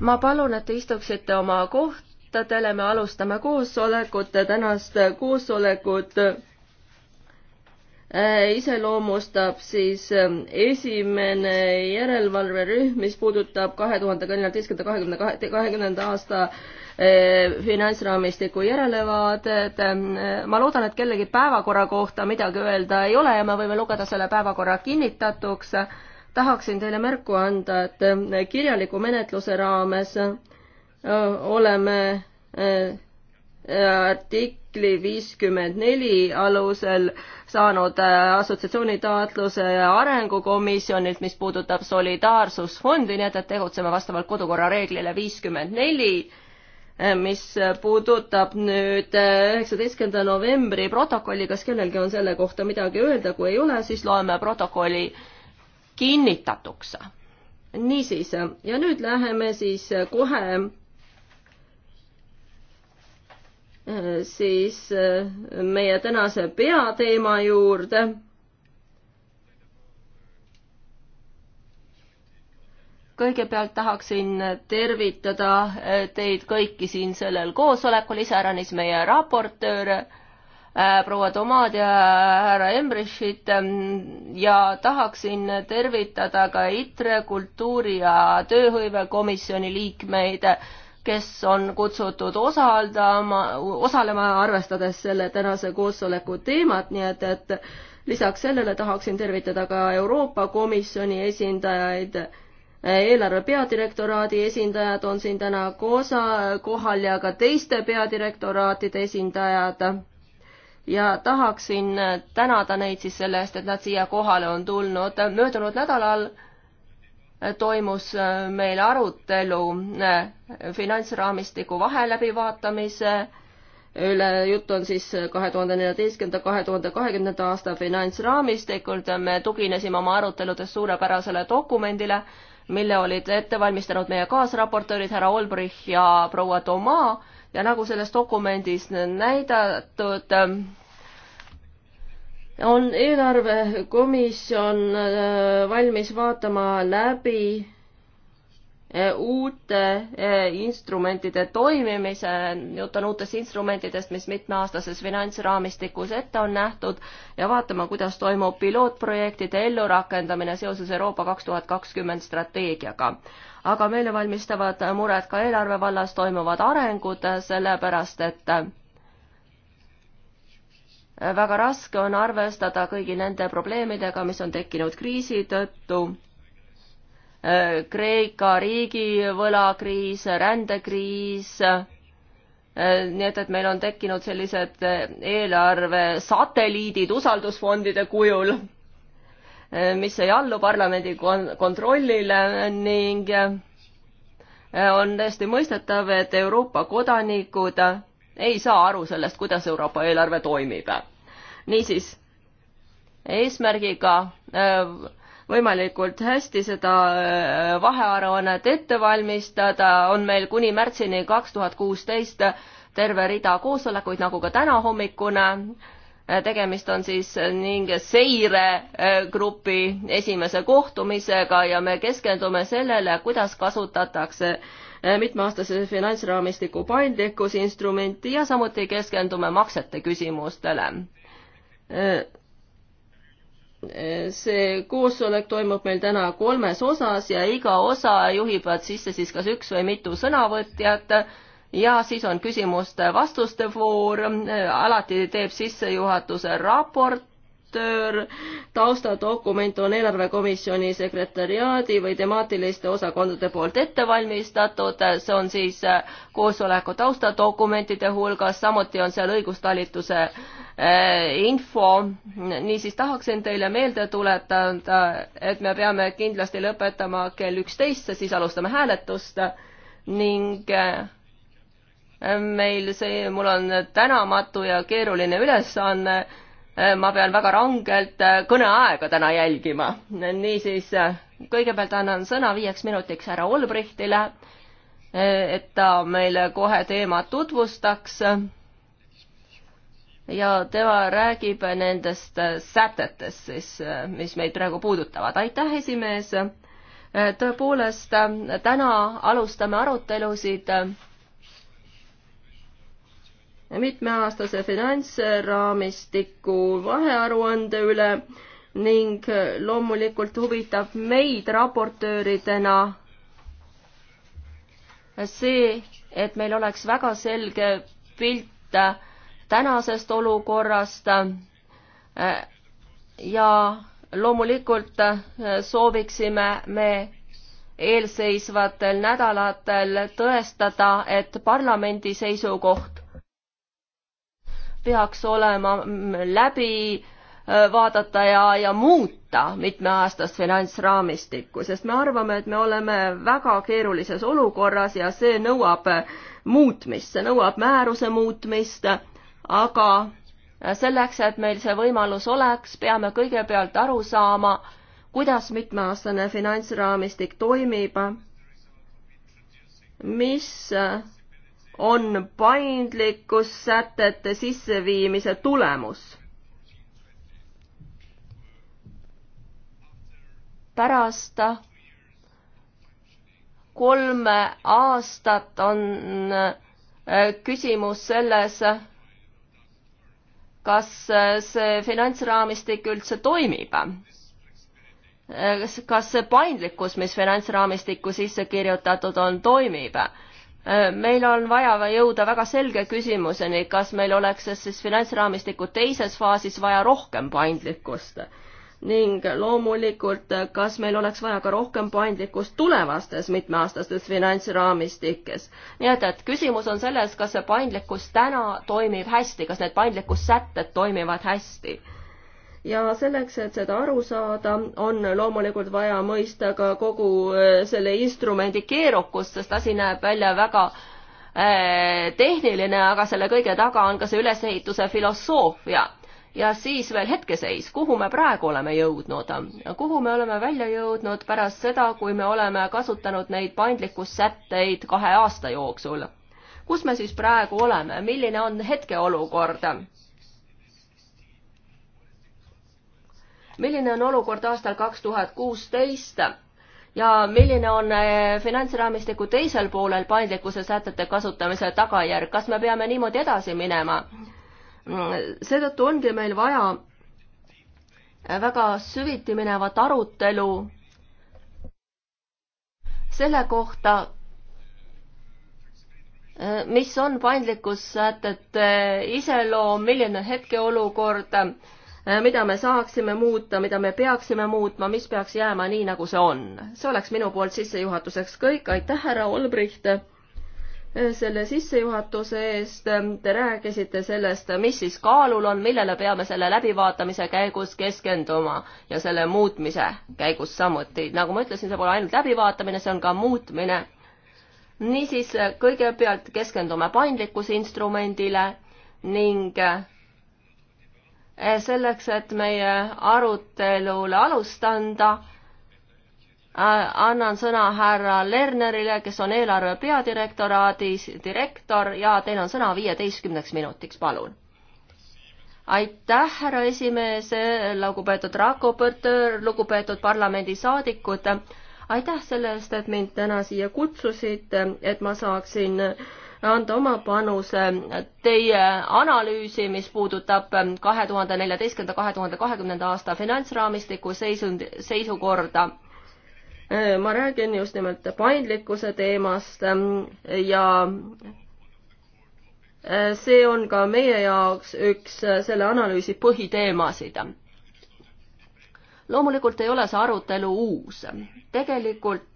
ma palun, et te istuksite oma kohtadele, me alustame koosolekut, tänast koosolekut eh, iseloomustab siis eh, esimene järelevalverühm, mis puudutab kahe tuhande neljateistkümnenda, kahekümne, kahekümnenda aasta Eh, finantsraamistiku järelevaated. Eh, ma loodan, et kellegi päevakorra kohta midagi öelda ei ole ja me võime lugeda selle päevakorra kinnitatuks. tahaksin teile märku anda, et eh, kirjaliku menetluse raames oleme artikli viiskümmend neli alusel saanud assotsiatsiooni taotluse arengukomisjonilt, mis puudutab solidaarsusfondi, nii et, et tegutseme vastavalt kodukorra reeglile viiskümmend neli Eh, mis puudutab nüüd eh, üheksateistkümnenda novembri protokolli, kas kellelgi on selle kohta midagi öelda, kui ei ole, siis loeme protokolli kinnitatuks. niisiis, ja nüüd läheme siis kohe eh, siis meie tänase peateema juurde kõigepealt tahaksin tervitada äh, teid kõiki siin sellel koosolekul, iseäranis meie raportööre, äh, proua Tomad ja härra Embrichit ähm, ja tahaksin tervitada ka ITRE kultuuri ja tööhõivekomisjoni liikmeid, kes on kutsutud osaldama, osalema, arvestades selle tänase koosoleku teemat, nii et, et lisaks sellele tahaksin tervitada ka Euroopa Komisjoni esindajaid eelarve peadirektoraadi esindajad on siin täna koosa, kohal ja ka teiste peadirektoraatide esindajad. ja tahaksin tänada neid siis selle eest, et nad siia kohale on tulnud. möödunud nädalal toimus meil arutelu finantsraamistiku vahe läbivaatamise üle, jutt on siis kahe tuhande neljateistkümnenda, kahe tuhande kahekümnenda aasta finantsraamistikult. me tuginesime oma aruteludes suurepärasele dokumendile mille olid ette valmistanud meie kaasraportöörid härra Olbrich ja proua Toma ja nagu selles dokumendis näidatud, on eelarvekomisjon äh, valmis vaatama läbi uute eh, instrumentide toimimise, jutt on uutest instrumentidest, mis mitmeaastases finantsraamistikus ette on nähtud ja vaatama, kuidas toimub pilootprojektide ellurakendamine seoses Euroopa kaks tuhat kakskümmend strateegiaga. aga meile valmistavad mured ka eelarve vallas toimuvad arengud, sellepärast et eh, väga raske on arvestada kõigi nende probleemidega, mis on tekkinud kriisi tõttu Kreeka riigivõlakriis, rändekriis, nii et, et meil on tekkinud sellised eelarvesatelliidid usaldusfondide kujul, mis ei allu parlamendi kontrollile ning on täiesti mõistetav, et Euroopa kodanikud ei saa aru sellest, kuidas Euroopa eelarve toimib. niisiis, eesmärgiga võimalikult hästi seda äh, vahearuannet ette valmistada, on meil kuni märtsini kaks tuhat kuusteist terve rida koosolekuid, nagu ka tänahommikune. Äh, tegemist on siis äh, ning seiregrupi esimese kohtumisega ja me keskendume sellele, kuidas kasutatakse mitmeaastase finantsraamistiku paindlikkusinstrumenti ja samuti keskendume maksete küsimustele see koosolek toimub meil täna kolmes osas ja iga osa juhivad sisse siis kas üks või mitu sõnavõtjat ja siis on küsimuste-vastuste voor, alati teeb sissejuhatuse raportöör, taustadokument on eelarvekomisjoni sekretäriaadi või temaatiliste osakondade poolt ette valmistatud, see on siis koosoleku taustadokumentide hulgas, samuti on seal õigustalituse äh, Äh, info. niisiis tahaksin teile meelde tuletada, et me peame kindlasti lõpetama kell üksteist, siis alustame hääletust ning äh, meil see, mul on tänamatu ja keeruline ülesanne. Äh, ma pean väga rangelt kõneaega täna jälgima. niisiis kõigepealt annan sõna viieks minutiks härra Olbrichtile, et ta meile kohe teemat tutvustaks ja tema räägib nendest sätetest siis, mis meid praegu puudutavad. aitäh, esimees! tõepoolest, täna alustame arutelusid mitmeaastase finantsraamistiku vahearuande üle ning loomulikult huvitab meid raportööridena see, et meil oleks väga selge pilt tänasest olukorrast ja loomulikult sooviksime me eelseisvatel nädalatel tõestada, et parlamendi seisukoht peaks olema läbi vaadata ja, ja muuta mitmeaastast finantsraamistikku, sest me arvame, et me oleme väga keerulises olukorras ja see nõuab muutmist, see nõuab määruse muutmist aga selleks, et meil see võimalus oleks, peame kõigepealt aru saama, kuidas mitmeaastane finantsraamistik toimib, mis on paindlikkussätete sisseviimise tulemus. pärast kolme aastat on äh, küsimus selles, kas äh, see finantsraamistik üldse toimib. Äh, kas see paindlikkus, mis finantsraamistikku sisse kirjutatud on, toimib? Äh, meil on vaja jõuda väga selge küsimuseni, kas meil oleks siis finantsraamistiku teises faasis vaja rohkem paindlikkust ning loomulikult, kas meil oleks vaja ka rohkem paindlikkust tulevastes mitmeaastastes finantsraamistikes. nii et, et küsimus on selles, kas see paindlikkus täna toimib hästi, kas need paindlikkussätted toimivad hästi ja selleks, et seda aru saada, on loomulikult vaja mõista ka kogu äh, selle instrumendi keerukust, sest asi näeb välja väga äh, tehniline, aga selle kõige taga on ka see ülesehituse filosoofia ja siis veel hetkeseis, kuhu me praegu oleme jõudnud, kuhu me oleme välja jõudnud pärast seda, kui me oleme kasutanud neid paindlikkussätteid kahe aasta jooksul. kus me siis praegu oleme, milline on hetkeolukord? milline on olukord aastal kaks tuhat kuusteist? ja milline on eh, finantsraamistiku teisel poolel paindlikkuse sätete kasutamise tagajärg, kas me peame niimoodi edasi minema? seetõttu ongi meil vaja väga süviti minevat arutelu selle kohta, mis on paindlikkussätete iseloom, milline hetkeolukord, mida me saaksime muuta, mida me peaksime muutma, mis peaks jääma nii, nagu see on. see oleks minu poolt sissejuhatuseks kõik, aitäh, härra Olbricht! selle sissejuhatuse eest. Te rääkisite sellest, mis siis kaalul on, millele peame selle läbivaatamise käigus keskenduma ja selle muutmise käigus samuti. nagu ma ütlesin, see pole ainult läbivaatamine, see on ka muutmine. niisiis, kõigepealt keskendume paindlikkuse instrumendile ning eh, selleks, et meie arutelule alust anda Äh, annan sõna härra Lernerile, kes on eelarve peadirektoraadis direktor ja teil on sõna viieteistkümneks minutiks, palun. aitäh, härra esimees, lugupeetud raportöör, lugupeetud parlamendisaadikud. aitäh selle eest, et mind täna siia kutsusite, et ma saaksin anda oma panuse teie analüüsi, mis puudutab kahe tuhande neljateistkümnenda, kahe tuhande kahekümnenda aasta finantsraamistiku seisund, seisukorda Äh, ma räägin just nimelt paindlikkuse teemast ähm, ja äh, see on ka meie jaoks üks äh, selle analüüsi põhiteemasid. loomulikult ei ole see arutelu uus. tegelikult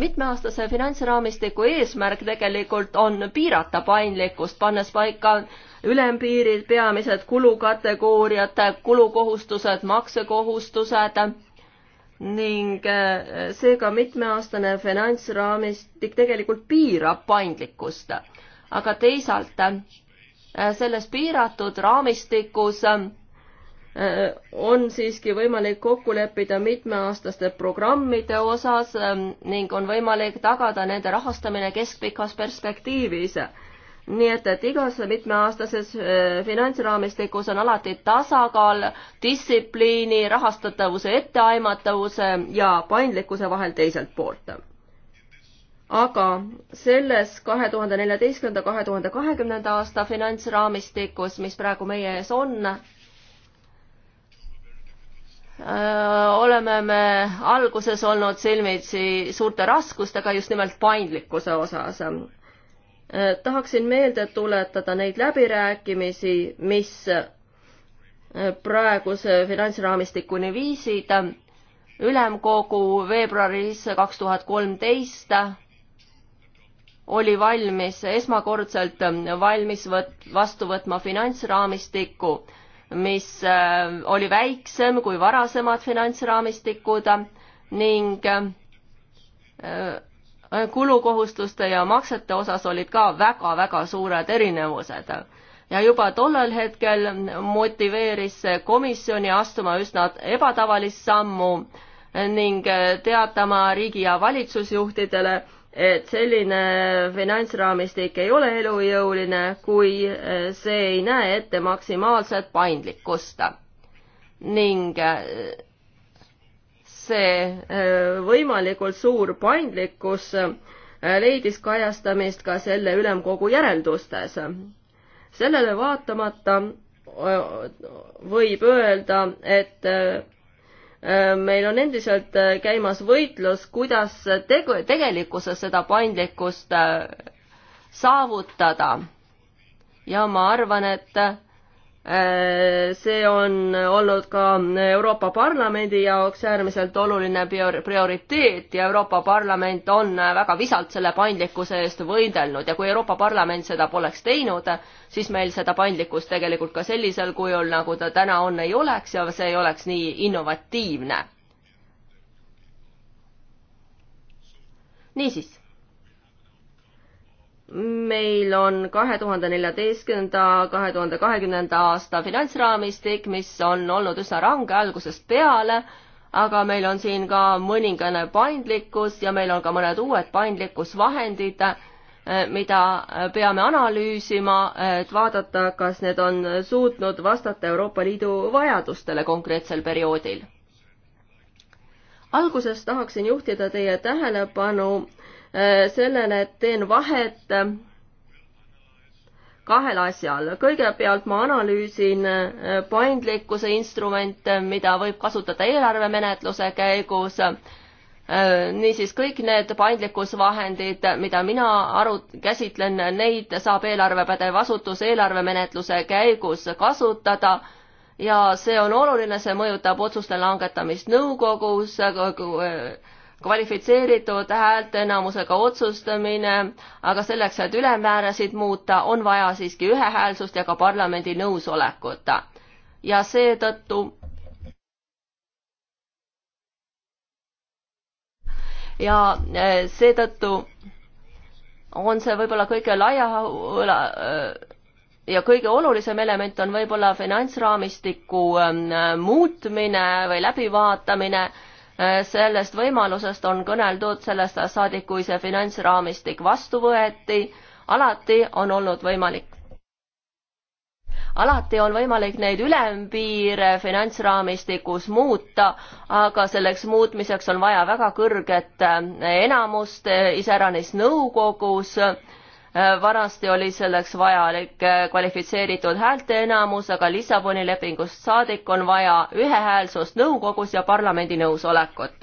mitmeaastase finantsraamistiku eesmärk tegelikult on piirata paindlikkust, pannes paika ülempiirid, peamised kulukategooriad, kulukohustused, maksekohustused ning äh, seega mitmeaastane finantsraamistik tegelikult piirab paindlikkust. aga teisalt äh, selles piiratud raamistikus äh, Äh, on siiski võimalik kokku leppida mitmeaastaste programmide osas ähm, ning on võimalik tagada nende rahastamine keskpikas perspektiivis. nii et, et igas mitmeaastases äh, finantsraamistikus on alati tasakaal distsipliini, rahastatavuse etteaimatavuse ja paindlikkuse vahel teiselt poolt aga selles kahe tuhande neljateistkümnenda, kahe tuhande kahekümnenda aasta finantsraamistikus, mis praegu meie ees on, Äh, oleme me alguses olnud silmitsi suurte raskustega just nimelt paindlikkuse osas. Äh, tahaksin meelde tuletada neid läbirääkimisi, mis äh, praeguse finantsraamistikuni viisid. ülemkogu veebruaris kaks tuhat kolmteist oli valmis esmakordselt valmis võt-, vastu võtma finantsraamistikku mis äh, oli väiksem kui varasemad finantsraamistikud ning äh, äh, kulukohustuste ja maksete osas olid ka väga-väga suured erinevused. ja juba tollel hetkel motiveeris see komisjoni astuma üsna ebatavalist sammu ning teatama riigi ja valitsusjuhtidele, et selline finantsraamistik ei ole elujõuline, kui eh, see ei näe ette maksimaalset paindlikkust. ning eh, see eh, võimalikult suur paindlikkus leidis kajastamist ka selle ülemkogu järeldustes. sellele vaatamata võib öelda, et Äh, meil on endiselt äh, käimas võitlus, kuidas tegu, tegelikkuses seda paindlikkust äh, saavutada. ja ma arvan, et Äh, see on olnud ka Euroopa Parlamendi jaoks äärmiselt oluline prioriteet ja Euroopa Parlament on väga visalt selle paindlikkuse eest võidelnud ja kui Euroopa Parlament seda poleks teinud, siis meil seda paindlikkust tegelikult ka sellisel kujul, nagu ta täna on, ei oleks ja see ei oleks nii innovatiivne. niisiis meil on kahe tuhande neljateistkümnenda, kahe tuhande kahekümnenda aasta finantsraamistik, mis on olnud üsna range algusest peale, aga meil on siin ka mõningane paindlikkus ja meil on ka mõned uued paindlikkusvahendid, eh, mida peame analüüsima, eh, et vaadata, kas need on suutnud vastata Euroopa Liidu vajadustele konkreetsel perioodil. alguses tahaksin juhtida teie tähelepanu äh, Äh, sellele, et teen vahet äh, kahel asjal. kõigepealt ma analüüsin äh, paindlikkuse instrumente, mida võib kasutada eelarvemenetluse käigus. niisiis kõik need paindlikkusvahendid, mida mina aru, käsitlen, neid saab eelarvepädev asutus eelarvemenetluse käigus kasutada ja see on oluline, see mõjutab otsuste langetamist nõukogus kvalifitseeritud häälteenamusega otsustamine, aga selleks, et ülemäärasid muuta, on vaja siiski ühehäälsust ja ka parlamendi nõusolekut. ja seetõttu ja e, seetõttu on see võib-olla kõige laia e, ja kõige olulisem element on võib-olla finantsraamistiku e, muutmine või läbivaatamine Äh, sellest võimalusest on kõneldud, sellest saadik, kui see finantsraamistik vastu võeti, alati on olnud võimalik alati on võimalik neid ülempiire finantsraamistikus muuta, aga selleks muutmiseks on vaja väga kõrget äh, enamust, äh, iseäranis nõukogus äh, Äh, varasti oli selleks vajalik äh, kvalifitseeritud häälteenamus, aga Lissaboni lepingust saadik on vaja ühehäälsust nõukogus ja parlamendi nõusolekut.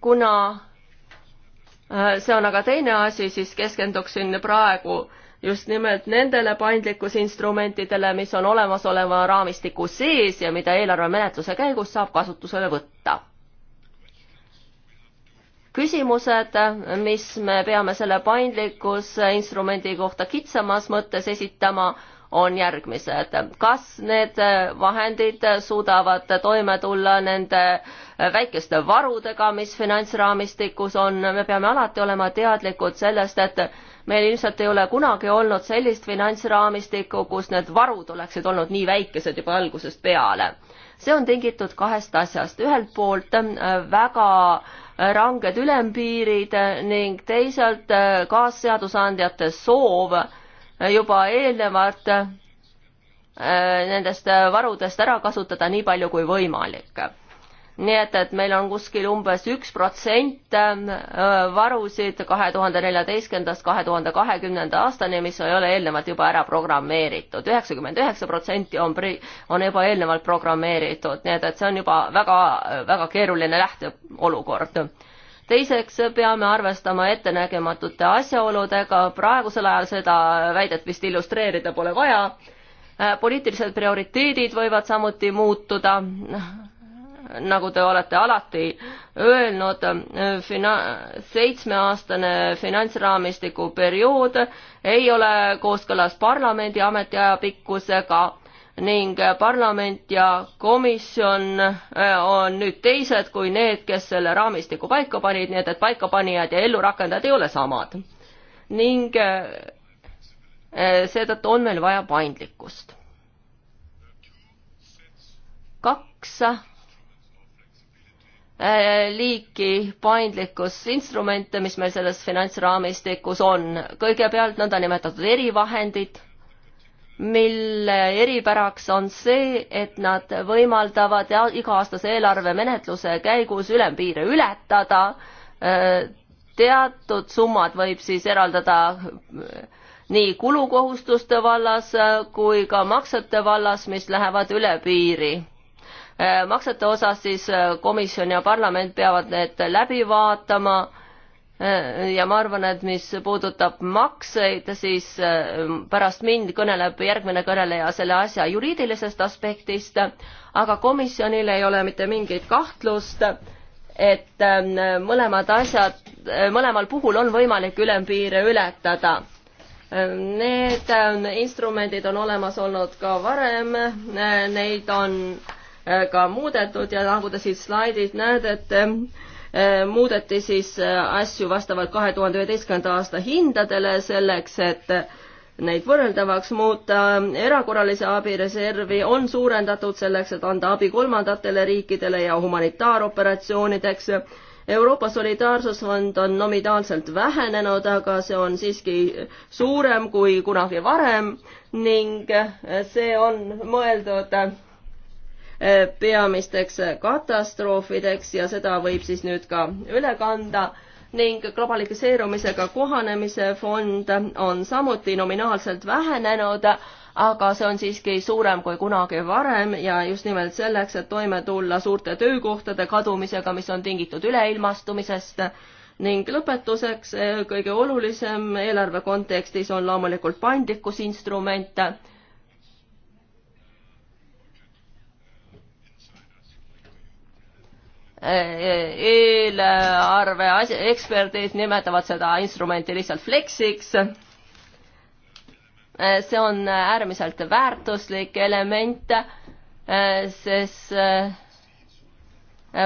kuna äh, see on aga teine asi, siis keskenduksin praegu just nimelt nendele paindlikkusinstrumentidele, mis on olemasoleva raamistiku sees ja mida eelarvemenetluse käigus saab kasutusele võtta küsimused, mis me peame selle paindlikkusinstrumendi kohta kitsamas mõttes esitama, on järgmised. kas need vahendid suudavad toime tulla nende väikeste varudega, mis finantsraamistikus on, me peame alati olema teadlikud sellest, et meil ilmselt ei ole kunagi olnud sellist finantsraamistikku, kus need varud oleksid olnud nii väikesed juba algusest peale. see on tingitud kahest asjast, ühelt poolt väga äh, ranged ülempiirid ning teisalt äh, kaasseadusandjate soov äh, juba eelnevalt äh, nendest varudest ära kasutada nii palju kui võimalik nii et, et meil on kuskil umbes üks protsent äh, varusid kahe tuhande neljateistkümnendast kahe tuhande kahekümnenda aastani, mis ei ole eelnevalt juba ära programmeeritud. üheksakümmend üheksa protsenti on, on juba eelnevalt programmeeritud, nii et, et see on juba väga, väga keeruline lähteolukord teiseks peame arvestama ettenägematute asjaoludega, praegusel ajal seda väidet vist illustreerida pole vaja. Äh, poliitilised prioriteedid võivad samuti muutuda nagu te olete alati öelnud, fina-, seitsmeaastane finantsraamistiku periood ei ole kooskõlas parlamendi ametiaja pikkusega ning parlament ja komisjon äh, on nüüd teised kui need, kes selle raamistiku paika panid, nii et, et paikapanijad ja ellurakendajad ei ole samad. ning äh, seetõttu on meil vaja paindlikkust. kaks Äh, liiki paindlikkusinstrumente, mis meil selles finantsraamistikus on. kõigepealt nõndanimetatud erivahendid, mille eripäraks on see, et nad võimaldavad iga-aastase eelarvemenetluse käigus ülempiire ületada. Äh, teatud summad võib siis eraldada äh, nii kulukohustuste vallas kui ka maksete vallas, mis lähevad üle piiri Äh, maksete osas siis äh, komisjon ja parlament peavad need läbi vaatama äh, ja ma arvan, et mis puudutab makseid, siis pärast mind kõneleb järgmine kõneleja selle asja juriidilisest aspektist, aga komisjonil ei ole mitte mingit kahtlust, et ähm, mõlemad asjad, mõlemal puhul on võimalik ülempiire ületada. Need ähm, instrumendid on olemas olnud ka varem, neid on Äh, ka muudetud ja nagu te siit slaidilt näete, et äh, muudeti siis äh, asju vastavalt kahe tuhande üheteistkümnenda aasta hindadele selleks, et neid võrreldavaks muuta. erakorralise abi reservi on suurendatud selleks, et anda abi kolmandatele riikidele ja humanitaaroperatsioonideks. Euroopa Solidaarsusfond on nominaalselt vähenenud, aga see on siiski suurem kui kunagi varem ning see on mõeldud Eh, peamisteks katastroofideks ja seda võib siis nüüd ka üle kanda ning globaliseerumisega kohanemise fond on samuti nominaalselt vähenenud, aga see on siiski suurem kui kunagi varem ja just nimelt selleks, et toime tulla suurte töökohtade kadumisega, mis on tingitud üleilmastumisest ning lõpetuseks eh, kõige olulisem eelarve kontekstis on loomulikult paindlikkusinstrument eelarve eksperdid nimetavad seda instrumenti lihtsalt fleksiks. see on äärmiselt väärtuslik element, sest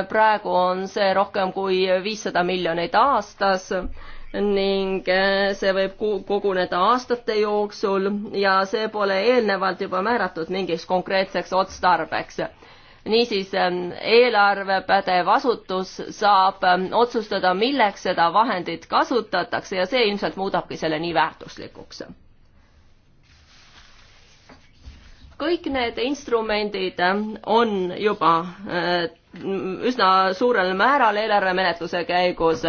praegu on see rohkem kui viissada miljonit aastas ning see võib koguneda aastate jooksul ja see pole eelnevalt juba määratud mingiks konkreetseks otstarbeks niisiis ähm, eelarvepädev asutus saab ähm, otsustada, milleks seda vahendit kasutatakse ja see ilmselt muudabki selle nii väärtuslikuks. kõik need instrumendid ähm, on juba äh, üsna suurel määral eelarvemenetluse käigus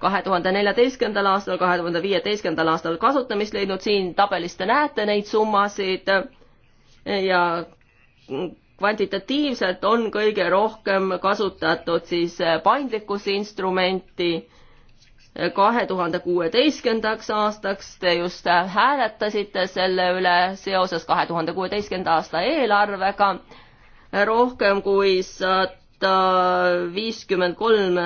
kahe tuhande neljateistkümnendal aastal, kahe tuhande viieteistkümnendal aastal kasutamist leidnud, siin tabelis te näete neid summasid ja kvantitatiivselt on kõige rohkem kasutatud siis eh, paindlikkusinstrumenti kahe tuhande kuueteistkümnendaks aastaks, te just eh, hääletasite selle üle seoses kahe tuhande kuueteistkümnenda aasta eelarvega, rohkem kui sada viiskümmend kolm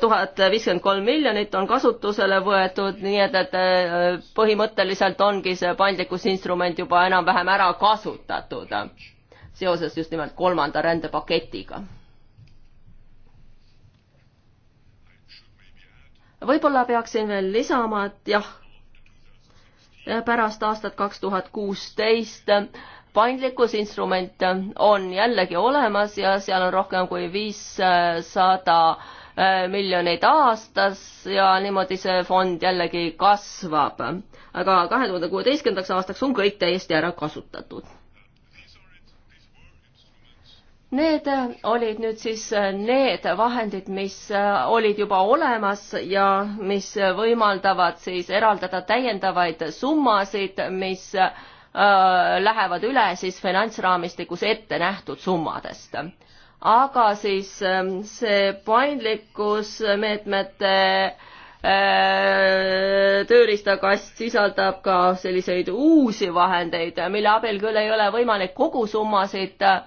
tuhat viiskümmend kolm miljonit on kasutusele võetud, nii et, et äh, põhimõtteliselt ongi see paindlikkusinstrument juba enam-vähem ära kasutatud seoses just nimelt kolmanda rändepaketiga. võib-olla peaksin veel lisama, et jah, pärast aastat kaks tuhat kuusteist paindlikkusinstrument on jällegi olemas ja seal on rohkem kui viissada äh, miljoneid aastas ja niimoodi see fond jällegi kasvab. aga kahe tuhande kuueteistkümnendaks aastaks on kõik täiesti ära kasutatud. Need olid nüüd siis need vahendid, mis olid juba olemas ja mis võimaldavad siis eraldada täiendavaid summasid, mis äh, Äh, lähevad üle siis finantsraamistikus ette nähtud summadest. aga siis ähm, see paindlikkusmeetmete äh, tööriistakast sisaldab ka selliseid uusi vahendeid, mille abil küll ei ole võimalik kogusummasid äh,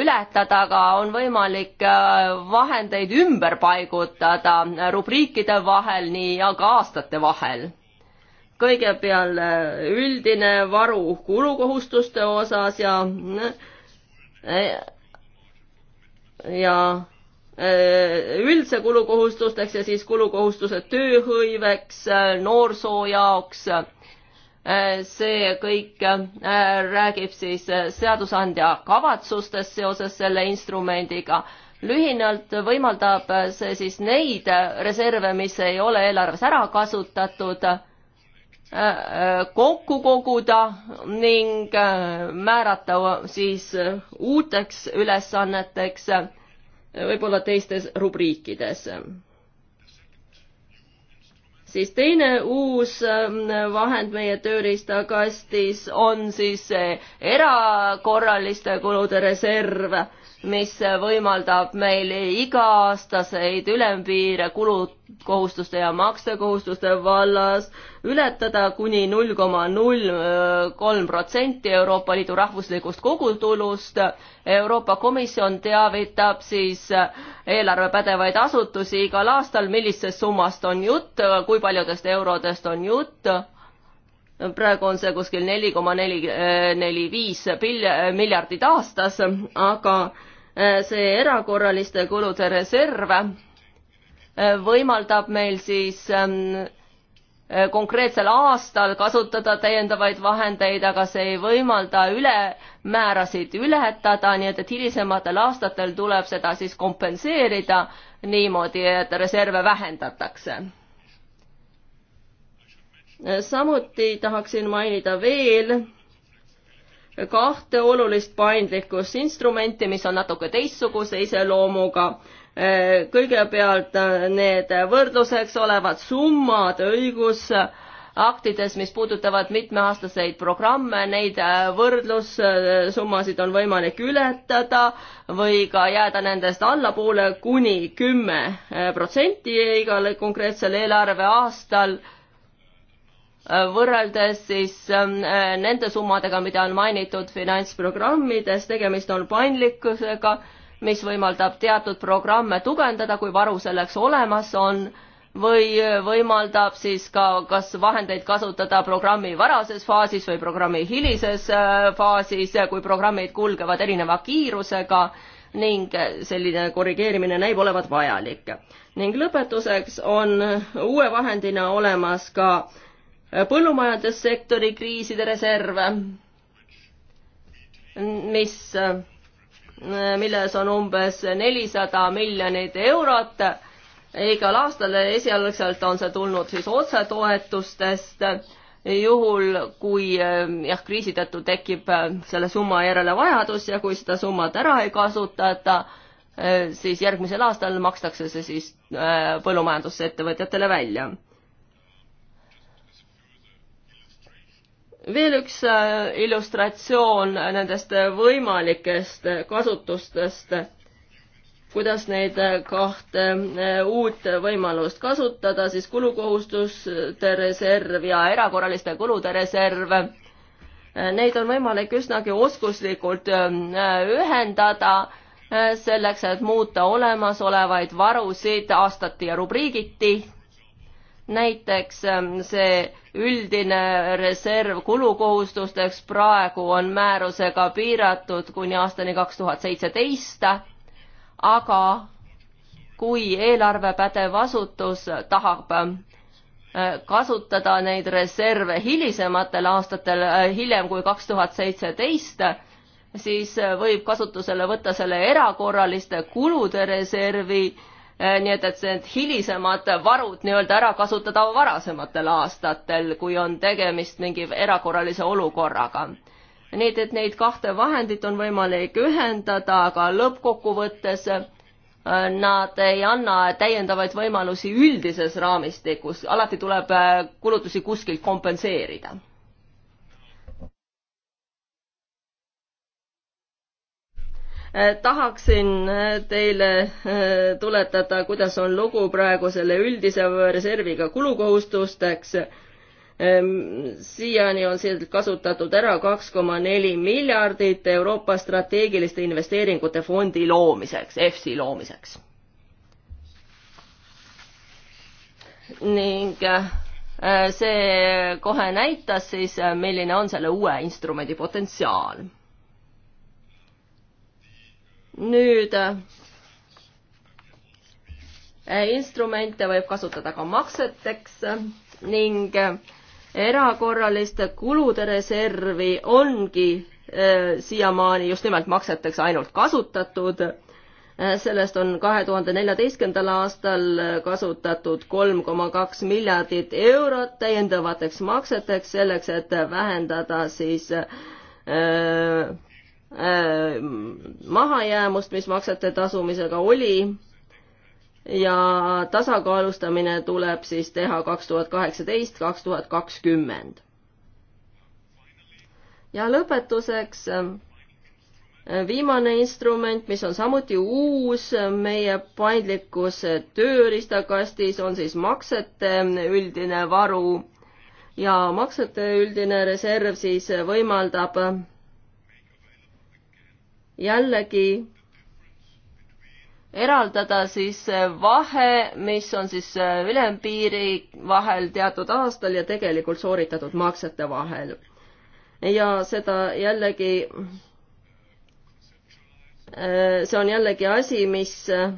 ületada, aga on võimalik vahendeid ümber paigutada rubriikide vahel, nii aga aastate vahel kõigepealt äh, üldine varu kulukohustuste osas ja äh, ja äh, üldse kulukohustusteks ja siis kulukohustused tööhõiveks, noorsoo jaoks. see kõik räägib siis seadusandja kavatsustest seoses selle instrumendiga. lühinalt võimaldab see siis neid reserve, mis ei ole eelarves ära kasutatud kokku koguda ning äh, määrata siis äh, uuteks ülesanneteks äh, võib-olla teistes rubriikides. siis teine uus vahend meie tööriistakastis on siis erakorraliste kulude reserv mis võimaldab meil iga-aastaseid ülempiire kulukohustuste ja maksekohustuste vallas ületada kuni null koma null kolm protsenti Euroopa Liidu rahvuslikust kogutulust. Euroopa Komisjon teavitab siis eelarvepädevaid asutusi igal aastal, millistest summast on jutt, kui paljudest eurodest on jutt praegu on see kuskil neli koma neli, neli viis miljardit aastas, aga Äh, see erakorraliste kulude reserv äh, võimaldab meil siis ähm, äh, konkreetsel aastal kasutada täiendavaid vahendeid, aga see ei võimalda ülemäärasid ületada, nii et, et hilisematel aastatel tuleb seda siis kompenseerida niimoodi, et reserve vähendatakse. samuti tahaksin mainida veel kahte olulist paindlikkusinstrumenti, mis on natuke teistsuguse iseloomuga. kõigepealt need võrdluseks olevad summad õigusaktides, mis puudutavad mitmeaastaseid programme, neid võrdlussummasid on võimalik ületada või ka jääda nendest allapoole kuni kümme protsenti igal konkreetsel eelarveaastal võrreldes siis ähm, äh, nende summadega, mida on mainitud finantsprogrammides, tegemist on paindlikkusega, mis võimaldab teatud programme tugevdada, kui varu selleks olemas on, või äh, võimaldab siis ka kas vahendeid kasutada programmi varases faasis või programmi hilises äh, faasis, kui programmid kulgevad erineva kiirusega ning selline korrigeerimine näib olevat vajalik. ning lõpetuseks on uue vahendina olemas ka äh, põllumajandussektori kriiside reserv, mis, milles on umbes nelisada miljonit eurot igal aastal, esialgselt on see tulnud siis otsetoetustest, juhul kui jah, kriisi tõttu tekib selle summa järele vajadus ja kui seda summat ära ei kasutata, siis järgmisel aastal makstakse see siis äh, põllumajandusettevõtjatele välja veel üks äh, illustratsioon nendest võimalikest kasutustest, kuidas neid äh, kahte äh, uut võimalust kasutada, siis kulukohustuste reserv ja erakorraliste kulude reserv. Neid on võimalik üsnagi oskuslikult ähm, ühendada selleks, et muuta olemasolevaid varusid aastati ja rubriigiti näiteks ähm, see üldine reserv kulukohustusteks praegu on määrusega piiratud kuni aastani kaks tuhat seitseteist, aga kui eelarvepädev asutus tahab äh, kasutada neid reserve hilisematel aastatel, äh, hiljem kui kaks tuhat seitseteist, siis äh, võib kasutusele võtta selle erakorraliste kulude reservi Äh, nii et, et need hilisemad varud nii-öelda ära kasutada varasematel aastatel, kui on tegemist mingi erakorralise olukorraga. nii et, et neid kahte vahendit on võimalik ühendada, aga lõppkokkuvõttes äh, nad ei anna täiendavaid võimalusi üldises raamistikus, alati tuleb äh, kulutusi kuskilt kompenseerida Eh, tahaksin eh, teile eh, tuletada, kuidas on lugu praegu selle üldise reserviga kulukohustusteks. Ehm, siiani on sealt kasutatud ära kaks koma neli miljardit Euroopa strateegiliste investeeringute fondi loomiseks, EFSI loomiseks. ning see kohe näitas siis, milline on selle uue instrumendi potentsiaal nüüd äh, instrumente võib kasutada ka makseteks ning äh, erakorraliste kulude reservi ongi äh, siiamaani just nimelt makseteks ainult kasutatud. sellest on kahe tuhande neljateistkümnendal aastal kasutatud kolm koma kaks miljardit eurot täiendavateks makseteks selleks, et vähendada siis öö, Äh, mahajäämust, mis maksete tasumisega oli ja tasakaalustamine tuleb siis teha kaks tuhat kaheksateist, kaks tuhat kakskümmend. ja lõpetuseks äh, viimane instrument, mis on samuti uus meie paindlikus tööriistakastis, on siis maksete üldine varu ja maksete üldine reserv siis võimaldab jällegi eraldada siis vahe, mis on siis ülempiiri vahel teatud aastal ja tegelikult sooritatud maksete vahel. ja seda jällegi, see on jällegi asi, mis äh,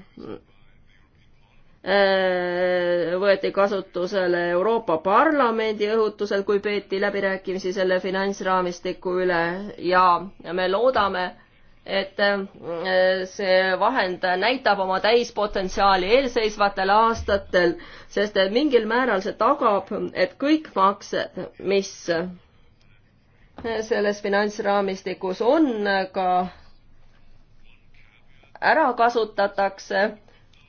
võeti kasutusele Euroopa Parlamendi õhutusel, kui peeti läbirääkimisi selle finantsraamistiku üle ja, ja me loodame, et äh, see vahend näitab oma täispotentsiaali eelseisvatel aastatel, sest et äh, mingil määral see tagab, et kõik maksed, mis äh, selles finantsraamistikus on, ka ära kasutatakse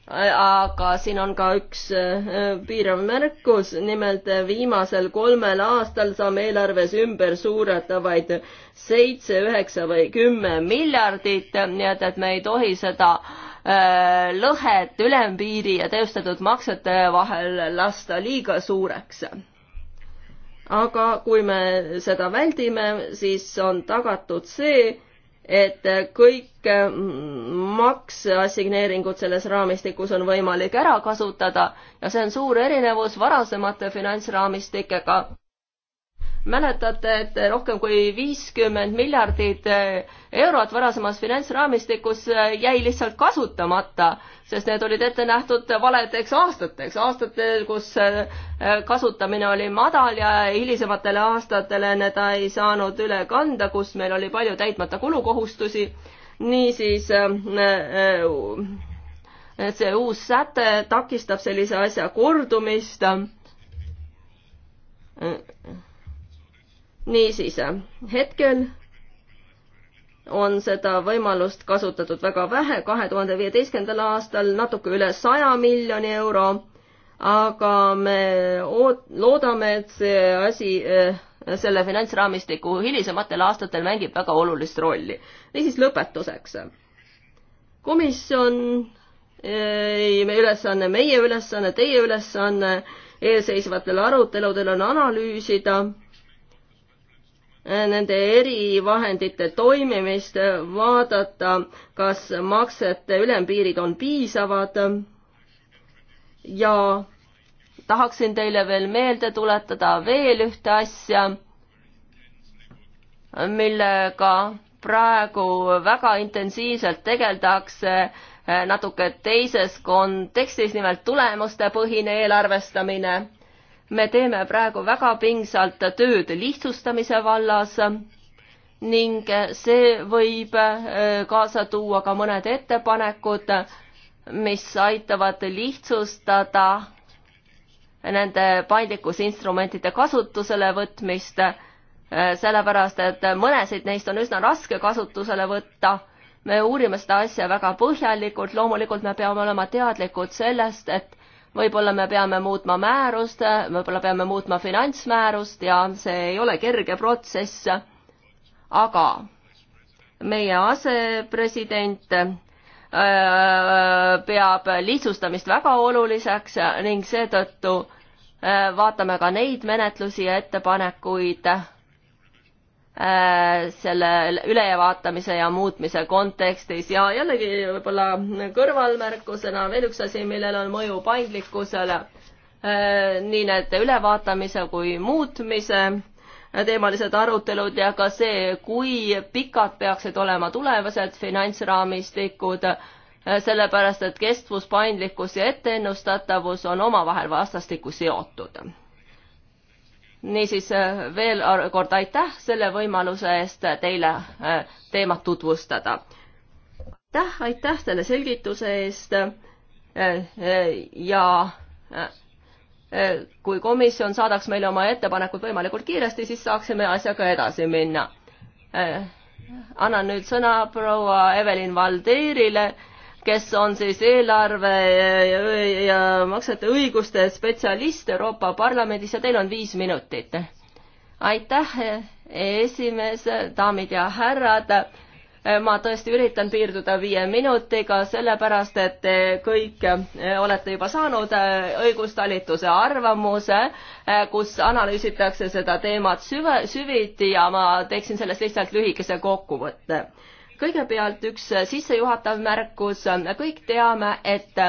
aga siin on ka üks äh, piirav märkus, nimelt äh, viimasel kolmel aastal saame eelarves ümber suunata vaid seitse, üheksa või kümme miljardit, nii et, et me ei tohi seda äh, lõhet ülempiiri ja teostatud maksete vahel lasta liiga suureks. aga kui me seda väldime, siis on tagatud see, et äh, kõik äh, makseassigneeringud selles raamistikus on võimalik ära kasutada ja see on suur erinevus varasemate finantsraamistikega mäletate, et rohkem kui viiskümmend miljardit äh, eurot varasemas finantsraamistikus äh, jäi lihtsalt kasutamata, sest need olid ette nähtud valedeks aastateks, aastatel, kus äh, kasutamine oli madal ja hilisematele aastatele need ei saanud üle kanda, kus meil oli palju täitmata kulukohustusi. niisiis see uus säte takistab sellise asja kordumist niisiis, hetkel on seda võimalust kasutatud väga vähe, kahe tuhande viieteistkümnendal aastal natuke üle saja miljoni euro, aga me oot-, loodame, et see asi eh, selle finantsraamistiku hilisematel aastatel mängib väga olulist rolli. niisiis lõpetuseks. komisjon eh, meie ülesanne, meie ülesanne, teie ülesanne eelseisvatel aruteludel on analüüsida nende erivahendite toimimist, vaadata, kas maksete ülempiirid on piisavad ja tahaksin teile veel meelde tuletada veel ühte asja, millega praegu väga intensiivselt tegeldakse natuke teises kontekstis, nimelt tulemuste põhine eelarvestamine me teeme praegu väga pingsalt tööd lihtsustamise vallas ning see võib äh, kaasa tuua ka mõned ettepanekud, mis aitavad lihtsustada nende paindlikkusinstrumentide kasutusele võtmist, äh, sellepärast et mõnesid neist on üsna raske kasutusele võtta. me uurime seda asja väga põhjalikult, loomulikult me peame olema teadlikud sellest, et võib-olla me peame muutma määrust, võib-olla peame muutma finantsmäärust ja see ei ole kerge protsess. aga meie asepresident äh, peab lihtsustamist väga oluliseks ning seetõttu äh, vaatame ka neid menetlusi ja ettepanekuid Äh, selle ülevaatamise ja muutmise kontekstis ja jällegi võib-olla kõrvalmärkusena veel üks asi, millel on mõju paindlikkusele, äh, nii need ülevaatamise kui muutmise teemalised arutelud ja ka see, kui pikad peaksid olema tulevased finantsraamistikud, äh, sellepärast et kestvus, paindlikkus ja etteennustatavus on omavahel vastastikku seotud niisiis äh, veel kord aitäh selle võimaluse eest teile äh, teemat tutvustada. aitäh, aitäh selle selgituse eest äh, ja kui komisjon saadaks meile oma ettepanekud võimalikult kiiresti, siis saaksime asjaga edasi minna. annan nüüd sõna proua Evelin Valdeerile kes on siis eelarve ja, ja maksete õiguste spetsialist Euroopa Parlamendis ja teil on viis minutit. aitäh, esimees, daamid ja härrad. ma tõesti üritan piirduda viie minutiga, sellepärast et te kõik olete juba saanud õigustalituse arvamuse, kus analüüsitakse seda teemat süve, süviti ja ma teeksin sellest lihtsalt lühikese kokkuvõtte kõigepealt üks sissejuhatav märkus, kõik teame, et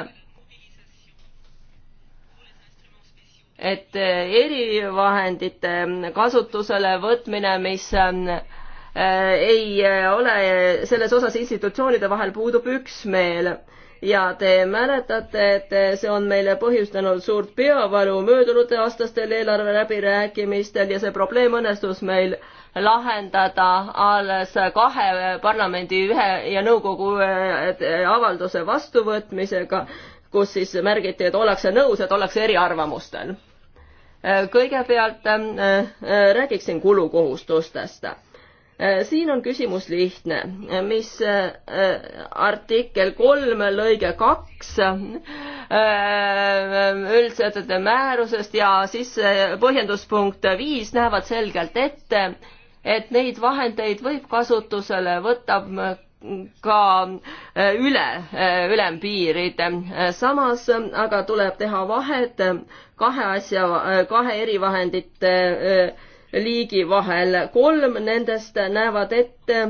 et erivahendite kasutusele võtmine, mis eh, ei ole, selles osas institutsioonide vahel puudub üksmeel ja te mäletate, et see on meile põhjustanud suurt peavalu möödunud aastastel eelarve läbirääkimistel ja see probleem õnnestus meil äh, lahendada alles kahe parlamendi ühe ja nõukogu eh, avalduse vastuvõtmisega, kus siis märgiti, et ollakse nõus, et ollakse eriarvamustel. Eh, kõigepealt eh, räägiksin kulukohustustest siin on küsimus lihtne, mis artikkel kolm lõige kaks üldsätete määrusest ja siis põhjenduspunkt viis näevad selgelt ette, et neid vahendeid võib kasutusele võtta ka äh, üle äh, ülempiiride. samas aga tuleb teha vahet kahe asja, äh, kahe erivahendite liigi vahel. kolm nendest näevad ette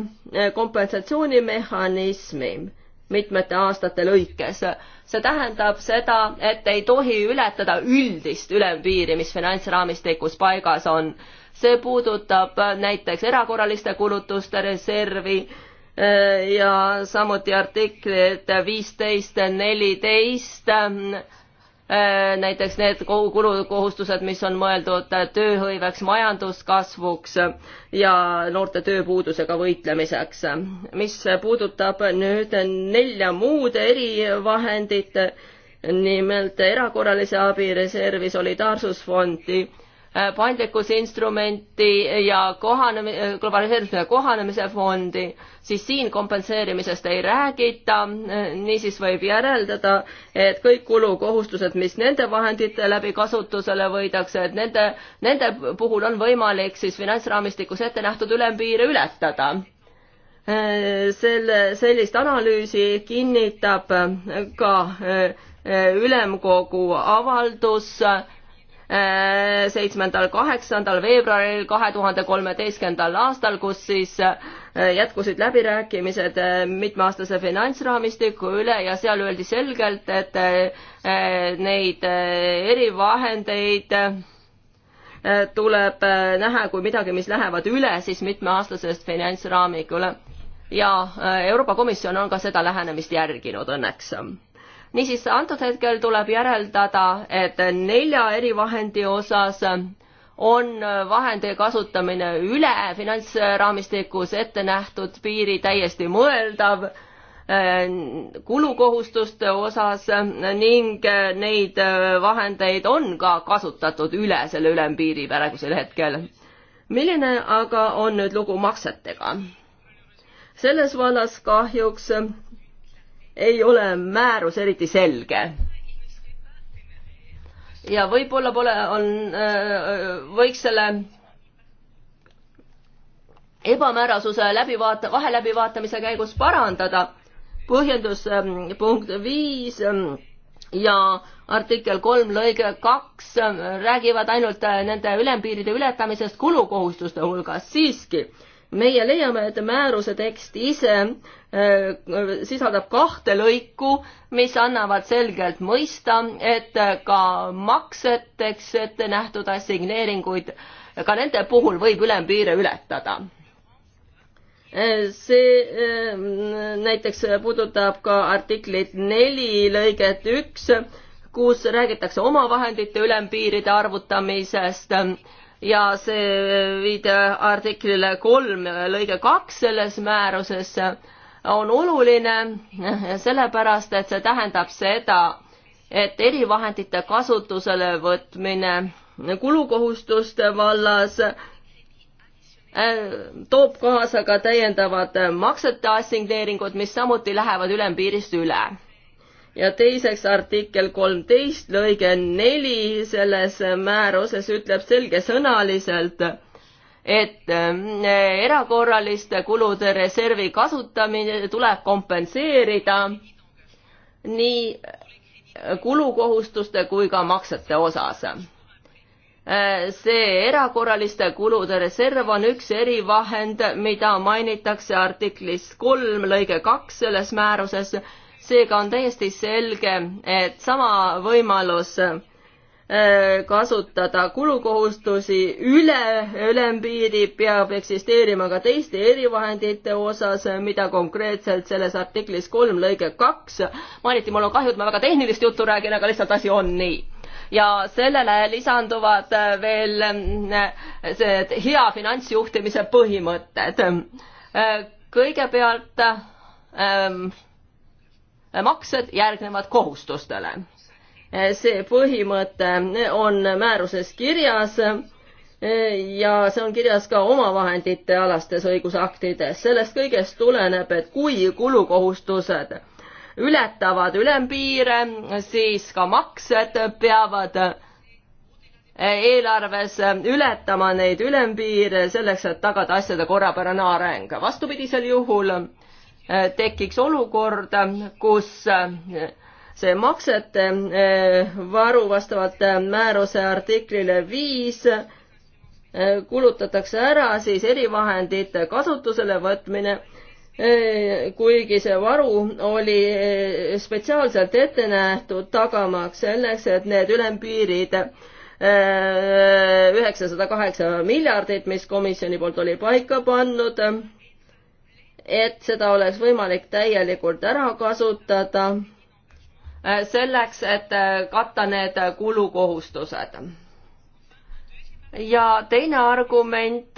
kompensatsioonimehhanismi mitmete aastate lõikes. see tähendab seda, et ei tohi ületada üldist ülempiiri, mis finantsraamistikus paigas on see puudutab näiteks erakorraliste kulutuste reservi eh, ja samuti artiklid viisteist, neliteist, eh, näiteks need kulukohustused, mis on mõeldud tööhõiveks, majanduskasvuks ja noorte tööpuudusega võitlemiseks. mis puudutab nüüd nelja muud erivahendit, nimelt erakorralise abi reservi solidaarsusfondi Äh, paindlikkusinstrumenti ja kohanemise, äh, globaliseerimise kohanemise fondi, siis siin kompenseerimisest ei räägita, äh, niisiis võib järeldada, et kõik kulukohustused, mis nende vahendite läbi kasutusele võidakse, et nende, nende puhul on võimalik siis finantsraamistikus ette nähtud ülempiire ületada selle, sellist analüüsi kinnitab ka ülemkogu avaldus seitsmendal, kaheksandal veebruaril kahe tuhande kolmeteistkümnendal aastal, kus siis äh, jätkusid läbirääkimised äh, mitmeaastase finantsraamistiku üle ja seal öeldi selgelt, et äh, neid erivahendeid tuleb näha kui midagi, mis lähevad üle siis mitmeaastasest finantsraamikule. ja Euroopa Komisjon on ka seda lähenemist järginud õnneks niisiis, antud hetkel tuleb järeldada, et nelja erivahendi osas on vahendi kasutamine üle finantsraamistikus ette nähtud piiri täiesti mõeldav eh, kulukohustuste osas ning neid vahendeid on ka kasutatud üle selle ülempiiri praegusel hetkel. milline aga on nüüd lugu maksetega? selles vallas kahjuks ei ole määrus eriti selge. ja võib-olla pole, on, äh, võiks selle ebamäärasuse läbivaata-, vahe läbivaatamise käigus parandada. põhjendus ähm, punkt viis ähm, ja artikkel kolm lõige kaks ähm, räägivad ainult äh, nende ülempiiride ületamisest kulukohustuste hulgas. siiski, meie leiame, et määruse tekst ise sisaldab kahte lõiku, mis annavad selgelt mõista, et ka makseteks ette nähtud assigneeringuid, ka nende puhul võib ülempiire ületada. see ehm, näiteks puudutab ka artiklit neli lõiget üks, kus räägitakse omavahendite ülempiiride arvutamisest ja see viide artiklile kolm lõige kaks selles määruses on oluline sellepärast, et see tähendab seda, et erivahendite kasutusele võtmine kulukohustuste vallas äh, toob kaasa ka täiendavad maksete assigneeringud, mis samuti lähevad ülempiirist üle. ja teiseks artikkel kolmteist lõige neli selles määruses ütleb selgesõnaliselt, et ähm, erakorraliste kulude reservi kasutamine tuleb kompenseerida nii kulukohustuste kui ka maksete osas. Äh, see erakorraliste kulude reserv on üks erivahend, mida mainitakse artiklis kolm lõige kaks selles määruses. seega on täiesti selge, et sama võimalus Äh, kasutada kulukohustusi üle ülempiiri, peab eksisteerima ka teiste erivahendite osas, mida konkreetselt selles artiklis kolm lõige kaks mainiti, mul on kahju, et ma väga tehnilist juttu räägin, aga lihtsalt asi on nii ja sellele lisanduvad veel äh, see hea finantsjuhtimise põhimõtted. Äh, kõigepealt ähm, maksed järgnevad kohustustele see põhimõte on määruses kirjas ja see on kirjas ka omavahendite alastes õigusaktides. sellest kõigest tuleneb, et kui kulukohustused ületavad ülempiire, siis ka maksed peavad eelarves ületama neid ülempiire selleks, et tagada asjade korrapärane areng. vastupidisel juhul tekiks olukord, kus see maksete eh, varu vastavalt eh, määruse artiklile viis eh, kulutatakse ära siis erivahendite kasutusele võtmine, kuigi see varu oli spetsiaalselt ette nähtud tagamaks selleks, et need ülempiirid üheksasada kaheksa miljardit, mis komisjoni poolt oli paika pannud, et seda oleks võimalik täielikult ära kasutada Äh, selleks, et äh, katta need äh, kulukohustused. ja teine argument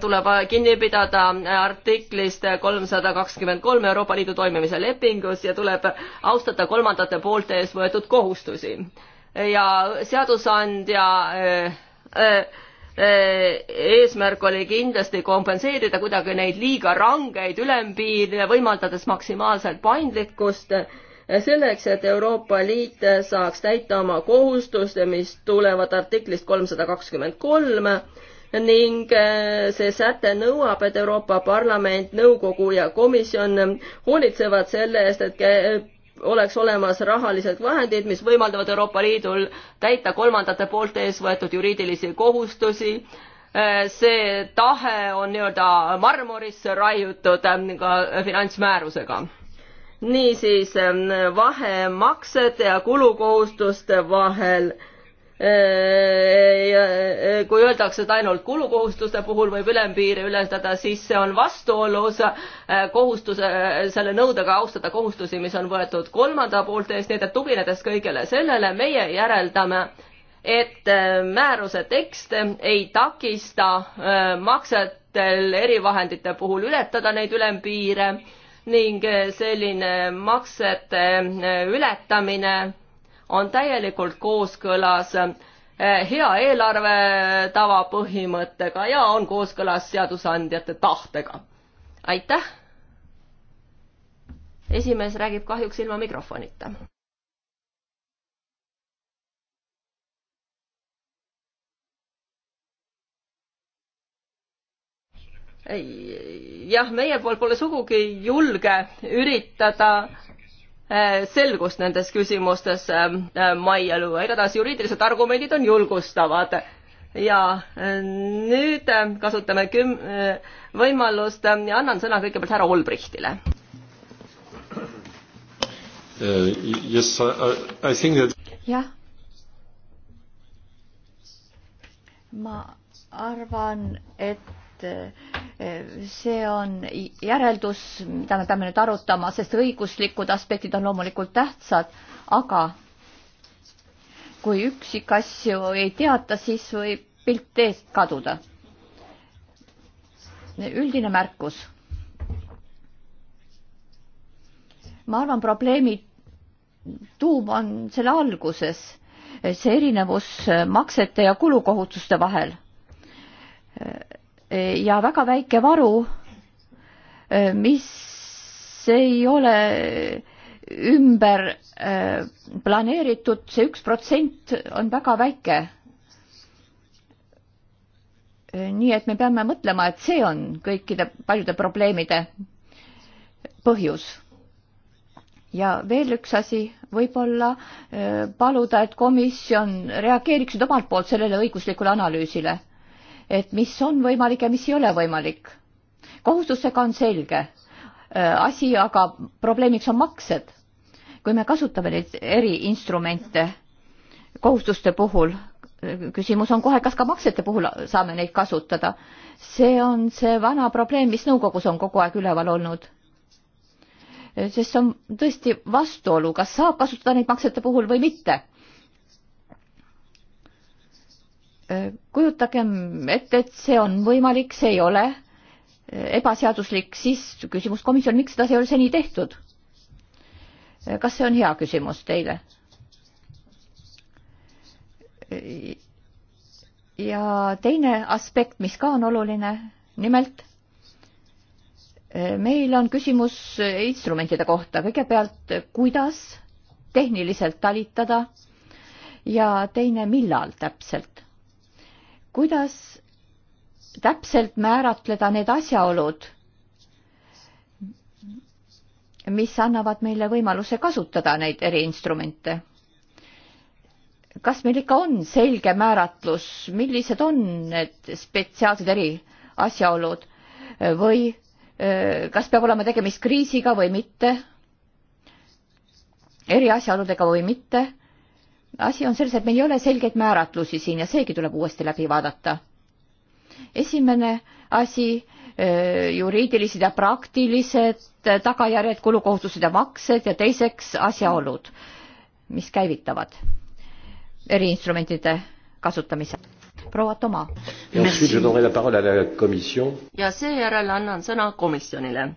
tuleb kinni pidada artiklist kolmsada kakskümmend kolm Euroopa Liidu toimimise lepingus ja tuleb austada kolmandate poolte ees võetud kohustusi. ja seadusandja äh, äh, Eh, eesmärk oli kindlasti kompenseerida kuidagi neid liiga rangeid ülempiire, võimaldades maksimaalselt paindlikkust eh, selleks, et Euroopa Liit saaks täita oma kohustust, mis tulevad artiklist kolmsada kakskümmend kolm ning eh, see säte nõuab, et Euroopa Parlament, nõukogu ja komisjon hoolitsevad selle eest, et oleks olemas rahalised vahendid, mis võimaldavad Euroopa Liidul täita kolmandate poolte ees võetud juriidilisi kohustusi. Äh, see tahe on nii-öelda marmorisse raiutud äh, ka finantsmäärusega. niisiis äh, vahemaksed ja kulukohustuste vahel Äh, äh, kui öeldakse, et ainult kulukohustuste puhul võib ülempiiri ületada, siis see on vastuolus äh, kohustuse, selle nõudega austada kohustusi, mis on võetud kolmanda poolte eest, nii et tuginedes kõigele sellele, meie järeldame, et määruse tekst ei takista maksetel erivahendite puhul ületada neid ülempiire ning selline maksete ületamine on täielikult kooskõlas eh, hea eelarvetava põhimõttega ja on kooskõlas seadusandjate tahtega. aitäh! esimees räägib kahjuks ilma mikrofonita. jah, meie poolt pole sugugi julge üritada Äh, selgust nendes küsimustes äh, äh, maielu, igatahes juriidilised argumendid on julgustavad ja nüüd kasutame küm-, võimalust ja annan sõna kõigepealt härra Olbrichtile. jah. ma arvan, et see on järeldus, mida me peame nüüd arutama, sest õiguslikud aspektid on loomulikult tähtsad, aga kui üksikasju ei teata, siis võib pilt eest kaduda. üldine märkus. ma arvan, probleemi tuum on selle alguses, see erinevus maksete ja kulukohutuste vahel ja väga väike varu, mis ei ole ümber äh, planeeritud, see üks protsent on väga väike. Äh, nii et me peame mõtlema, et see on kõikide paljude probleemide põhjus. ja veel üks asi, võib-olla äh, paluda, et komisjon reageeriks nüüd omalt poolt sellele õiguslikule analüüsile et mis on võimalik ja mis ei ole võimalik. kohustusega on selge äh, asi, aga probleemiks on maksed. kui me kasutame neid eriinstrumente kohustuste puhul, küsimus on kohe, kas ka maksete puhul saame neid kasutada. see on see vana probleem, mis nõukogus on kogu aeg üleval olnud. sest see on tõesti vastuolu, kas saab kasutada neid maksete puhul või mitte kujutagem ette, et see on võimalik, see ei ole ebaseaduslik, siis küsimus komisjon, miks seda ei ole seni tehtud? kas see on hea küsimus teile? ja teine aspekt, mis ka on oluline, nimelt meil on küsimus instrumentide kohta, kõigepealt kuidas tehniliselt talitada ja teine, millal täpselt kuidas täpselt määratleda need asjaolud, mis annavad meile võimaluse kasutada neid eriinstrumente? kas meil ikka on selge määratlus, millised on need spetsiaalsed eriasjaolud või kas peab olema tegemist kriisiga või mitte, eriasjaoludega või mitte asi on selles, et meil ei ole selgeid määratlusi siin ja seegi tuleb uuesti läbi vaadata. esimene asi, juriidilised ja praktilised tagajärjed, kulukohustused ja maksed ja teiseks asjaolud, mis käivitavad eriinstrumentide kasutamise. proua Toma. ja seejärel annan sõna komisjonile.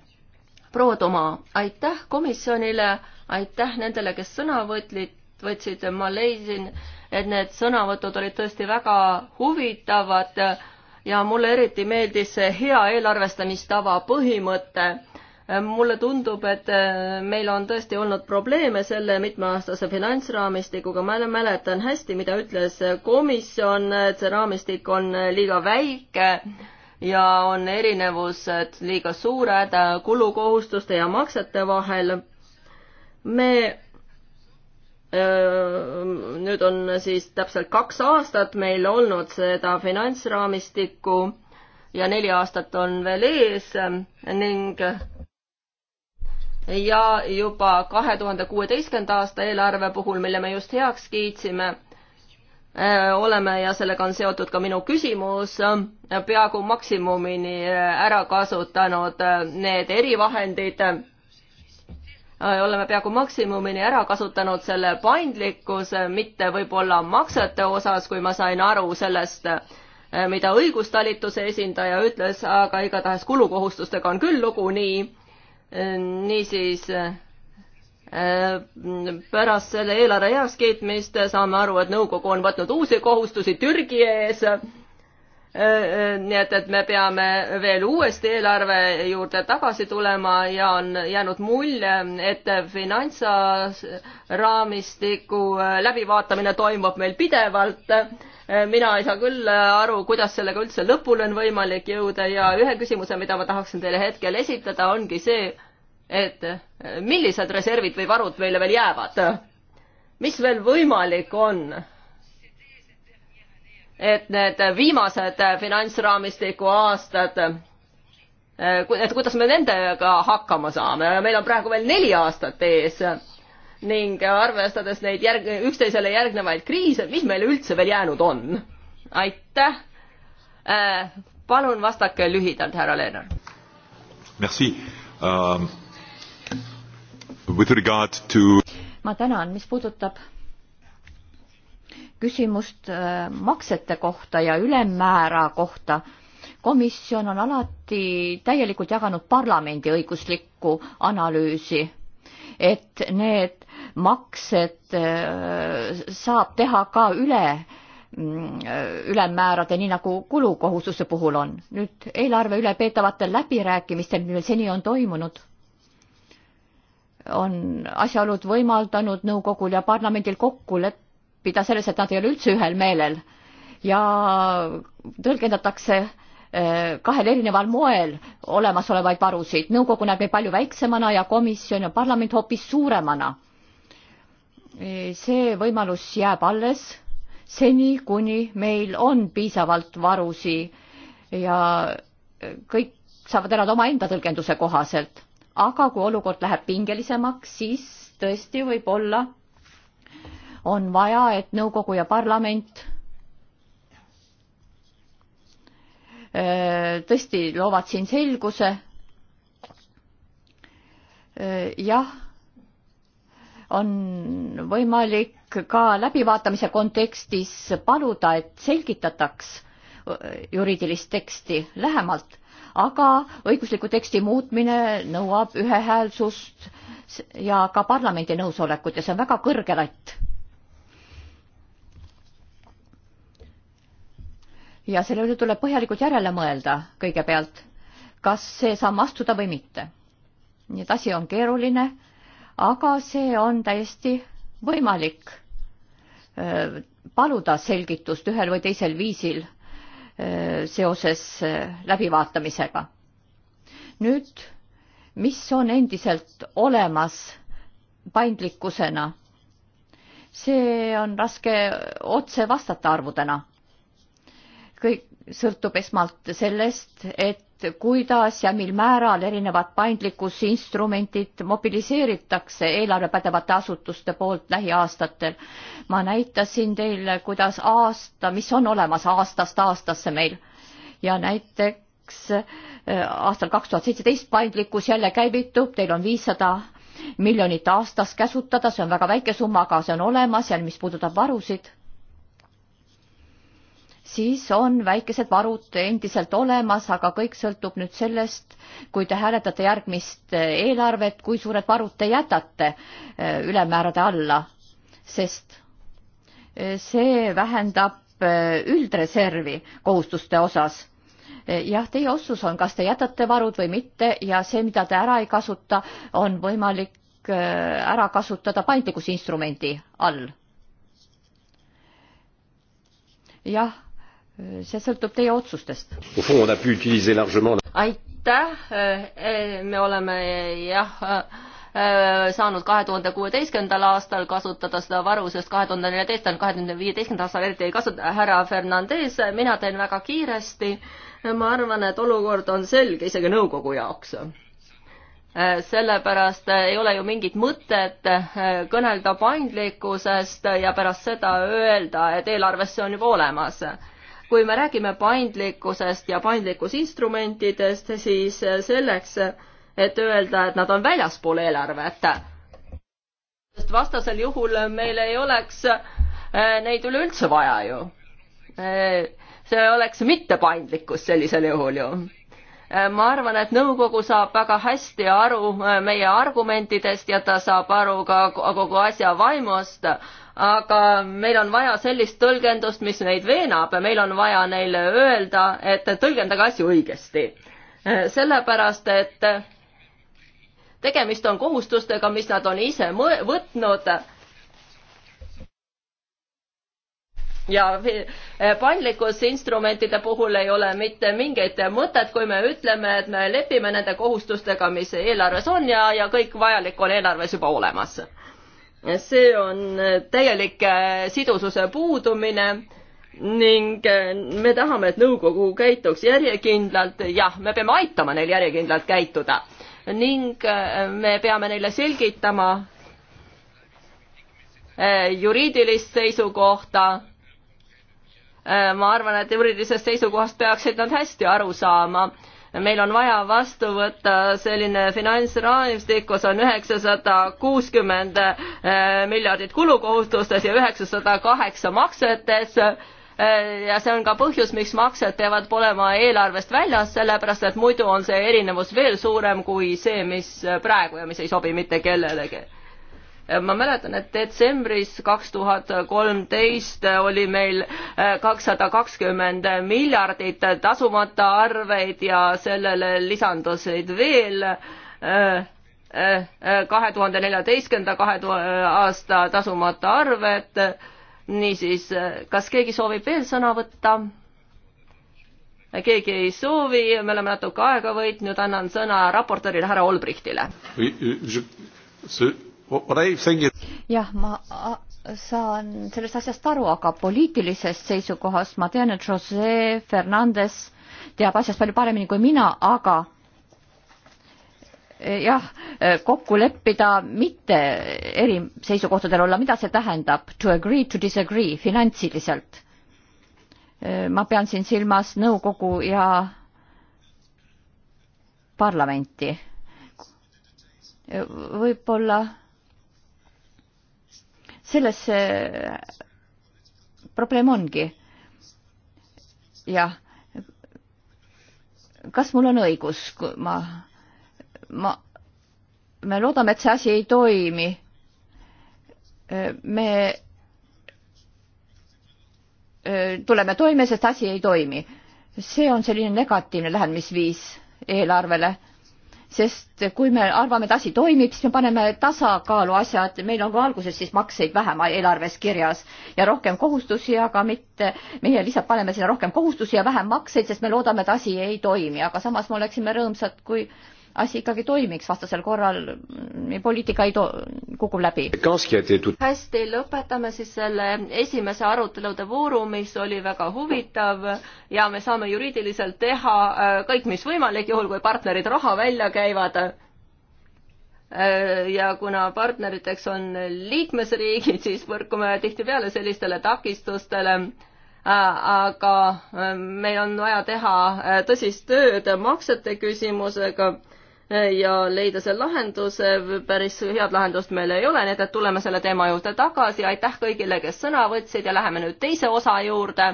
proua Toma, aitäh komisjonile, aitäh nendele, kes sõna võtsid võtsid, ma leidsin, et need sõnavõtud olid tõesti väga huvitavad ja mulle eriti meeldis see hea eelarvestamistava põhimõte. mulle tundub, et meil on tõesti olnud probleeme selle mitmeaastase finantsraamistikuga, ma mäletan hästi, mida ütles komisjon, et see raamistik on liiga väike ja on erinevused liiga suured kulukohustuste ja maksete vahel. me nüüd on siis täpselt kaks aastat meil olnud seda finantsraamistikku ja neli aastat on veel ees ning ja juba kahe tuhande kuueteistkümnenda aasta eelarve puhul, mille me just heaks kiitsime, oleme ja sellega on seotud ka minu küsimus, peaaegu maksimumini ära kasutanud need erivahendid Äh, oleme peaaegu maksimumini ära kasutanud selle paindlikkuse, mitte võib-olla maksete osas, kui ma sain aru sellest, äh, mida õigustalituse esindaja ütles, aga igatahes kulukohustustega on küll lugu nii, äh, niisiis pärast selle eelarve heakskiitmist saame aru, et nõukogu on võtnud uusi kohustusi Türgi ees nii et, et me peame veel uuesti eelarve juurde tagasi tulema ja on jäänud mulje, et finantsraamistiku läbivaatamine toimub meil pidevalt. mina ei saa küll aru, kuidas sellega üldse lõpule on võimalik jõuda ja ühe küsimuse, mida ma tahaksin teile hetkel esitada, ongi see, et millised reservid või varud meile veel jäävad? mis veel võimalik on? et need viimased finantsraamistiku aastad, et kuidas me nendega hakkama saame, meil on praegu veel neli aastat ees ning arvestades neid järg-, üksteisele järgnevaid kriise, mis meil üldse veel jäänud on? aitäh. palun vastake lühidalt, härra Leenar. Merci um,. With regard to. ma tänan, mis puudutab küsimust äh, maksete kohta ja ülemmäära kohta. komisjon on alati täielikult jaganud parlamendi õiguslikku analüüsi, et need maksed äh, saab teha ka üle mm, äh, ülemmäärade, nii nagu kulukohustuse puhul on. nüüd eelarve üle peetavatel läbirääkimistel, mis meil seni on toimunud, on asjaolud võimaldanud nõukogul ja parlamendil kokkuleppe leppida selles, et nad ei ole üldse ühel meelel ja tõlgendatakse eh, kahel erineval moel olemasolevaid varusid. nõukogu näeb neid palju väiksemana ja komisjon ja parlament hoopis suuremana. E, see võimalus jääb alles seni, kuni meil on piisavalt varusi ja eh, kõik saavad elada omaenda tõlgenduse kohaselt. aga kui olukord läheb pingelisemaks, siis tõesti võib olla on vaja, et nõukogu ja parlament äh, tõesti loovad siin selguse. Äh, jah, on võimalik ka läbivaatamise kontekstis paluda, et selgitataks äh, juriidilist teksti lähemalt, aga õigusliku teksti muutmine nõuab ühehäälsust ja ka parlamendi nõusolekut ja see on väga kõrge latt ja selle üle tuleb põhjalikult järele mõelda kõigepealt, kas see samm astuda või mitte. nii et asi on keeruline, aga see on täiesti võimalik äh, paluda selgitust ühel või teisel viisil äh, seoses äh, läbivaatamisega. nüüd, mis on endiselt olemas paindlikkusena? see on raske otse vastata arvudena kõik sõltub esmalt sellest, et kuidas ja mil määral erinevad paindlikkusinstrumendid mobiliseeritakse eelarvepädevate asutuste poolt lähiaastatel. ma näitasin teile, kuidas aasta, mis on olemas aastast aastasse meil ja näiteks äh, aastal kaks tuhat seitseteist paindlikkus jälle käivitub, teil on viissada miljonit aastas käsutada, see on väga väike summa, aga see on olemas ja mis puudutab varusid siis on väikesed varud endiselt olemas, aga kõik sõltub nüüd sellest, kui te hääletate järgmist eh, eelarvet, kui suured varud te jätate eh, ülemäärade alla, sest eh, see vähendab üldreservi kohustuste osas jah, teie otsus on, kas te jätate varud või mitte ja see, mida te ära ei kasuta, on võimalik ära kasutada paindlikkuse instrumendi all. jah, see sõltub teie otsustest. aitäh, eh, me oleme jah eh, saanud kahe tuhande kuueteistkümnendal aastal kasutada seda varu, sest kahe tuhande neljateistkümnendal, kahe tuhande viieteistkümnendal aastal eriti ei kasuta. härra Fernandez, mina teen väga kiiresti. ma arvan, et olukord on selge isegi nõukogu jaoks eh, sellepärast ei ole ju mingit mõtet kõnelda paindlikkusest ja pärast seda öelda, et eelarves see on juba olemas kui me räägime paindlikkusest ja paindlikkusinstrumentidest, siis selleks, et öelda, et nad on väljaspool eelarvet. sest vastasel juhul meil ei oleks eh, neid üleüldse vaja ju. Eh, see oleks mittepaindlikkus sellisel juhul ju eh, ma arvan, et nõukogu saab väga hästi aru meie argumentidest ja ta saab aru ka kogu asja vaimust, aga meil on vaja sellist tõlgendust, mis neid veenab ja meil on vaja neile öelda, et tõlgendage asju õigesti. sellepärast, et tegemist on kohustustega, mis nad on ise võtnud ja paindlikkusinstrumentide puhul ei ole mitte mingit mõtet, kui me ütleme, et me lepime nende kohustustega, mis eelarves on ja, ja kõik vajalik on eelarves juba olemas see on täielik äh, sidususe puudumine ning äh, me tahame, et nõukogu käituks järjekindlalt, jah, me peame aitama neil järjekindlalt käituda ning äh, me peame neile selgitama juriidilist seisukohta. ma arvan, et juriidilisest seisukohast peaksid nad hästi aru saama meil on vaja vastu võtta selline finantsraamistik, kus on üheksasada kuuskümmend eh, miljardit kulukohustustes ja üheksasada kaheksa maksetes eh, ja see on ka põhjus, miks maksed peavad olema eelarvest väljas, sellepärast et muidu on see erinevus veel suurem kui see, mis praegu ja mis ei sobi mitte kellelegi ma mäletan, et detsembris kaks tuhat kolmteist oli meil äh, kakssada kakskümmend miljardit tasumata arveid ja sellele lisandusid veel äh, äh, kahe tuhande neljateistkümnenda kahe aasta tasumata arved. niisiis, kas keegi soovib veel sõna võtta? keegi ei soovi, me oleme natuke aega võitnud, annan sõna raportöörile härra Olbrichtile. Euh, jah, ma saan sellest asjast aru, aga poliitilisest seisukohast ma tean, et Jose Fernandez teab asjast palju paremini kui mina, aga eh, jah, eh, kokku leppida, mitte eri seisukohtadel olla, mida see tähendab to agree to disagree finantsiliselt? Eh, ma pean siin silmas nõukogu ja parlamenti. võib-olla selles see probleem ongi. jah. kas mul on õigus, kui ma, ma, me loodame, et see asi ei toimi. me tuleme toime, sest asi ei toimi. see on selline negatiivne lähenemisviis eelarvele sest kui me arvame, et asi toimib, siis me paneme tasakaalu asjad, meil on ka alguses siis makseid vähem eelarves kirjas ja rohkem kohustusi, aga mitte, meie lihtsalt paneme sinna rohkem kohustusi ja vähem makseid, sest me loodame, et asi ei toimi, aga samas me oleksime rõõmsad, kui äh, asi ikkagi toimiks, vastasel korral poliitika ei to-, kukub läbi. hästi, lõpetame siis selle esimese arutelude vooru, mis oli väga huvitav ja me saame juriidiliselt teha äh, kõik, mis võimalik, juhul kui partnerid raha välja käivad. Äh, ja kuna partneriteks on liikmesriigid, siis põrkume tihtipeale sellistele takistustele äh, aga meil on vaja teha tõsist tööd maksete küsimusega ja leida see lahendus, päris head lahendust meil ei ole, nii et, et tuleme selle teema juurde tagasi, aitäh kõigile, kes sõna võtsid ja läheme nüüd teise osa juurde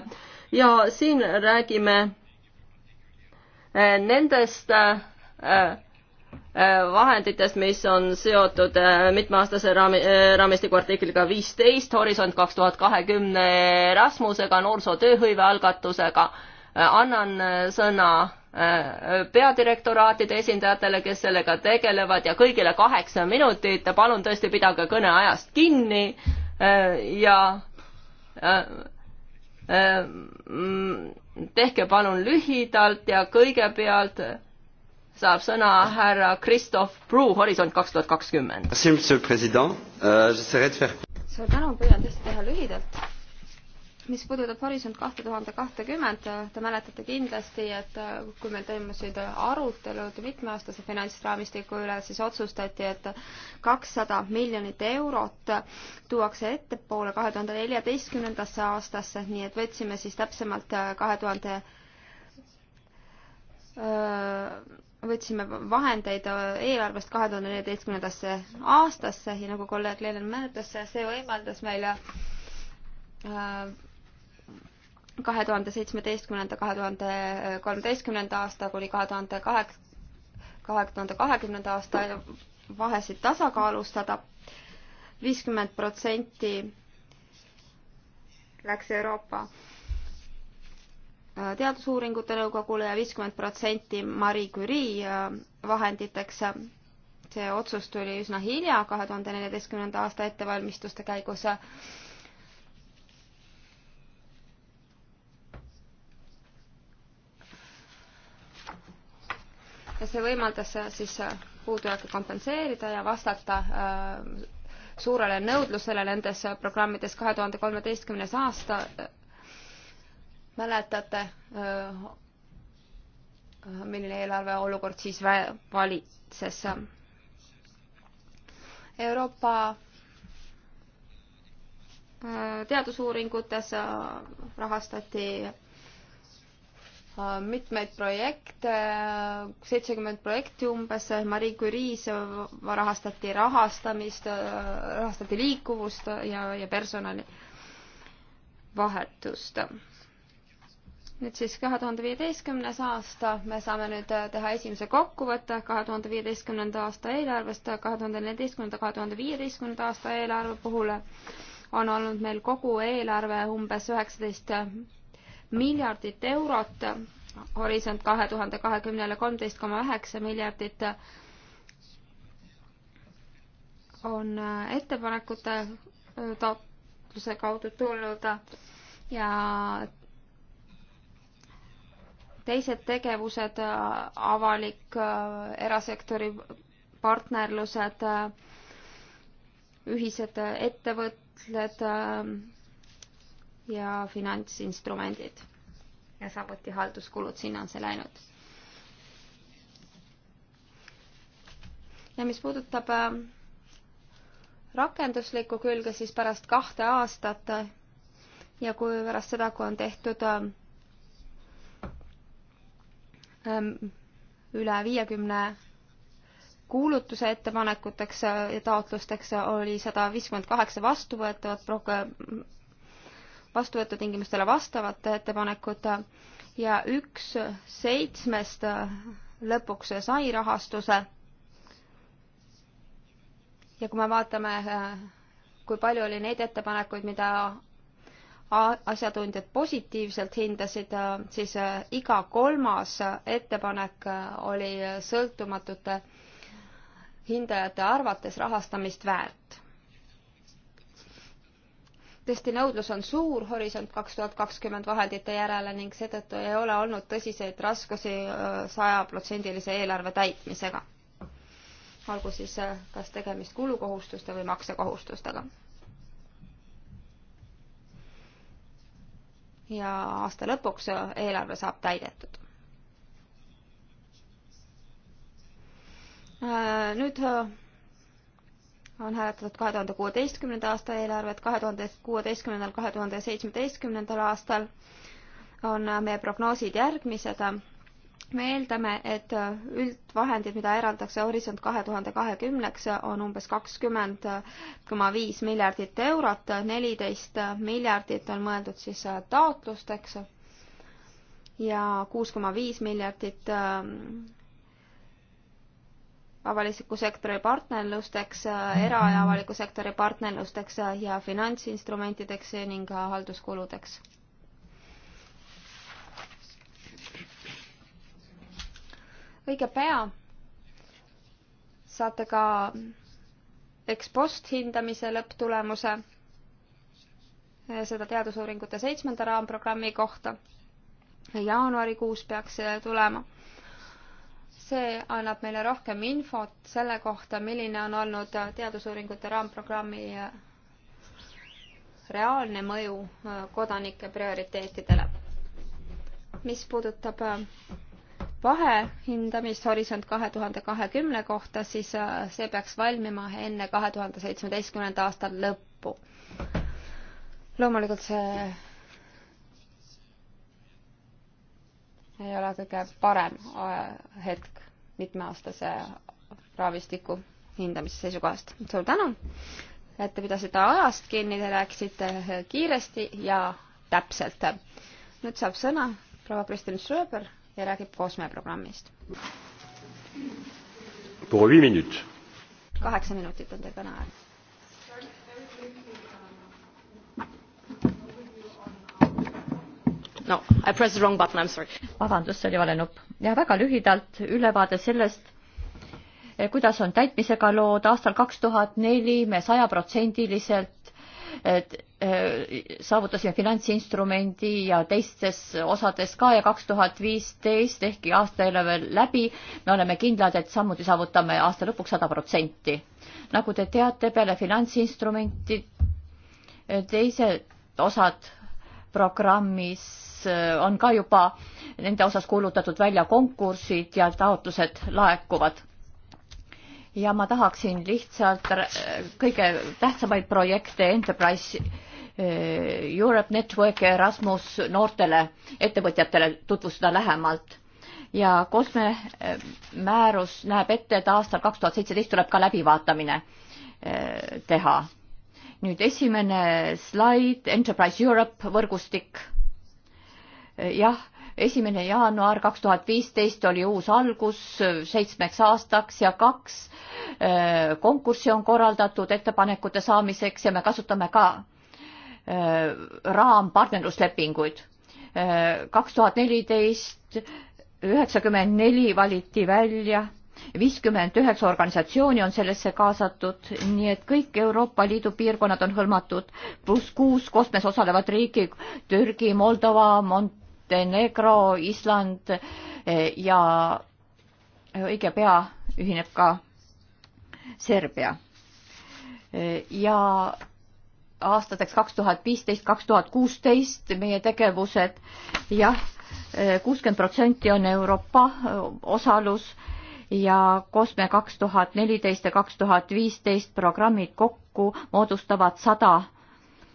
ja siin räägime eh, nendest eh, eh, vahenditest, mis on seotud mitmeaastase raami, raamistiku artikliga viisteist, Horisont kaks tuhat kahekümne Rasmusega, noorsootööhõive algatusega Äh, annan äh, sõna äh, peadirektoraatide esindajatele, kes sellega tegelevad ja kõigile kaheksa minutit, palun tõesti pidage kõneajast kinni ja tehke palun lühidalt ja kõigepealt saab sõna härra Christoph Pruu Horisont kaks tuhat kakskümmend. Euh, suur tänu, püüan tõesti teha lühidalt mis puudutab Horisont kahte tuhande kahtekümmend, te mäletate kindlasti, et äh, kui meil toimusid äh, arutelud mitmeaastase finantsraamistiku üle, siis otsustati, et kakssada miljonit eurot tuuakse ettepoole kahe tuhande neljateistkümnendasse aastasse, nii et võtsime siis täpsemalt äh, kahe tuhande võtsime vahendeid eelarvest kahe tuhande neljateistkümnendasse aastasse ja nagu kolleeg Lenin mäletas, see võimaldas meile kahe tuhande seitsmeteistkümnenda, kahe tuhande kolmeteistkümnenda aasta kuni kahe tuhande kahek-, kahe tuhande kahekümnenda aasta vahesid tasakaalustada. viiskümmend protsenti läks Euroopa äh, Teadusuuringute Nõukogule ja viiskümmend protsenti Marie Curie äh, vahenditeks. see otsus tuli üsna hilja, kahe tuhande neljateistkümnenda aasta ettevalmistuste käigus ja see võimaldas äh, siis äh, puudujääke kompenseerida ja vastata äh, suurele nõudlusele nendes programmides kahe tuhande kolmeteistkümnes aasta mäletate, milline eelarve olukord siis valitses. Euroopa teadusuuringutes rahastati mitmeid projekte, seitsekümmend projekti umbes, Marie Curie's rahastati rahastamist, rahastati liikuvust ja, ja personali vahetust. nüüd siis kahe tuhande viieteistkümnes aasta, me saame nüüd teha esimese kokkuvõtte kahe tuhande viieteistkümnenda aasta eelarvest, kahe tuhande neljateistkümnenda, kahe tuhande viieteistkümnenda aasta eelarve puhul on olnud meil kogu eelarve umbes üheksateist 19 miljardit eurot, Horisont kahe tuhande kahekümnele kolmteist koma üheksa miljardit on äh, ettepanekute äh, taotluse kaudu tulnud ja teised tegevused, äh, avalik, erasektori partnerlused, ühised ettevõtted, ja finantsinstrumendid ja samuti halduskulud, sinna on see läinud. ja mis puudutab äh, rakenduslikku külge, siis pärast kahte aastat äh, ja kui pärast seda, kui on tehtud äh, ähm, üle viiekümne kuulutuse ettepanekuteks ja taotlusteks oli sada viiskümmend kaheksa vastuvõetavat vastuvõtutingimustele vastavate ettepanekute ja üks seitsmest lõpuks sai rahastuse. ja kui me vaatame, kui palju oli neid ettepanekuid, mida asjatundjad positiivselt hindasid, siis iga kolmas ettepanek oli sõltumatute hindajate arvates rahastamist väärt tõesti, nõudlus on suur Horisont kaks tuhat kakskümmend vahendite järele ning seetõttu ei ole olnud tõsiseid raskusi äh, sajaprotsendilise eelarve täitmisega. olgu siis äh, kas tegemist kulukohustuste või maksekohustustega. ja aasta lõpuks äh, eelarve saab täidetud. nüüd on hääletatud kahe tuhande kuueteistkümnenda aasta eelarvet, kahe tuhande kuueteistkümnendal, kahe tuhande seitsmeteistkümnendal aastal on meie prognoosid järgmised. me eeldame, et üldvahendid, mida eraldatakse Horisont kahe tuhande kahekümneks, on umbes kakskümmend koma viis miljardit eurot, neliteist miljardit on mõeldud siis taotlusteks ja kuus koma viis miljardit avaliku sektori partnerlusteks, äh, era- ja avaliku sektori partnerlusteks äh, ja finantsinstrumentideks ning äh, halduskuludeks. õige pea saate ka ekspost hindamise lõpptulemuse, seda teadusuuringute seitsmenda raamprogrammi kohta. jaanuarikuus peaks see tulema see annab meile rohkem infot selle kohta, milline on olnud teadusuuringute raamprogrammi äh, reaalne mõju äh, kodanike prioriteetidele. mis puudutab äh, vahehindamist Horisont kahe tuhande kahekümne kohta, siis see peaks valmima enne kahe tuhande seitsmeteistkümnenda aasta lõppu. loomulikult see ei ole kõige parem hetk mitmeaastase raamistiku hindamise seisukohast. suur tänu, et te pidasite ajast kinni, te rääkisite kiiresti ja täpselt. nüüd saab sõna proua Kristin Schröber ja räägib Kosme programmist. kaheksa minutit on teil kõneaeg no I pressed the wrong button, I am sorry. vabandust, see oli vale nupp. ja väga lühidalt ülevaade sellest, eh, kuidas on täitmisega lood aastal kaks tuhat neli me sajaprotsendiliselt eh, saavutasime finantsinstrumendi ja teistes osades ka ja kaks tuhat viisteist ehkki aasta ei ole veel läbi, me oleme kindlad, et samuti saavutame aasta lõpuks sada protsenti. nagu te teate, peale finantsinstrumenti eh, teised osad programmis Äh, on ka juba nende osas kuulutatud välja konkursid ja taotlused laekuvad ja ma tahaksin lihtsalt kõige tähtsamaid projekte Enterprise äh, Europe Network ja Erasmus noortele ettevõtjatele tutvustada lähemalt. ja COSME äh, määrus näeb ette, et aastal kaks tuhat seitseteist tuleb ka läbivaatamine teha. nüüd esimene slaid, Enterprise Europe võrgustik jah, esimene jaanuar kaks tuhat viisteist oli uus algus seitsmeks aastaks ja kaks eh, konkurssi on korraldatud ettepanekute saamiseks ja me kasutame ka eh, raampartnerluslepinguid. Eh, kaks tuhat neliteist üheksakümmend neli valiti välja, viiskümmend üheksa organisatsiooni on sellesse kaasatud, nii et kõik Euroopa Liidu piirkonnad on hõlmatud, pluss kuus kosmes osalevat riiki, Türgi, Moldova, Mont-, Montenegro, Island eh, ja õige pea ühineb ka Serbia. Eh, ja aastateks kaks tuhat viisteist, kaks tuhat kuusteist meie tegevused jah, eh, kuuskümmend protsenti on Euroopa osalus ja COSME kaks tuhat neliteist ja kaks tuhat viisteist programmid kokku moodustavad sada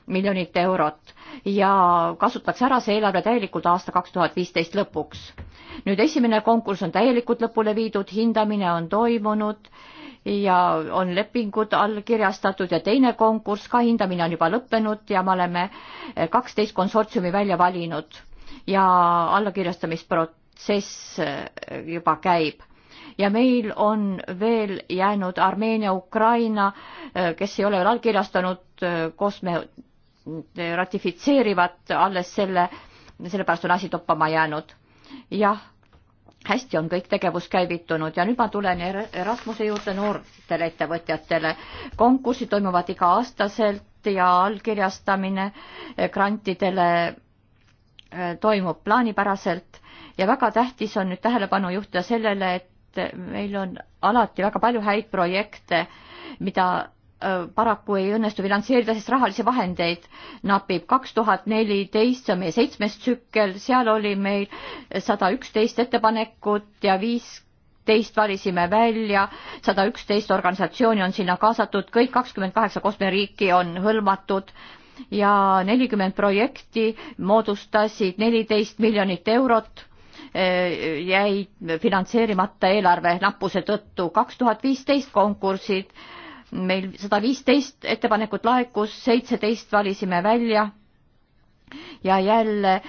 miljonit eurot ja kasutatakse ära see eelarve täielikult aasta kaks tuhat viisteist lõpuks. nüüd esimene konkurss on täielikult lõpule viidud, hindamine on toimunud ja on lepingud allkirjastatud ja teine konkurss, ka hindamine on juba lõppenud ja me oleme kaksteist konsortsiumi välja valinud ja allakirjastamisprotsess äh, juba käib ja meil on veel jäänud Armeenia, Ukraina, äh, kes ei ole veel allkirjastanud, äh, koos me ratifitseerivad alles selle, sellepärast on asi toppama jäänud. jah, hästi on kõik tegevus käivitunud ja nüüd ma tulen Erasmuse juurde noortele ettevõtjatele. konkursid toimuvad iga-aastaselt ja allkirjastamine eh, grantidele eh, toimub plaanipäraselt ja väga tähtis on nüüd tähelepanu juhtida sellele, et meil on alati väga palju häid projekte, mida Äh, paraku ei õnnestu finantseerida, sest rahalisi vahendeid napib. kaks tuhat neliteist, see on meie seitsmes tsükkel, seal oli meil sada üksteist ettepanekut ja viisteist valisime välja, sada üksteist organisatsiooni on sinna kaasatud, kõik kakskümmend kaheksa kosmeriiki on hõlmatud ja nelikümmend projekti moodustasid neliteist miljonit eurot äh, jäid finantseerimata eelarve nappuse tõttu. kaks tuhat viisteist konkursid meil sada viisteist ettepanekut laekus, seitseteist valisime välja ja jälle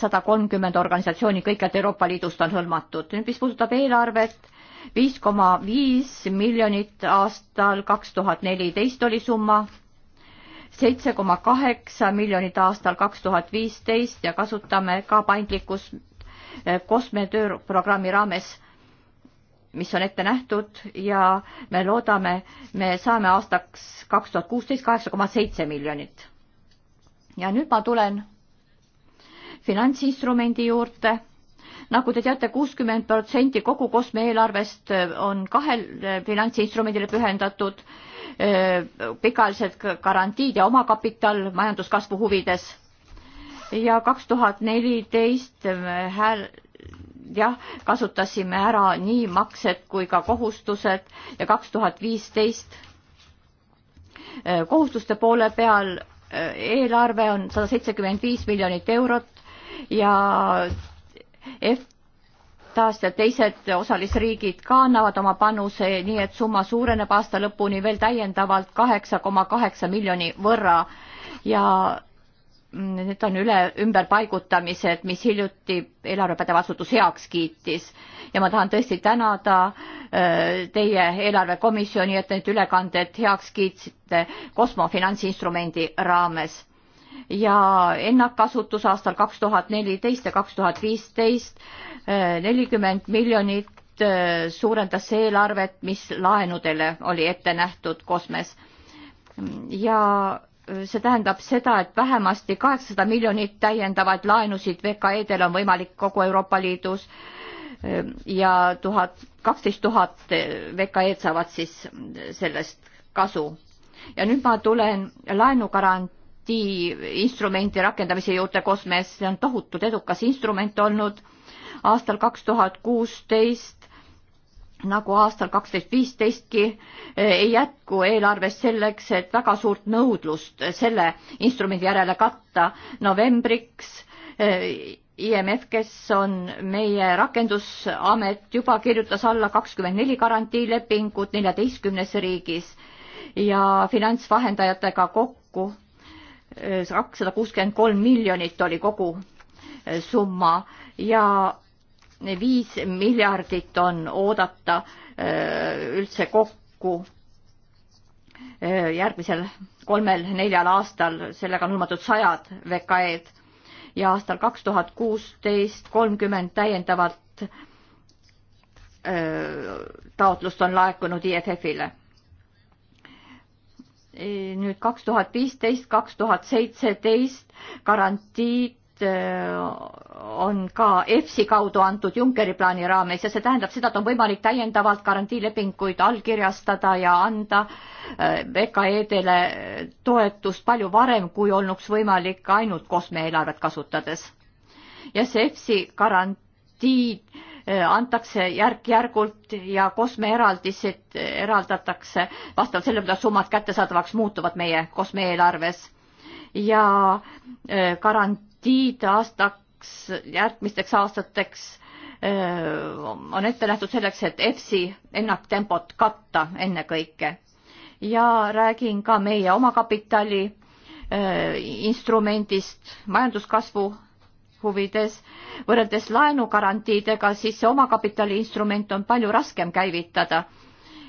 sada kolmkümmend organisatsiooni kõikjalt Euroopa Liidust on hõlmatud. nüüd, mis puudutab eelarvet, viis koma viis miljonit aastal kaks tuhat neliteist oli summa, seitse koma kaheksa miljonit aastal kaks tuhat viisteist ja kasutame ka paindlikkust eh, kosmetööprogrammi raames mis on ette nähtud ja me loodame, me saame aastaks kaks tuhat kuusteist kaheksa koma seitse miljonit. ja nüüd ma tulen finantsinstrumendi juurde. nagu te teate, kuuskümmend protsenti kogu kosme eelarvest on kahele finantsinstrumendile pühendatud pikaajalised garantiid ja omakapital majanduskasvu huvides. ja kaks tuhat neliteist hääl jah, kasutasime ära nii maksed kui ka kohustused ja kaks tuhat viisteist eh, kohustuste poole peal eh, eelarve on sada seitsekümmend viis miljonit eurot ja EFTA-st ja teised osalisriigid ka annavad oma panuse, nii et summa suureneb aasta lõpuni veel täiendavalt kaheksa koma kaheksa miljoni võrra ja need on üle, ümberpaigutamised, mis hiljuti eelarvepädev asutus heaks kiitis ja ma tahan tõesti tänada äh, teie eelarvekomisjoni, et need ülekanded heaks kiitsite Kosmo finantsinstrumendi raames ja ennakkasutus aastal kaks tuhat neliteist ja kaks tuhat viisteist äh, nelikümmend miljonit äh, suurendas eelarvet, mis laenudele oli ette nähtud Kosmes ja see tähendab seda, et vähemasti kaheksasada miljonit täiendavaid laenusid VKE-del on võimalik kogu Euroopa Liidus ehm, ja tuhat, kaksteist tuhat VKE-d saavad siis sellest kasu. ja nüüd ma tulen laenugarantii instrumendi rakendamise juurde Kosmes, see on tohutult edukas instrument olnud. aastal kaks tuhat kuusteist nagu aastal kaksteist viisteistki eh, ei jätku eelarves selleks, et väga suurt nõudlust selle instrumendi järele katta novembriks eh, IMF, kes on meie rakendusamet, juba kirjutas alla kakskümmend neli garantiilepingut neljateistkümnes riigis ja finantsvahendajatega kokku eh, kakssada kuuskümmend kolm miljonit oli kogu summa ja viis miljardit on oodata äh, üldse kokku äh, järgmisel kolmel-neljal aastal, sellega on hõlmatud sajad VKE-d ja aastal kaks tuhat kuusteist kolmkümmend täiendavat äh, taotlust on laekunud IFF-ile. nüüd kaks tuhat viisteist, kaks tuhat seitseteist garantiid Äh, on ka EFSI kaudu antud Junckeri plaani raames ja see tähendab seda, et on võimalik täiendavalt garantiilepinguid allkirjastada ja anda äh, VKE-dele toetust palju varem, kui olnuks võimalik ainult kosme eelarvet kasutades. ja see EFSI garantii äh, antakse järk-järgult ja kosme eraldised eraldatakse vastavalt sellele, kuidas summad kättesaadavaks muutuvad meie kosme eelarves ja garantii garantiid aastaks, järgmisteks aastateks on ette nähtud selleks, et EFSI ennaktempot katta ennekõike. ja räägin ka meie omakapitali instrumendist majanduskasvu huvides. võrreldes laenugarantiidega, siis see omakapitali instrument on palju raskem käivitada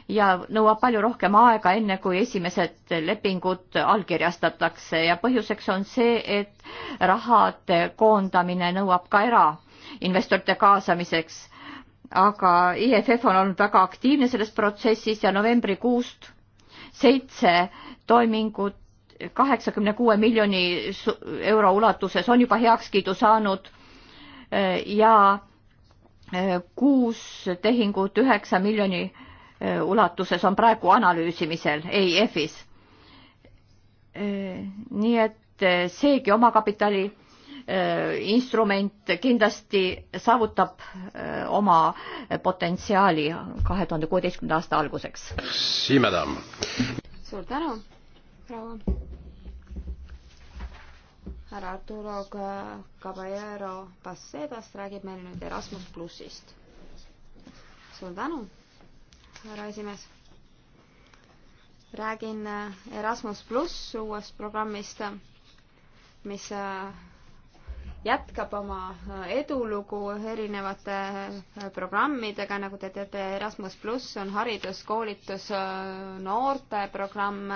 ja nõuab palju rohkem aega, enne kui esimesed lepingud allkirjastatakse ja põhjuseks on see, et rahade koondamine nõuab ka erainvestorite kaasamiseks. aga IFF on olnud väga aktiivne selles protsessis ja novembrikuust seitse toimingut kaheksakümne kuue miljoni euro ulatuses on juba heakskiidu saanud ja kuus tehingut üheksa miljoni Äh, ulatuses on praegu analüüsimisel EIF-is. Äh, nii et äh, seegi omakapitali instrument kindlasti saavutab oma potentsiaali kahe tuhande kuueteistkümnenda aasta alguseks. suur tänu, proua. härra Arturo Caballero Pasedas räägib meile nüüd Erasmus plussist. suur tänu härra esimees. räägin äh, Erasmus pluss uuest programmist, mis äh, jätkab oma äh, edulugu erinevate programmidega, nagu te teate, Erasmus pluss on haridus, koolitus, noorteprogramm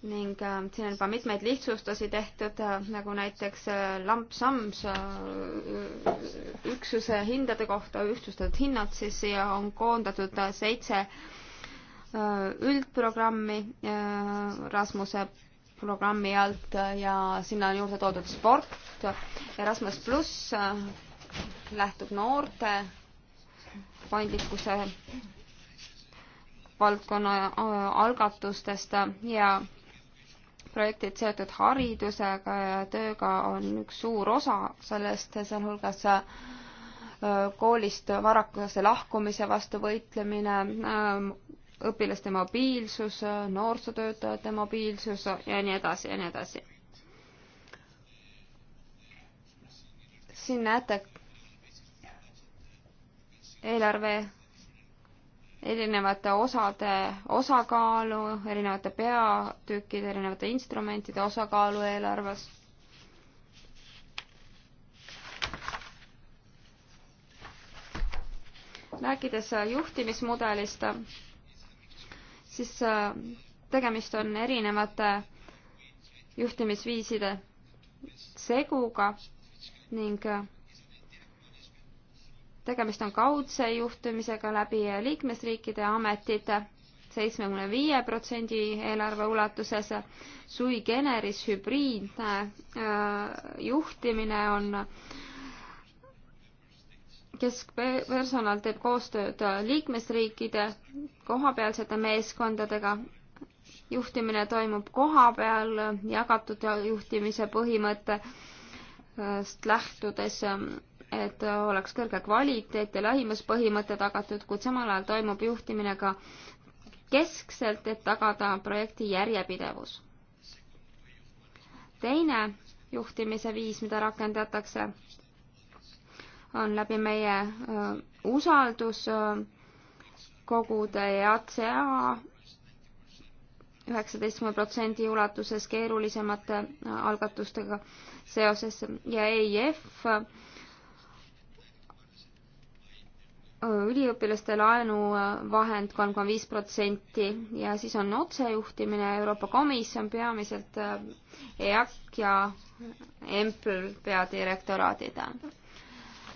ning äh, siin on juba mitmeid lihtsustusi tehtud äh,, nagu näiteks äh, lamp-sams äh, äh üksuse hindade kohta, ühtlustatud hinnad siis ja on koondatud äh, seitse äh, üldprogrammi äh, Rasmuse programmi alt äh, ja sinna on juurde toodud sport, äh, Erasmus pluss äh, lähtub noorte paindlikkuse valdkonna algatustest ja projektid seotud haridusega ja tööga on üks suur osa sellest, sealhulgas äh, koolist varakuse lahkumise vastu võitlemine, ähm, õpilaste mobiilsus, noorsootöötajate mobiilsus ja nii edasi ja nii edasi. siin näete eelarve erinevate osade osakaalu, erinevate peatükkide, erinevate instrumentide osakaalu eelarves. rääkides juhtimismudelist, siis äh, tegemist on erinevate juhtimisviiside seguga ning äh, tegemist on kaudse juhtimisega läbi liikmesriikide ametite seitsmekümne viie protsendi eelarve ulatuses. Sui generis hübriidne äh, juhtimine on keskpersonal teeb koostööd liikmesriikide kohapealsete meeskondadega. juhtimine toimub koha peal, jagatud juhtimise põhimõttest lähtudes äh, et oleks kõrge kvaliteet ja lähimuspõhimõte tagatud, kuid samal ajal toimub juhtimine ka keskselt, et tagada projekti järjepidevus. teine juhtimise viis, mida rakendatakse, on läbi meie äh, usalduskogude äh, ja CA üheksateistkümne protsendi ulatuses keerulisemate äh, algatustega seoses ja EIF üliõpilaste laenuvahend äh, kolm koma viis protsenti ja siis on otsejuhtimine, Euroopa Komisjon peamiselt äh, EAK ja EMPL peadirektoraadid.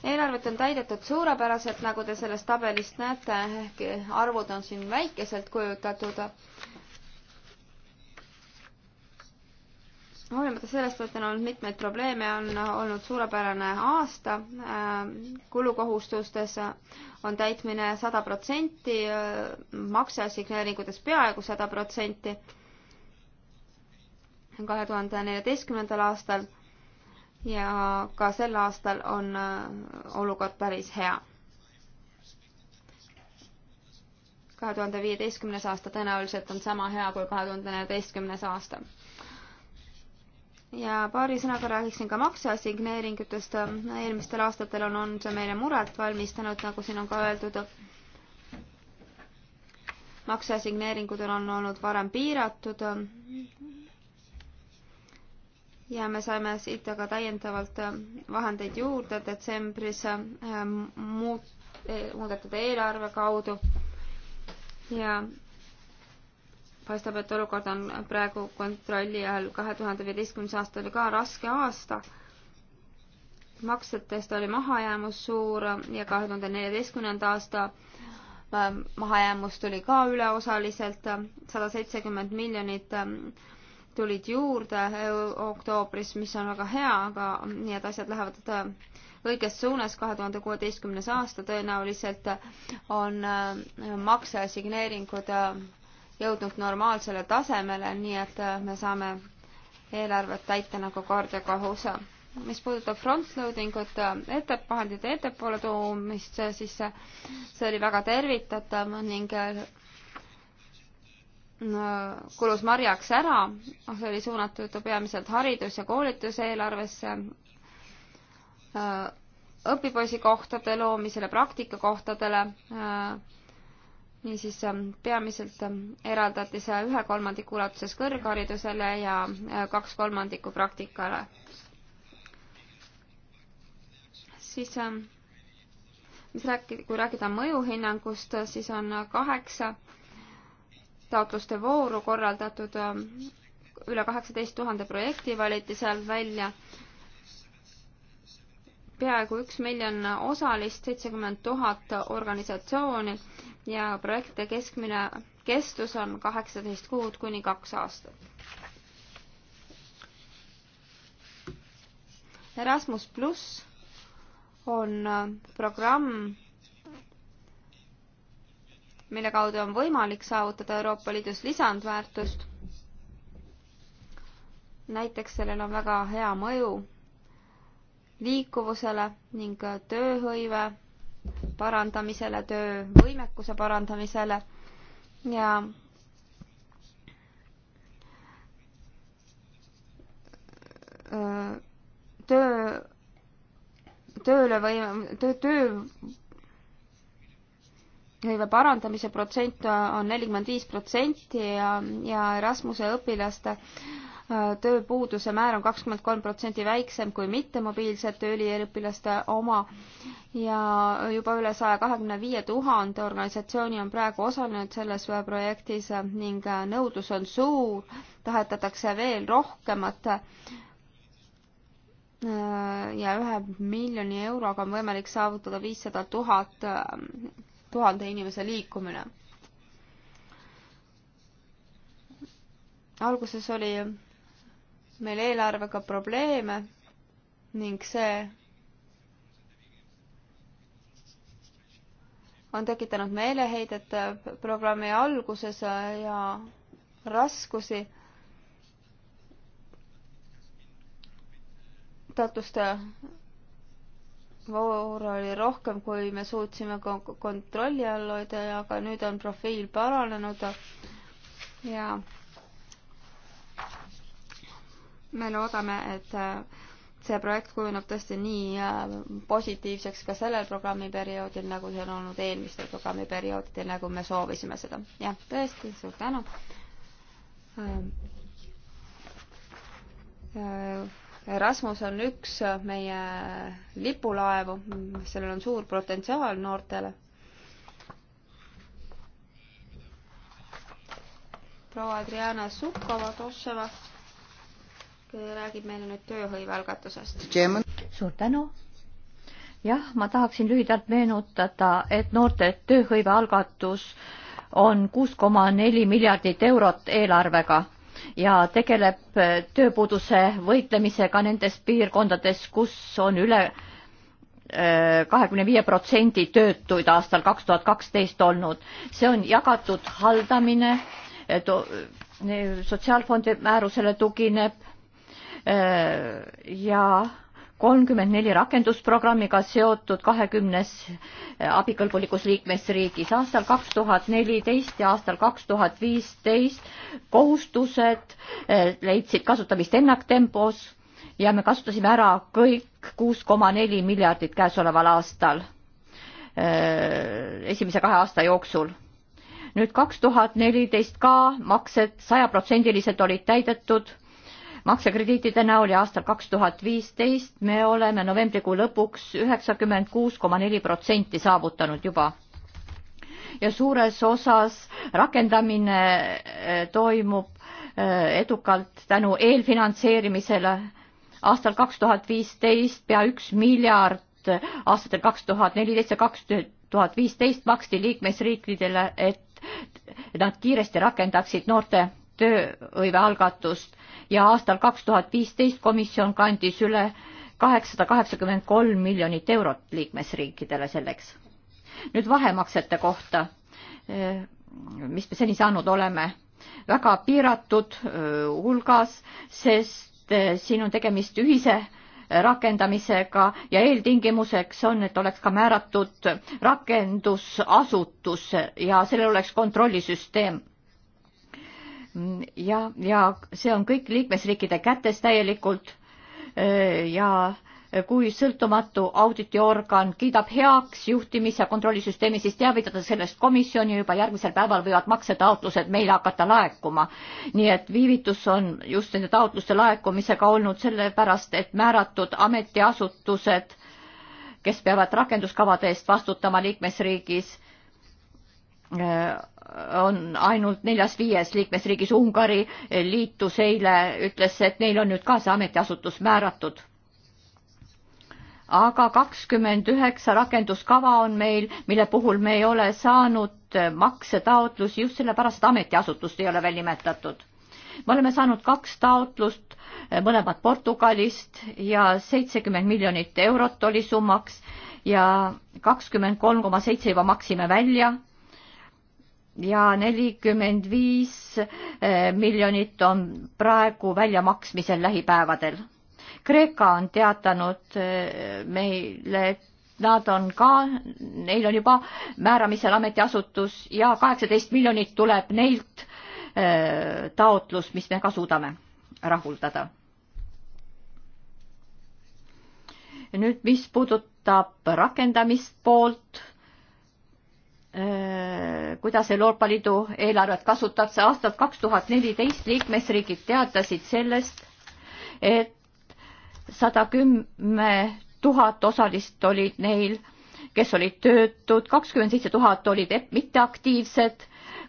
eelarvet on täidetud suurepäraselt, nagu te sellest tabelist näete, ehkki arvud on siin väikeselt kujutatud hoolimata sellest, et on olnud mitmeid probleeme, on olnud suurepärane aasta äh, kulukohustustes, on täitmine sada protsenti, äh, makseassigneeringutes peaaegu sada protsenti kahe tuhande neljateistkümnendal aastal ja ka sel aastal on äh, olukord päris hea. kahe tuhande viieteistkümnes aasta tõenäoliselt on sama hea kui kahe tuhande neljateistkümnes aasta ja paari sõnaga räägiksin ka makseassigneeringutest. eelmistel aastatel on, on see meile muret valmistanud, nagu siin on ka öeldud. makseassigneeringud on olnud varem piiratud. ja me saime siit aga täiendavalt vahendeid juurde detsembris äh, muut-, muudetud eelarve kaudu ja paistab, et olukord on praegu kontrolli all. kahe tuhande viieteistkümnes aasta oli ka raske aasta. maksetest oli mahajäämus suur ja kahe tuhande neljateistkümnenda aasta ähm, mahajäämus tuli ka üleosaliselt, sada seitsekümmend miljonit ähm, tulid juurde oktoobris, mis on väga hea, aga nii et asjad lähevad äh, õiges suunas. kahe tuhande kuueteistkümnes aasta tõenäoliselt on äh, makseassigneeringud äh, jõudnud normaalsele tasemele, nii et äh, me saame eelarvet täita nagu kord ja kohus. mis puudutab frontloading ut, äh, ettevahendite ettepoole toomist, siis see, äh, see oli väga tervitatav ning kulus marjaks ära, see oli suunatud peamiselt haridus- ja koolituseelarvesse, õpipoisikohtade loomisele, praktikakohtadele, niisiis ähm, peamiselt ähm, eraldati see ühe kolmandiku ulatuses kõrgharidusele ja äh, kaks kolmandikku praktikale. siis ähm, mis rääkida, kui rääkida mõjuhinnangust, siis on kaheksa taotluste vooru korraldatud, üle kaheksateist tuhande projekti valiti seal välja peaaegu üks miljon osalist, seitsekümmend tuhat organisatsiooni ja projektide keskmine kestus on kaheksateist kuud kuni kaks aastat. Erasmus pluss on programm, mille kaudu on võimalik saavutada Euroopa Liidus lisandväärtust. näiteks sellel on väga hea mõju liikuvusele ning tööhõive parandamisele, töövõimekuse parandamisele ja töö, tööle või töö, tööhõive parandamise protsent on nelikümmend viis protsenti ja, ja Erasmuse õpilaste äh, tööpuuduse määr on kakskümmend kolm protsenti väiksem kui mittemobiilsete üliõpilaste oma ja juba üle saja kahekümne viie tuhande organisatsiooni on praegu osalenud selles projektis ning nõudlus on suur, tahetatakse veel rohkemat ja ühe miljoni euroga on võimalik saavutada viissada tuhat, tuhande inimese liikumine. alguses oli meil eelarvega probleeme ning see on tekitanud meeleheidet programmi alguses ja raskusi taotluste voor oli rohkem, kui me suutsime kontrolli all hoida, aga nüüd on profiil paranenud ja me loodame, et äh, see projekt kujuneb tõesti nii äh, positiivseks ka sellel programmiperioodil, nagu see on olnud eelmistel programmiperioodidel, nagu me soovisime seda. jah, tõesti, suur tänu. Äh, Erasmus on üks meie lipulaevu, sellel on suur potentsiaal noortele. proua Adriana Sukova-Toševa räägib meile nüüd tööhõive algatusest. suur tänu. jah, ma tahaksin lühidalt meenutada, et noorte tööhõive algatus on kuus koma neli miljardit eurot eelarvega ja tegeleb tööpuuduse võitlemisega nendes piirkondades, kus on üle äh, kahekümne viie protsendi töötuid aastal kaks tuhat kaksteist olnud. see on jagatud haldamine, sotsiaalfondi määrusele tugineb Äh, ja kolmkümmend neli rakendusprogrammiga seotud kahekümnes äh, abikõlbulikus liikmesriigis. aastal kaks tuhat neliteist ja aastal kaks tuhat viisteist kohustused äh, leidsid kasutamist ennaktempos ja me kasutasime ära kõik kuus koma neli miljardit käesoleval aastal, esimese kahe aasta jooksul nüüd kaks tuhat neliteist ka maksed sajaprotsendiliselt olid täidetud maksekrediitide näol ja aastal kaks tuhat viisteist me oleme novembrikuu lõpuks üheksakümmend kuus koma neli protsenti saavutanud juba. ja suures osas rakendamine eh, toimub eh, edukalt tänu eelfinantseerimisele. aastal kaks tuhat viisteist pea üks miljard, aastatel kaks tuhat neliteist ja kaks tuhat viisteist maksti liikmesriikidele, et nad kiiresti rakendaksid noorte tööhõivealgatust ja aastal kaks tuhat viisteist komisjon kandis üle kaheksasada kaheksakümmend kolm miljonit eurot liikmesriikidele selleks. nüüd vahemaksete kohta, eh, mis me seni saanud oleme, väga piiratud eh, hulgas, sest eh, siin on tegemist ühise rakendamisega ja eeltingimuseks on, et oleks ka määratud rakendusasutus ja sellel oleks kontrollisüsteem ja, ja see on kõik liikmesriikide kätes täielikult äh, ja kui sõltumatu auditiorgan kiidab heaks juhtimis- ja kontrollisüsteemi, siis teavitada sellest komisjoni juba järgmisel päeval võivad maksetaotlused meile hakata laekuma. nii et viivitus on just nende taotluste laekumisega olnud sellepärast, et määratud ametiasutused, kes peavad rakenduskavade eest vastutama liikmesriigis, Äh, on ainult neljas-viies liikmesriigis. Ungari liitus eile, ütles, et neil on nüüd ka see ametiasutus määratud. aga kakskümmend üheksa rakenduskava on meil, mille puhul me ei ole saanud maksetaotlusi just sellepärast, et ametiasutust ei ole veel nimetatud. me oleme saanud kaks taotlust, mõlemad Portugalist ja seitsekümmend miljonit eurot oli summaks ja kakskümmend kolm koma seitse juba maksime välja ja nelikümmend viis eh, miljonit on praegu väljamaksmisel lähipäevadel. Kreeka on teatanud eh, meile, et nad on ka, neil on juba määramisel ametiasutus ja kaheksateist miljonit tuleb neilt eh, taotlus, mis me ka suudame rahuldada. nüüd, mis puudutab rakendamist poolt Äh, kuidas Euroopa Liidu eelarvet kasutatakse. aastal kaks tuhat neliteist liikmesriigid teatasid sellest, et sada kümme tuhat osalist olid neil, kes olid töötud, kakskümmend seitse tuhat olid e-, mitteaktiivsed,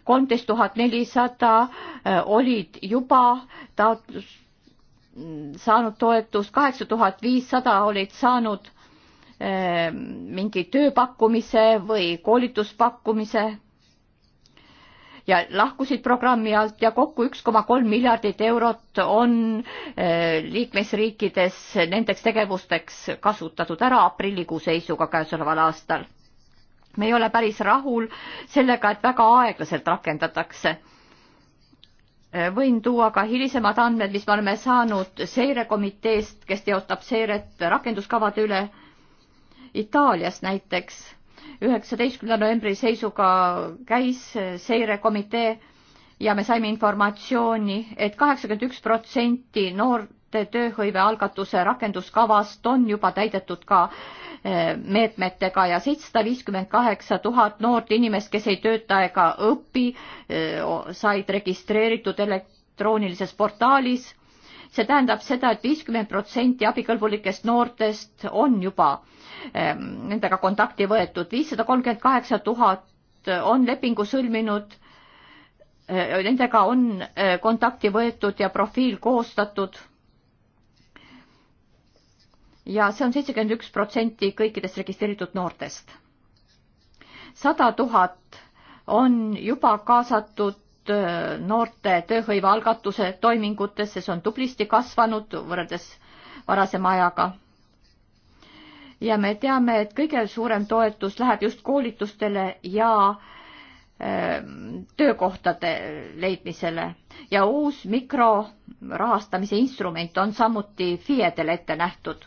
kolmteist tuhat nelisada äh, olid juba taotlus, saanud toetust, kaheksa tuhat viissada olid saanud Äh, mingi tööpakkumise või koolituspakkumise ja lahkusid programmi alt ja kokku üks koma kolm miljardit eurot on äh, liikmesriikides nendeks tegevusteks kasutatud ära aprillikuu seisuga käesoleval aastal. me ei ole päris rahul sellega, et väga aeglaselt rakendatakse äh, võin tuua ka hilisemad andmed, mis me oleme saanud seirekomiteest, kes teostab seiret rakenduskavade üle Itaalias näiteks üheksateistkümnenda novembri seisuga käis seirekomitee ja me saime informatsiooni et, et kaheksakümmend üks protsenti noorte tööhõive algatuse rakenduskavast on juba täidetud ka eh, meetmetega ja seitsesada viiskümmend kaheksa tuhat noort inimest, kes ei tööta ega õpi, eh, said registreeritud elektroonilises portaalis see tähendab seda et, et viiskümmend protsenti abikõlbulikest noortest on juba ehm, nendega kontakti võetud, viissada kolmkümmend kaheksa tuhat on lepingu sõlminud, eh, nendega on eh, kontakti võetud ja profiil koostatud ja see on seitsekümmend üks protsenti kõikidest registreeritud noortest. sada tuhat on juba kaasatud pannud äh, noorte tööhõive algatuse toimingutesse, see on tublisti kasvanud võrreldes varasema ajaga. ja me teame, et kõige suurem toetus läheb just koolitustele ja ähm, töökohtade leidmisele ja uus mikrorahastamise instrument on samuti FIE-dele ette nähtud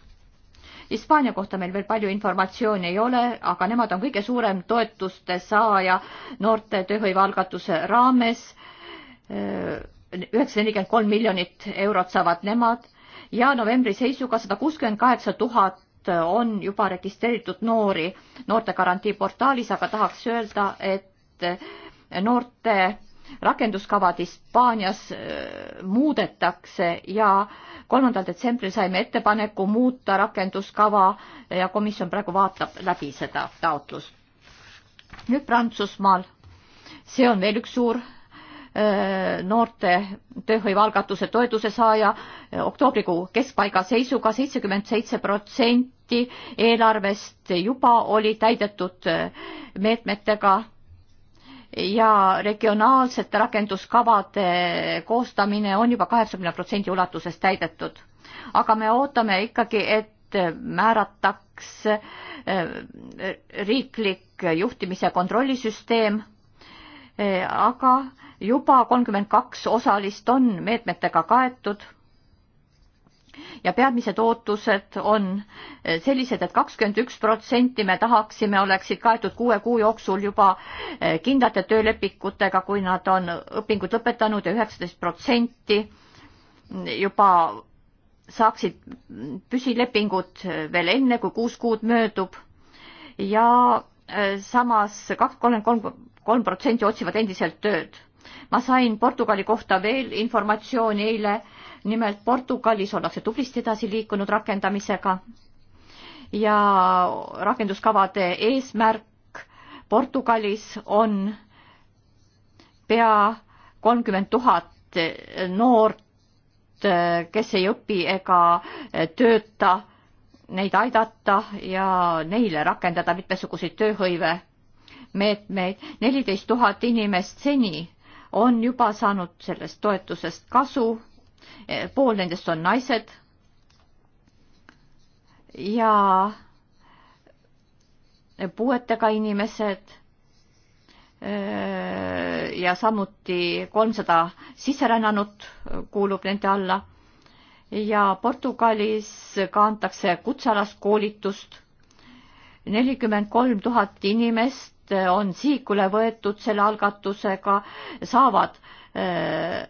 Hispaania kohta meil veel palju informatsiooni ei ole, aga nemad on kõige suurem toetuste saaja noorte tööhõivealgatuse raames. üheksasada nelikümmend kolm miljonit eurot saavad nemad ja novembri seisuga sada kuuskümmend kaheksa tuhat on juba registreeritud noori noortegarantii portaalis, aga tahaks öelda, et noorte rakenduskavad Hispaanias äh, muudetakse ja kolmandal detsembril saime ettepaneku muuta rakenduskava ja komisjon praegu vaatab läbi seda taotlust. nüüd Prantsusmaal, see on veel üks suur äh, noorte tööhõivealgatuse toetuse saaja äh, oktoobrikuu keskpaiga seisuga seitsekümmend seitse protsenti eelarvest juba oli täidetud meetmetega ja regionaalsete rakenduskavade koostamine on juba kaheksakümne protsendi ulatuses täidetud. aga me ootame ikkagi, et määrataks äh, riiklik juhtimise kontrollisüsteem, äh, aga juba kolmkümmend kaks osalist on meetmetega kaetud ja peamised ootused on sellised et, et kakskümmend üks protsenti me tahaksime, oleksid kaetud kuue kuu jooksul juba eh, kindlate töölepikutega, kui nad on õpingud lõpetanud ja üheksateist protsenti juba saaksid püsilepingud veel enne, kui kuus kuud möödub ja eh, samas kaks, kolmkümmend kolm, kolm protsenti otsivad endiselt tööd. ma sain Portugali kohta veel informatsiooni eile nimelt Portugalis ollakse tublisti edasi liikunud rakendamisega ja rakenduskavade eesmärk Portugalis on pea kolmkümmend tuhat noort, kes ei õpi ega tööta, neid aidata ja neile rakendada mitmesuguseid tööhõive meetmeid. neliteist tuhat inimest seni on juba saanud sellest toetusest kasu pool nendest on naised. ja puuetega inimesed äh, ja samuti kolmsada sisserännanut kuulub nende alla. ja Portugalis ka antakse kutsealast koolitust. nelikümmend kolm tuhat inimest on sihikule võetud selle algatusega, saavad äh,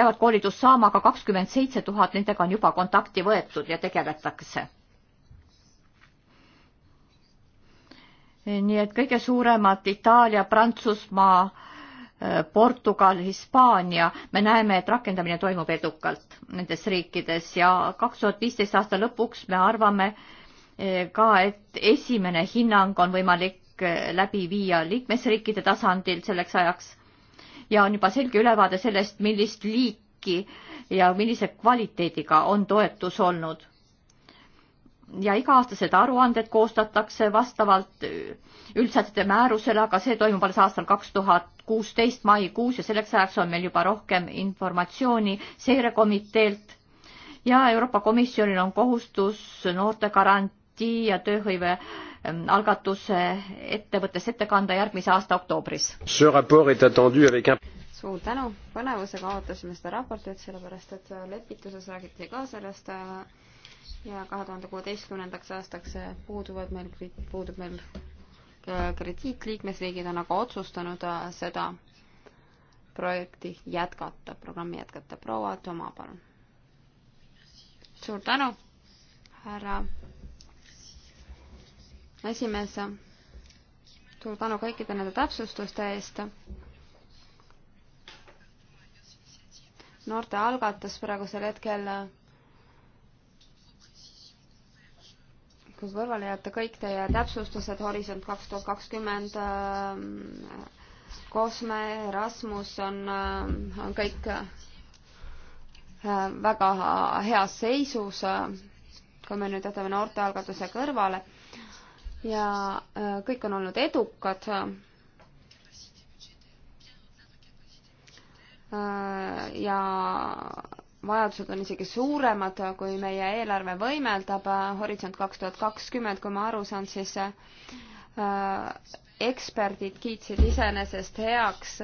peavad koolitust saama, aga kakskümmend seitse tuhat nendega on juba kontakti võetud ja tegeletakse. nii et kõige suuremad Itaalia, Prantsusmaa, eh, Portugal, Hispaania, me näeme, et rakendamine toimub edukalt nendes riikides ja kaks tuhat viisteist aasta lõpuks me arvame eh, ka, et esimene hinnang on võimalik eh, läbi viia liikmesriikide tasandil selleks ajaks ja on juba selge ülevaade sellest, millist liiki ja millise kvaliteediga on toetus olnud. ja iga-aastased aruanded koostatakse vastavalt üldsätete määrusele, aga see toimub alles aastal kaks tuhat kuusteist maikuus ja selleks ajaks on meil juba rohkem informatsiooni seirekomiteelt ja Euroopa Komisjonil on kohustus noorte garant-, IT ja tööhõive ähm, algatuse ettevõttes ette kanda järgmise aasta oktoobris. suur tänu, põnevusega ootasime seda raportit, sellepärast et lepituses räägiti ka sellest äh, ja kahe tuhande kuueteistkümnendaks aastaks äh, puuduvad meil, puudub meil krediit, liikmesriigid on aga otsustanud äh, seda projekti jätkata, programmi jätkata. proua Toma, palun. suur tänu, härra esimees, suur tänu kõikide nende täpsustuste eest. noorte algatus praegusel hetkel kui kõrvale jätta kõik teie täpsustused, Horisont kaks tuhat kakskümmend, Kosme, Rasmus on, on kõik äh, väga heas seisus, kui me nüüd jätame noortealgatuse kõrvale ja äh, kõik on olnud edukad. Äh, ja vajadused on isegi suuremad, kui meie eelarve võimeldab. Horisont kaks tuhat kakskümmend, kui ma aru saan, siis äh, eksperdid kiitsid iseenesest heaks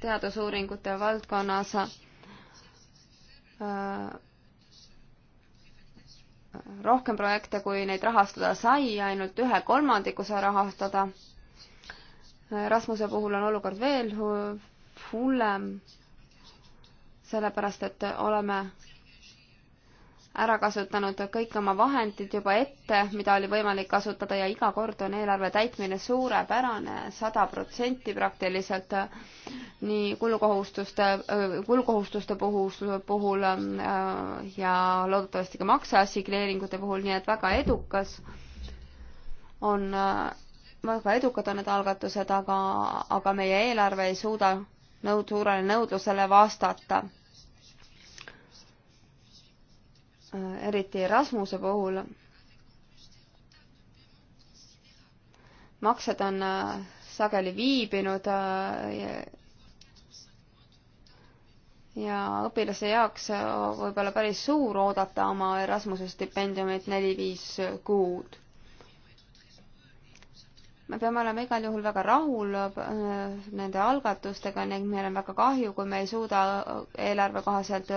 teadusuuringute valdkonnas rohkem projekte, kui neid rahastada sai, ainult ühe kolmandiku sai rahastada. Rasmuse puhul on olukord veel hullem, sellepärast et oleme ära kasutanud kõik oma vahendid juba ette, mida oli võimalik kasutada ja iga kord on eelarve täitmine suurepärane, sada protsenti praktiliselt nii kulukohustuste, kulukohustuste puhul, puhul äh, ja loodetavasti ka makseassigneeringute puhul, nii et väga edukas on, äh, väga edukad on need algatused, aga, aga meie eelarve ei suuda nõud, suurele nõudlusele vastata Äh, eriti Erasmuse puhul. maksed on äh, sageli viibinud äh, ja, ja õpilase jaoks võib-olla päris suur oodata oma Erasmuse stipendiumit neli-viis kuud. me peame olema igal juhul väga rahul nende algatustega ning meil on väga kahju, kui me ei suuda eelarve kohaselt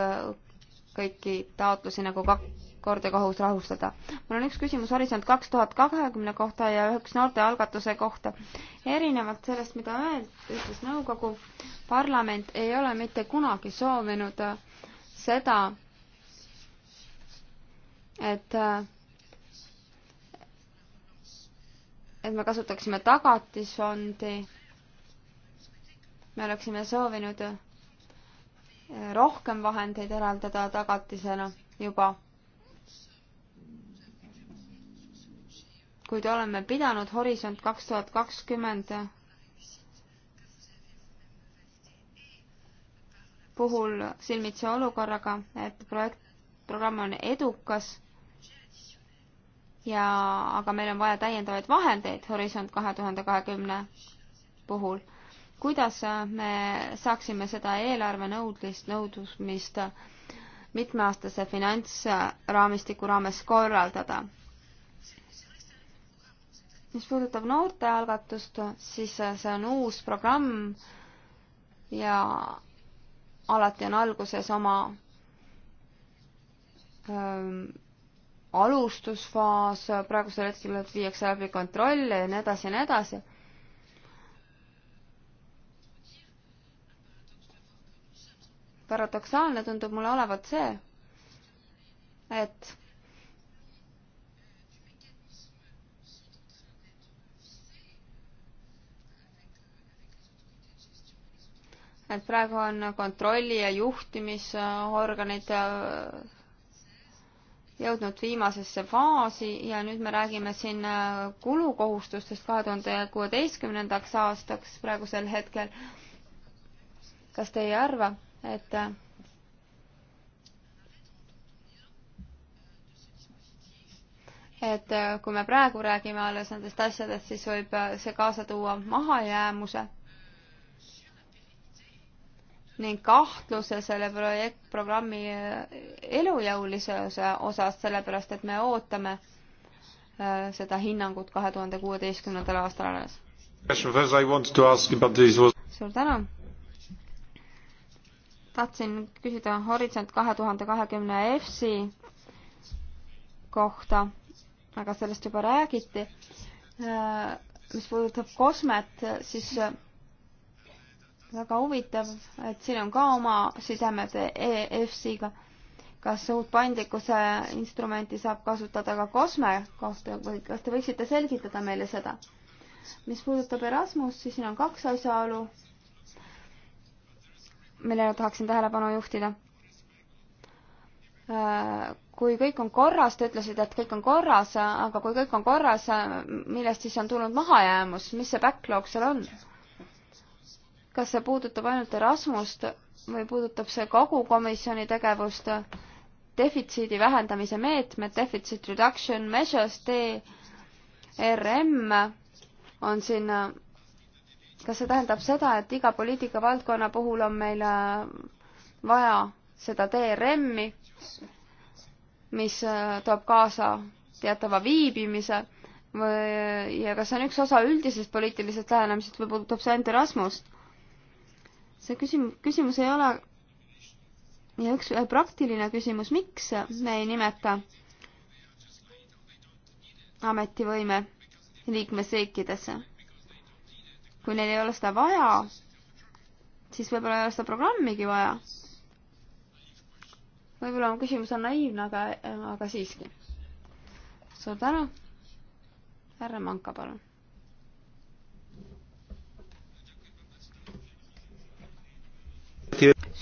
kõiki taotlusi nagu kak-, kord ja kohus rahustada. mul on üks küsimus Horisont kaks tuhat kahekümne kohta ja üks noortealgatuse kohta. erinevalt sellest, mida öeldi, ütles nõukogu, parlament ei ole mitte kunagi soovinud äh, seda, et äh, et me kasutaksime tagatisfondi, me oleksime soovinud äh, rohkem vahendeid eraldada tagatisena juba. kuid oleme pidanud Horisont kaks tuhat kakskümmend puhul silmitsi olukorraga, et projekt, programm on edukas ja, aga meil on vaja täiendavaid vahendeid Horisont kahe tuhande kahekümne puhul kuidas me saaksime seda eelarvenõudlist, nõudmist mitmeaastase finantsraamistiku raames korraldada. mis puudutab noortealgatust, siis see on uus programm ja alati on alguses oma öö, ähm, alustusfaas, praegusel hetkel viiakse läbi kontrolle ja nii edasi ja nii edasi paradoksaalne tundub mulle olevat see, et et praegu on kontrolli- ja juhtimisorganid äh, jõudnud viimasesse faasi ja nüüd me räägime siin äh, kulukohustustest kahe tuhande kuueteistkümnendaks aastaks praegusel hetkel. kas te ei arva, et et kui me praegu räägime alles nendest asjadest, siis võib see kaasa tuua mahajäämuse ning kahtluse selle projekt, programmi elujõulisuse osas, sellepärast et me ootame äh, seda hinnangut kahe tuhande kuueteistkümnendal aastal alles. suur tänu! tahtsin küsida Horisont kahe tuhande kahekümne EFSi kohta, aga sellest juba räägiti. Äh, mis puudutab kosmet, siis äh, väga huvitav, et siin on ka oma sidemed e-, EFSiga. kas uut paindlikkuse instrumenti saab kasutada ka kosme kohta või kas te võiksite selgitada meile seda? mis puudutab Erasmust, siis siin on kaks asjaolu millele tahaksin tähelepanu juhtida. Äh, kui kõik on korras, te ütlesite, et kõik on korras, aga kui kõik on korras, millest siis on tulnud mahajäämus, mis see backlog seal on? kas see puudutab ainult Erasmust või puudutab see kogu komisjoni tegevust, defitsiidi vähendamise meetmed, deficit reduction measures, DRM on siin kas see tähendab seda, et iga poliitikavaldkonna puhul on meil äh, vaja seda DRM-i, mis äh, toob kaasa teatava viibimise või, ja kas see on üks osa üldisest poliitilisest lähenemisest või puudutab see ainult Erasmust? see küsimus, küsimus ei ole ja üks äh, praktiline küsimus, miks me ei nimeta ametivõime liikmesriikidesse? kui neil ei ole seda vaja, siis võib-olla ei ole seda programmigi vaja. võib-olla mu küsimus on naiivne, aga, aga siiski. suur tänu. härra Manka, palun.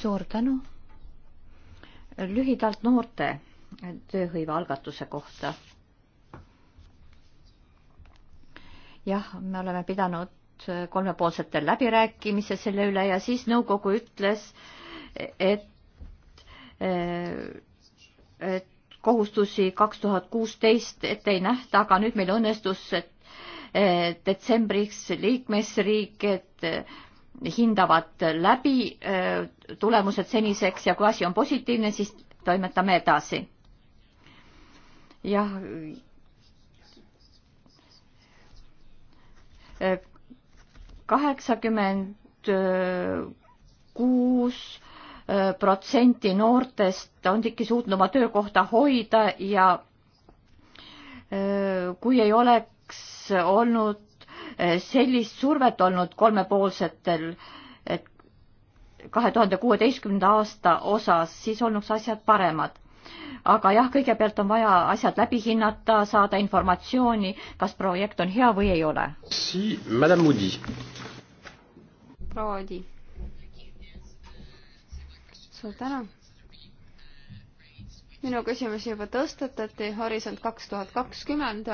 suur tänu. lühidalt noorte tööhõive algatuse kohta. jah, me oleme pidanud Äh, kolmepoolsetel läbirääkimistel selle üle ja siis nõukogu ütles, et, äh, et kohustusi kaks tuhat kuusteist ette ei nähta, aga nüüd meil õnnestus, et äh, detsembriks liikmesriigid hindavad läbi tulemused seniseks ja kui asi on positiivne, siis toimetame edasi. jah kaheksakümmend kuus äh, protsenti noortest on ikka suutnud oma töökohta hoida ja äh, kui ei oleks olnud äh, sellist survet olnud kolmepoolsetel, et kahe tuhande kuueteistkümnenda aasta osas, siis olnuks asjad paremad. aga jah, kõigepealt on vaja asjad läbi hinnata, saada informatsiooni, kas projekt on hea või ei ole proua Odi. suur tänu. minu küsimus juba tõstatati, Horisont kaks tuhat kakskümmend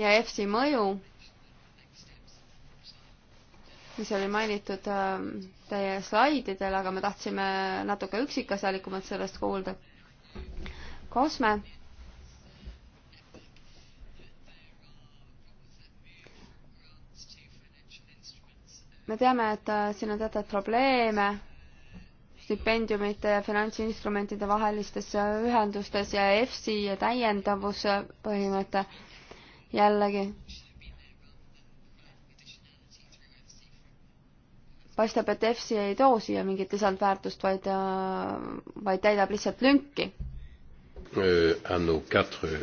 ja EFSI mõju, mis oli mainitud ähm, teie slaididel, aga me tahtsime natuke üksikasjalikumalt sellest kuulda. Kosme me teame, et äh, siin on teatud probleeme stipendiumite ja finantsinstrumentide vahelistes äh, ühendustes ja EFSI ja täiendavuse põhimõte jällegi. paistab, et EFSI ei too siia mingit lisandväärtust, vaid, äh, vaid täidab lihtsalt lünki. Anno euh, quatre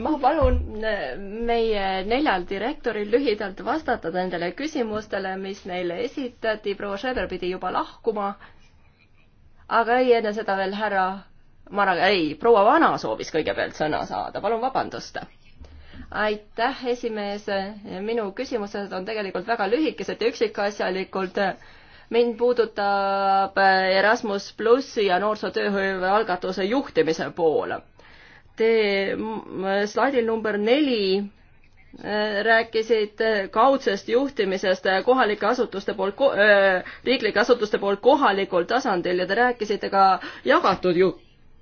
ma palun meie neljal direktoril lühidalt vastata nendele küsimustele, mis neile esitati, proua Schreber pidi juba lahkuma, aga ei, enne seda veel härra Mara, ei, proua Vana soovis kõigepealt sõna saada, palun vabandust. aitäh, esimees, minu küsimused on tegelikult väga lühikesed ja üksikasjalikult mind puudutab Erasmus plussi ja noorsootööhõive algatuse juhtimise pool Te mm, slaidil number neli äh, rääkisite äh, kaudsest juhtimisest äh, kohalike asutuste poolt, riiklike asutuste poolt kohalikul tasandil ja te rääkisite ka jagatud ju-,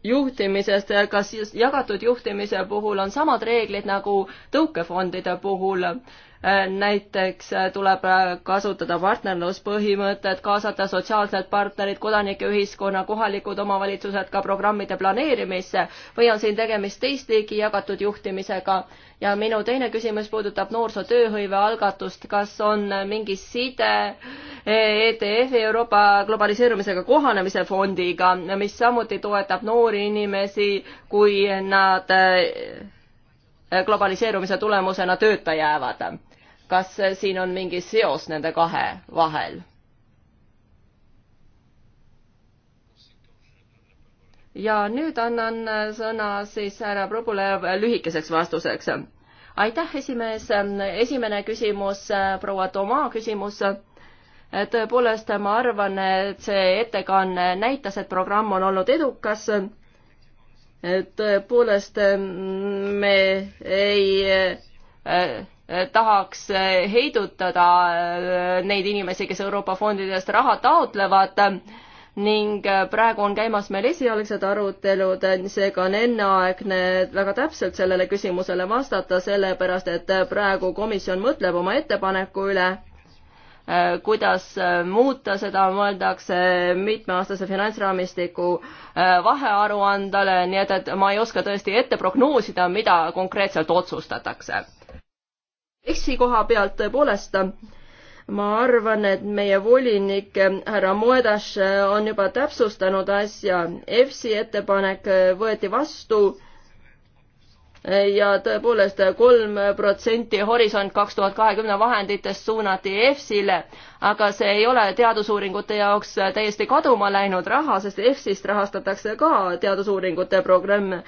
juhtimisest, kas jagatud juhtimise puhul on samad reeglid nagu tõukefondide puhul? Äh, näiteks äh, tuleb äh, kasutada partnerluspõhimõtet, kaasata sotsiaalsed partnerid, kodanikeühiskonna, kohalikud omavalitsused ka programmide planeerimisse või on siin tegemist teist liigi jagatud juhtimisega? ja minu teine küsimus puudutab noorsootööhõive algatust, kas on mingi side ETF-i Euroopa globaliseerumisega kohanemise fondiga, mis samuti toetab noori inimesi, kui nad globaliseerumise tulemusena tööta jäävad? kas siin on mingi seos nende kahe vahel? ja nüüd annan sõna siis härra Probule lühikeseks vastuseks. aitäh, esimees. esimene küsimus, proua Toma küsimus. tõepoolest, ma arvan, et see ettekanne näitas, et programm on olnud edukas. tõepoolest, me ei tahaks heidutada äh, neid inimesi, kes Euroopa fondidest raha taotlevad ning äh, praegu on käimas meil esialgsed arutelud, seega on enneaegne väga täpselt sellele küsimusele vastata, sellepärast et äh, praegu komisjon mõtleb oma ettepaneku üle, kuidas muuta seda, mõeldakse mitmeaastase finantsraamistiku vahearuandele, nii et, et ma ei oska tõesti ette prognoosida, mida konkreetselt otsustatakse teksti koha pealt tõepoolest ma arvan, et meie volinik härra Moedas on juba täpsustanud asja. EFSi ettepanek võeti vastu ja tõepoolest kolm protsenti Horisont kaks tuhat kahekümne vahenditest suunati EFSile, aga see ei ole teadusuuringute jaoks täiesti kaduma läinud raha, sest EFSist rahastatakse ka teadusuuringute programme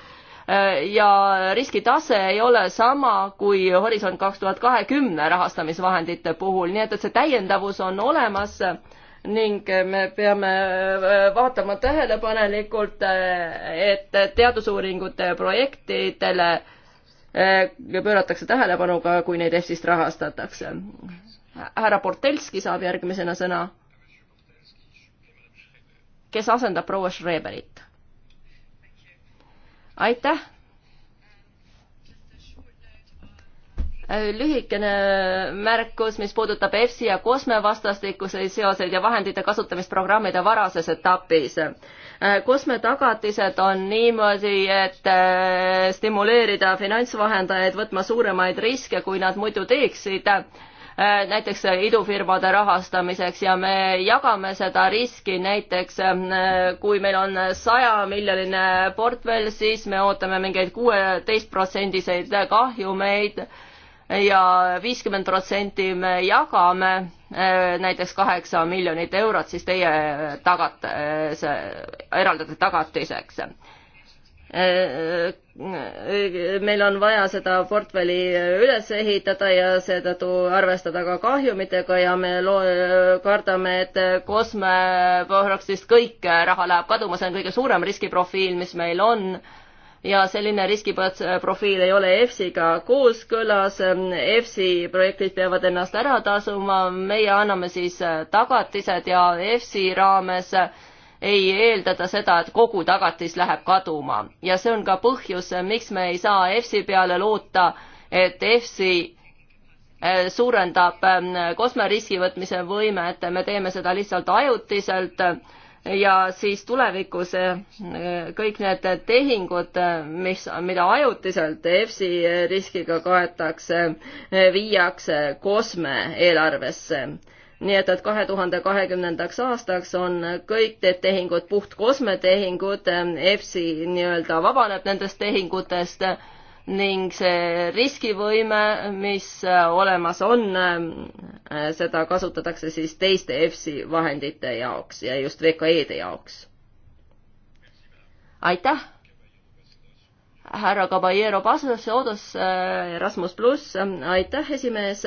Äh, ja riskitase ei ole sama kui Horisont kaks tuhat kahekümne rahastamisvahendite puhul, nii et, et see täiendavus on olemas ning me peame äh, vaatama tähelepanelikult, äh, et teadusuuringute projektidele pööratakse tähelepanu ka, kui neid EFSist rahastatakse. härra Portelski saab järgmisena sõna. kes asendab proua Schreberit? aitäh. lühikene märkus, mis puudutab EFSI ja COSME vastastikuseid seoseid ja vahendite kasutamist programmide varases etapis. COSME tagatised on niimoodi, et äh, stimuleerida finantsvahendajaid võtma suuremaid riske, kui nad muidu teeksid Äh, näiteks idufirmade rahastamiseks ja me jagame seda riski näiteks, äh, kui meil on sajamiljoniline portfell, siis me ootame mingeid kuueteistprotsendiseid kahjumeid ja viiskümmend protsenti me jagame, äh, näiteks kaheksa miljonit eurot, siis teie tagate, eraldate tagatiseks meil on vaja seda portfelli üles ehitada ja seetõttu arvestada ka kahjumitega ja me loo-, kardame, et kosme praktiliselt kõik raha läheb kaduma, see on kõige suurem riskiprofiil, mis meil on. ja selline riskiprofiil ei ole EFSiga kooskõlas, EFSi projektid peavad ennast ära tasuma, meie anname siis tagatised ja EFSi raames ei eeldada seda, et kogu tagatis läheb kaduma ja see on ka põhjus, miks me ei saa EFSi peale loota, et EFSi eh, suurendab eh, kosme riskivõtmise võimet, me teeme seda lihtsalt ajutiselt ja siis tulevikus eh, kõik need tehingud, mis, mida ajutiselt EFSI riskiga kaetakse, viiakse kosme eelarvesse nii et, et kahe tuhande kahekümnendaks aastaks on kõik need tehingud puhtkosmetehingud, EFSI nii-öelda vabaneb nendest tehingutest ning see riskivõime, mis olemas on, seda kasutatakse siis teiste EFSI vahendite jaoks ja just VKE-de jaoks. aitäh! härra Caballero Pasos, Odos, Erasmus pluss, aitäh, esimees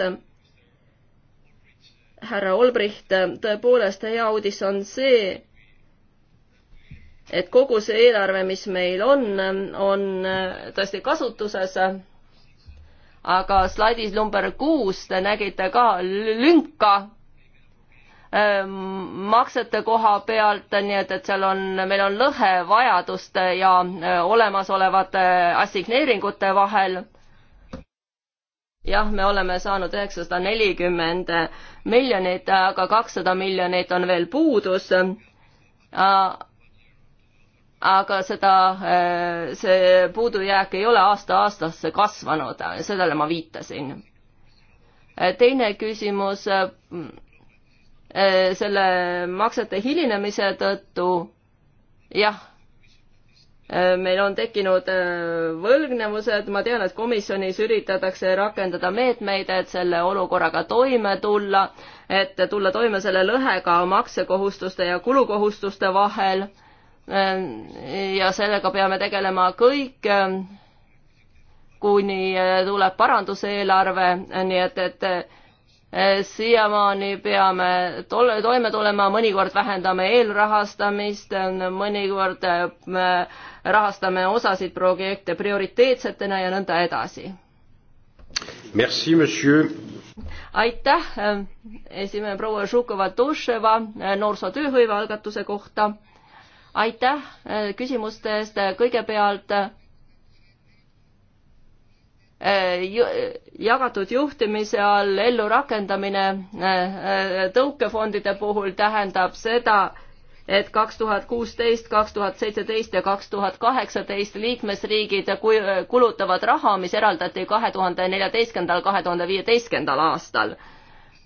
härra Olbricht, tõepoolest hea uudis on see, et kogu see eelarve, mis meil on, on äh, tõesti kasutuses. aga slaidis number kuus te nägite ka lünka ähm, maksete koha pealt, nii et, et seal on, meil on lõhe vajaduste ja äh, olemasolevate assigneeringute vahel jah, me oleme saanud üheksasada nelikümmend miljonit, aga kakssada miljonit on veel puudus. aga seda, eh, see puudujääk ei ole aasta-aastasse kasvanud, sellele ma viitasin. Eh, teine küsimus eh, selle maksete hilinemise tõttu, jah Äh, meil on tekkinud äh, võlgnevused, ma tean, et komisjonis üritatakse rakendada meetmeid, et selle olukorraga toime tulla, et tulla toime selle lõhega maksekohustuste ja kulukohustuste vahel. Äh, ja sellega peame tegelema kõik, kuni tuleb paranduseelarve, nii et, et Eh, siiamaani peame tolle, toime tulema, mõnikord vähendame eelrahastamist, mõnikord eh, rahastame osasid projekte prioriteetsetena ja nõnda edasi. Merci, monsieur. aitäh, eh, esimene proua Žukova-Tuševa noorsootööhõive algatuse kohta. aitäh küsimuste eest, kõigepealt Äh, jagatud juhtimise all ellurakendamine äh, äh, tõukefondide puhul tähendab seda, et kaks tuhat kuusteist, kaks tuhat seitseteist ja kaks tuhat kaheksateist liikmesriigid kulutavad raha, mis eraldati kahe tuhande neljateistkümnendal, kahe tuhande viieteistkümnendal aastal.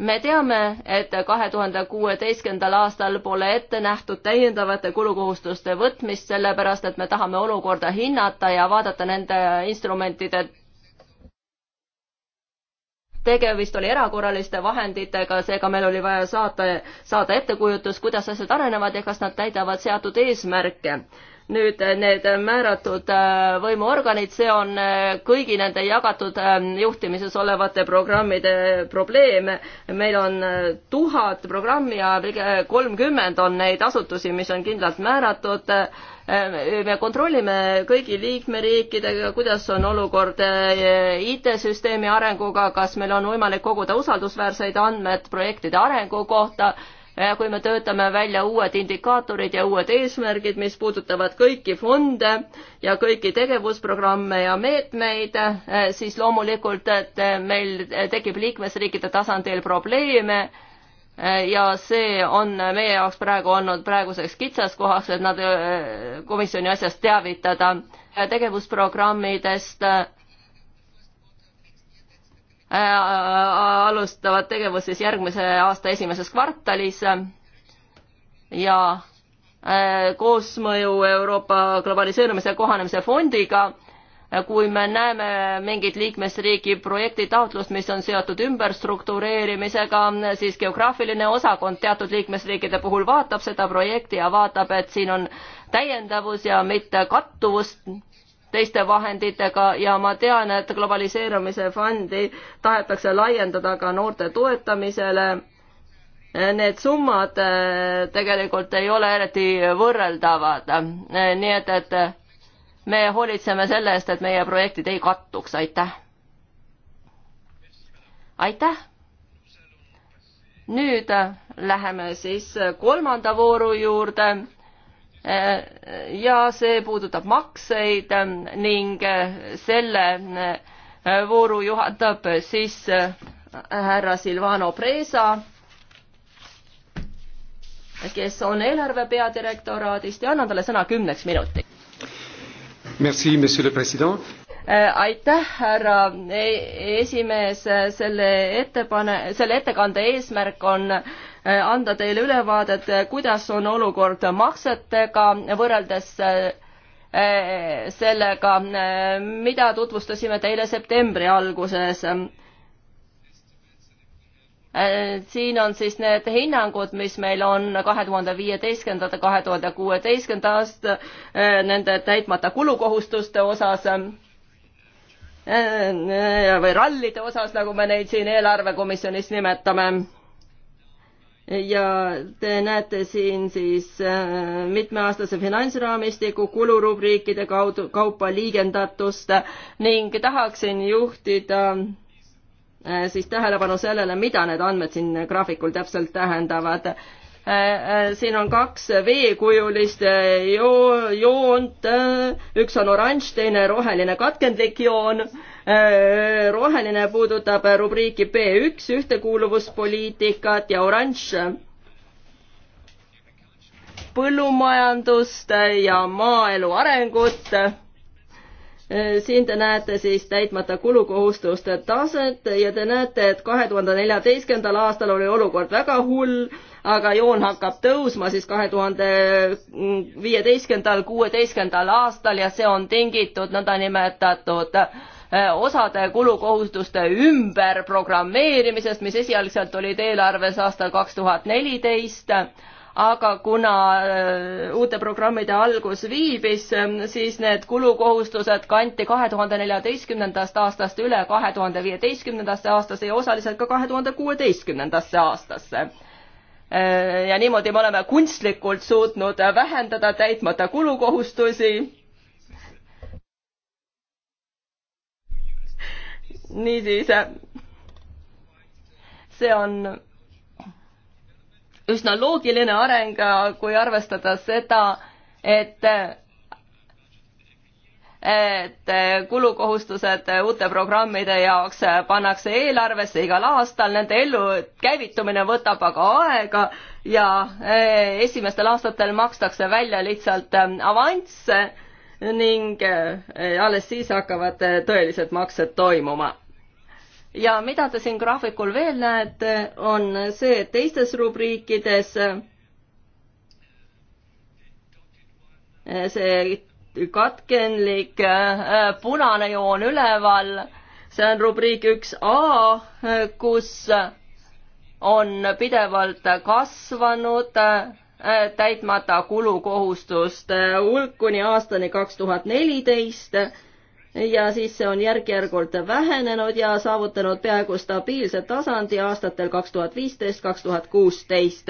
me teame, et kahe tuhande kuueteistkümnendal aastal pole ette nähtud täiendavate kulukohustuste võtmist, sellepärast et me tahame olukorda hinnata ja vaadata nende instrumentide tegemist oli erakorraliste vahenditega, seega meil oli vaja saata, saada ettekujutus, kuidas asjad arenevad ja kas nad täidavad seatud eesmärke. nüüd eh, need määratud eh, võimuorganid, see on eh, kõigi nende jagatud juhtimises olevate programmide probleem. meil on tuhat programmi ja kolmkümmend on neid asutusi, mis on kindlalt määratud Ehm, me kontrollime kõigi liikmeriikidega, kuidas on olukord eh, IT-süsteemi arenguga, kas meil on võimalik koguda usaldusväärseid andmeid projektide arengu kohta, eh, kui me töötame välja uued indikaatorid ja uued eesmärgid, mis puudutavad kõiki fonde ja kõiki tegevusprogramme ja meetmeid, eh, siis loomulikult, et meil tekib liikmesriikide tasandil probleeme Äh, ja see on meie jaoks praegu olnud praeguseks kitsaskohaks, et nad äh, komisjoni asjast teavitada äh, tegevusprogrammidest alustavad tegevus siis järgmise aasta esimeses kvartalis ja koosmõju Euroopa globaliseerumise kohanemise fondiga kui me näeme mingit liikmesriigi projektitaotlust, mis on seotud ümberstruktureerimisega, siis geograafiline osakond teatud liikmesriikide puhul vaatab seda projekti ja vaatab, et siin on täiendavus ja mitte kattuvust teiste vahenditega ja ma tean, et globaliseerumise fondi tahetakse laiendada ka noorte toetamisele. Need summad eh, tegelikult ei ole eriti võrreldavad, eh, nii et, et me hoolitseme selle eest, et meie projektid ei kattuks, aitäh. aitäh. nüüd äh, läheme siis äh, kolmanda vooru juurde. Äh, ja see puudutab makseid ning selle vooru juhatab siis härra Silvano Presa kes on eelarve peadirektoraadist ja annan talle sõna kümneks minutiks. Merci, monsieur le president. Äh, aitäh, härra e-, esimees, selle ettepane-, selle ettekande eesmärk on äh, anda teile ülevaadet, kuidas on olukord maksetega võrreldes äh, sellega, mida tutvustasime teile septembri alguses Äh, siin on siis need hinnangud, mis meil on kahe tuhande viieteistkümnendate, kahe tuhande kuueteistkümnenda aasta äh, nende täitmata kulukohustuste osas äh, või rallide osas, nagu me neid siin eelarvekomisjonis nimetame ja te näete siin siis mitmeaastase finantsraamistiku kulurubriikide kaudu, kaupa liigendatust ning tahaksin juhtida Äh, siis tähelepanu sellele, mida need andmed siin graafikul täpselt tähendavad. Äh, äh, siin on kaks veekujulist jo-, joont, üks on oranž, teine roheline katkendlik joon. roheline puudutab rubriiki B üks ühtekuuluvuspoliitikat ja oranž põllumajandust ja maaelu arengut Äh, siin te näete siis täitmata kulukohustuste taset ja te näete, et kahe tuhande neljateistkümnendal aastal oli olukord väga hull, aga joon hakkab tõusma siis kahe tuhande viieteistkümnendal, kuueteistkümnendal aastal ja see on tingitud nõndanimetatud äh, osade kulukohustuste ümberprogrammeerimisest, mis esialgselt olid eelarves aastal kaks tuhat neliteist aga kuna äh, uute programmide algus viibis, ähm, siis need kulukohustused kanti kahe tuhande neljateistkümnendast aastast üle kahe tuhande viieteistkümnendasse aastasse ja osaliselt ka kahe tuhande kuueteistkümnendasse aastasse äh, ja niimoodi me oleme kunstlikult suutnud vähendada täitmata kulukohustusi. niisiis, äh, see on üsna loogiline areng, kui arvestada seda, et et kulukohustused uute programmide jaoks pannakse eelarvesse igal aastal, nende ellukäivitumine võtab aga aega ja eh, esimestel aastatel makstakse välja lihtsalt eh, avansse ning eh, alles siis hakkavad tõelised maksed toimuma ja mida te siin graafikul veel näete, on see, et teistes rubriikides eh, see katkenlik eh, punane joon üleval, see on rubriik üks A, eh, kus on pidevalt kasvanud täitmata kulukohustuste hulk kuni aastani kaks tuhat neliteist ja siis see on järk-järgult vähenenud ja saavutanud peaaegu stabiilse tasandi aastatel kaks tuhat viisteist, kaks tuhat kuusteist.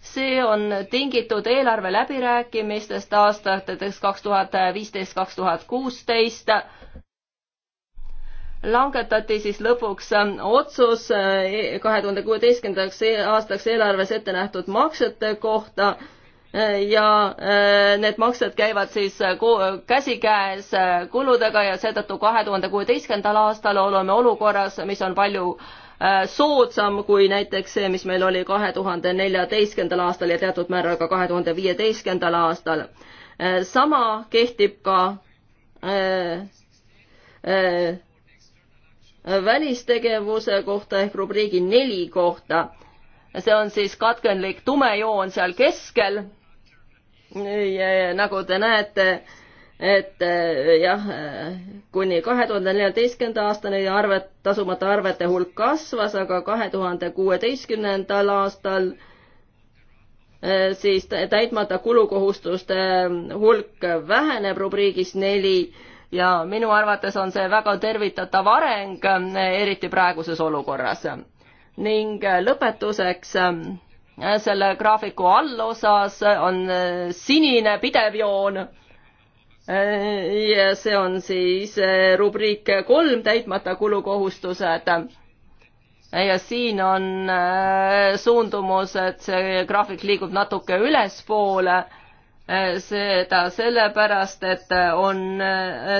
see on tingitud eelarve läbirääkimistest aastateks kaks tuhat viisteist, kaks tuhat kuusteist langetati siis lõpuks otsus kahe tuhande kuueteistkümnendaks aastaks eelarves ette nähtud maksete kohta ja äh, need maksed käivad siis äh, käsikäes äh, kuludega ja seetõttu kahe tuhande kuueteistkümnendal aastal oleme olukorras, mis on palju soodsam kui näiteks see, mis meil oli kahe tuhande neljateistkümnendal aastal ja teatud määral ka kahe tuhande viieteistkümnendal aastal. sama kehtib ka äh, äh, välistegevuse kohta ehk rubriigi neli kohta see on siis katkenlik tume joon seal keskel ja nagu te näete, et äh, jah, äh, kuni kahe tuhande neljateistkümnenda aastani arved, tasumata arvete hulk kasvas, aga kahe tuhande kuueteistkümnendal aastal äh, siis täitmata kulukohustuste hulk väheneb rubriigis neli ja minu arvates on see väga tervitatav areng, eriti praeguses olukorras. ning lõpetuseks selle graafiku allosas on äh, sinine pidev joon. Äh, ja see on siis äh, rubriik kolm, täitmata kulukohustused. ja siin on suundumus, et see graafik liigub natuke ülespoole seda sellepärast, et on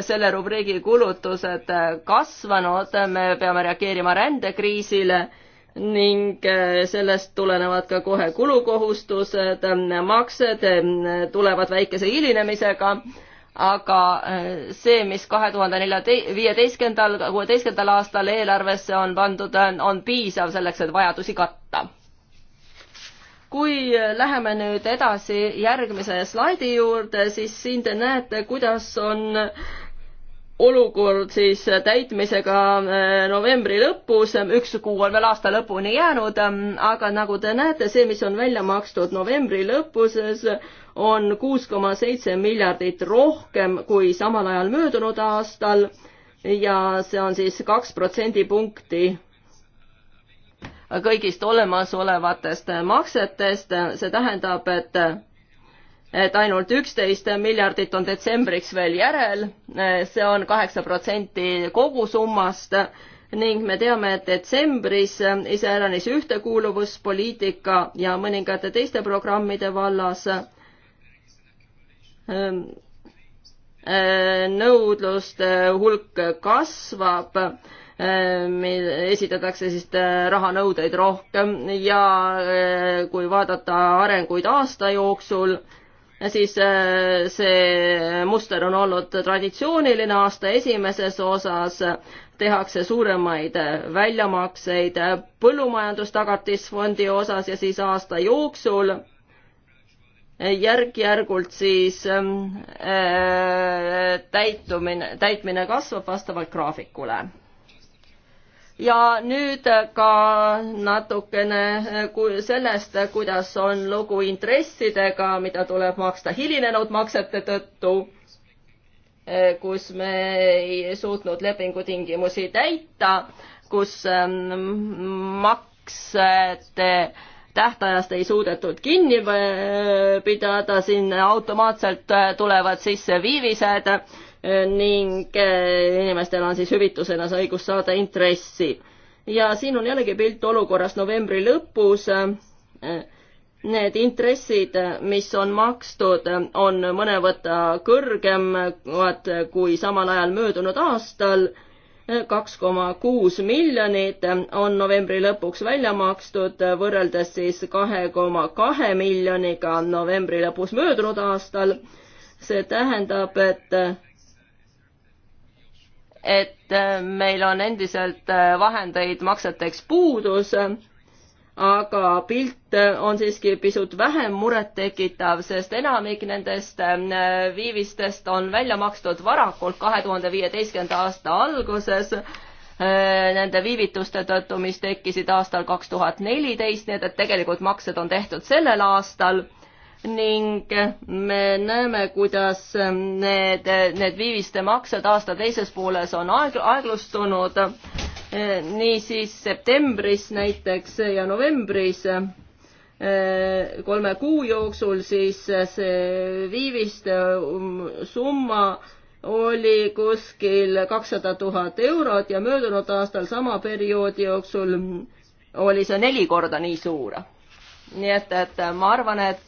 selle rubriigi kulutused kasvanud, me peame reageerima rändekriisile ning äh, sellest tulenevad ka kohe kulukohustused, äh, maksed äh, tulevad väikese hilinemisega, aga see, mis kahe tuhande neljatei-, viieteistkümnendal, kuueteistkümnendal aastal eelarvesse on pandud, on piisav selleks, et vajadusi katta. kui läheme nüüd edasi järgmise slaidi juurde, siis siin te näete, kuidas on olukord siis täitmisega äh, novembri lõpus, üks kuu on veel aasta lõpuni jäänud, ähm, aga nagu te näete, see, mis on välja makstud novembri lõpuses, on kuus koma seitse miljardit rohkem kui samal ajal möödunud aastal ja see on siis kaks protsendipunkti kõigist olemasolevatest maksetest, see tähendab, et et ainult üksteist miljardit on detsembriks veel järel, see on kaheksa protsenti kogusummast ning me teame, et detsembris iseäranis ühtekuuluvuspoliitika ja mõningate teiste programmide vallas ehm, nõudluste hulk kasvab, ehm, esitatakse siis eh, rahanõudeid rohkem ja eh, kui vaadata arenguid aasta jooksul, siis äh, see muster on olnud traditsiooniline aasta esimeses osas, tehakse suuremaid väljamakseid põllumajandustagatisfondi osas ja siis aasta jooksul järk-järgult siis äh, täitumine, täitmine kasvab vastavalt graafikule ja nüüd ka natukene eh, sellest, kuidas on lugu intressidega, mida tuleb maksta hilinenud maksete tõttu, eh, kus me ei suutnud lepingutingimusi täita, kus ehm, maksete tähtajast ei suudetud kinni pidada, siin automaatselt eh, tulevad sisse viivised ning eh, inimestel on siis hüvitusena see õigus saada intressi. ja siin on jällegi pilt olukorrast novembri lõpus. Eh, need intressid, mis on makstud, on mõnevõtta kõrgemad kui samal ajal möödunud aastal. Eh, kaks koma kuus miljonit on novembri lõpuks välja makstud, võrreldes siis kahe koma kahe miljoniga novembri lõpus möödunud aastal. see tähendab, et et äh, meil on endiselt äh, vahendeid makseteks puudus, aga pilt äh, on siiski pisut vähem murettekitav, sest enamik nendest viivistest on välja makstud varakult kahe tuhande viieteistkümnenda aasta alguses nende viivituste tõttu, mis tekkisid aastal kaks tuhat neliteist, nii et, et tegelikult maksed on tehtud sellel aastal ning me näeme, kuidas need, need viiviste maksed aasta teises pooles on aeg, aeglustunud. niisiis septembris näiteks ja novembris kolme kuu jooksul siis see viiviste summa oli kuskil kakssada tuhat eurot ja möödunud aastal sama perioodi jooksul oli see neli korda nii suur. nii et, et ma arvan, et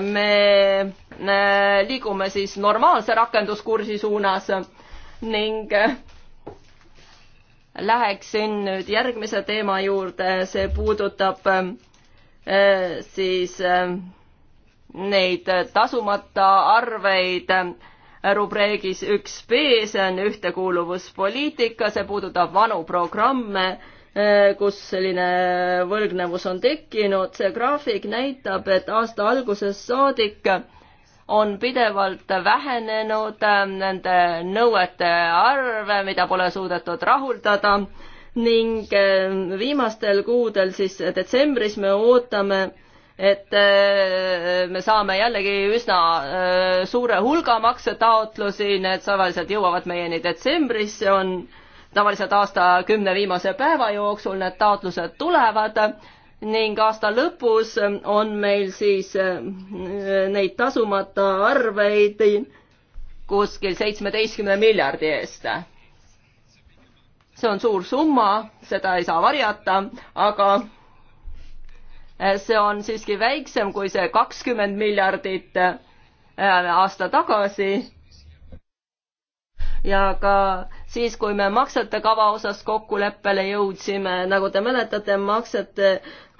me äh, liigume siis normaalse rakenduskursi suunas ning äh, läheksin nüüd järgmise teema juurde, see puudutab äh, siis neid tasumata arveid rubriigis üks B, see on ühtekuuluvuspoliitika, see puudutab vanu programme Eh, kus selline võlgnevus on tekkinud. see graafik näitab, et aasta algusest saadik on pidevalt vähenenud eh, nende nõuete arv, mida pole suudetud rahuldada ning eh, viimastel kuudel, siis detsembris me ootame, et me saame jällegi üsna suure hulga maksetaotlusi, need tavaliselt jõuavad meieni detsembris, see on tavaliselt aasta kümne viimase päeva jooksul need taotlused tulevad ning aasta lõpus on meil siis äh, neid tasumata arveid kuskil seitsmeteistkümne miljardi eest. see on suur summa, seda ei saa varjata, aga äh, see on siiski väiksem kui see kakskümmend miljardit äh, aasta tagasi. ja ka siis, kui me maksete kava osas kokkuleppele jõudsime, nagu te mäletate, maksete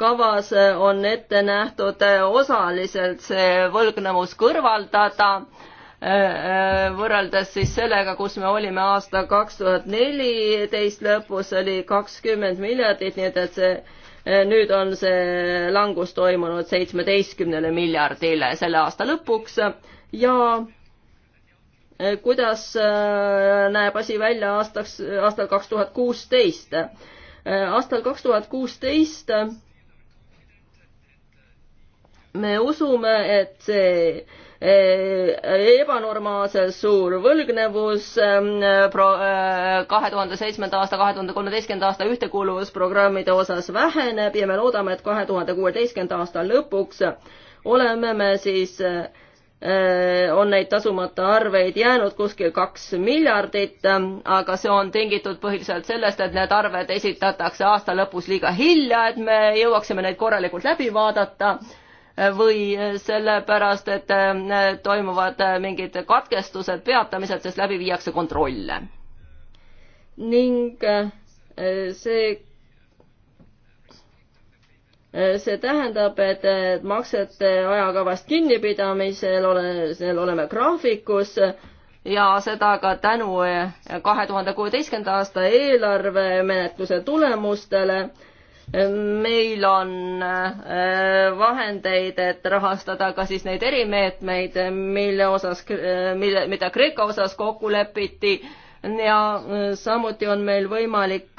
kavas on ette nähtud osaliselt see võlgnevus kõrvaldada äh, äh, võrreldes siis sellega, kus me olime aasta kaks tuhat neliteist lõpus oli kakskümmend miljardit, nii et, et see äh, nüüd on see langus toimunud seitsmeteistkümnele miljardile selle aasta lõpuks ja Eh, kuidas eh, näeb asi välja aastaks, aastal kaks tuhat kuusteist. Eh, aastal kaks tuhat kuusteist me usume, et see ebanormaalselt suur võlgnevus kahe tuhande seitsmenda aasta, kahe tuhande kolmeteistkümnenda aasta ühtekuuluvusprogrammide osas väheneb ja me loodame, et kahe tuhande kuueteistkümnenda aasta lõpuks oleme me siis äh, Äh, on neid tasumata arveid jäänud kuskil kaks miljardit, ähm, aga see on tingitud põhiliselt sellest, et need arved esitatakse aasta lõpus liiga hilja, et me jõuaksime neid korralikult läbi vaadata äh, või sellepärast, et äh, toimuvad mingid katkestused, peatamised, sest läbi viiakse kontrolle. ning see Äh, see tähendab, et maksete ajakavast kinnipidamisel ole, oleme graafikus ja seda ka tänu äh, kahe tuhande kuueteistkümnenda aasta eelarvemenetluse tulemustele. Äh, meil on vahendeid, et rahastada ka siis neid erimeetmeid, mille osas, mille, mida Kreeka osas kokku lepiti ja samuti on meil võimalik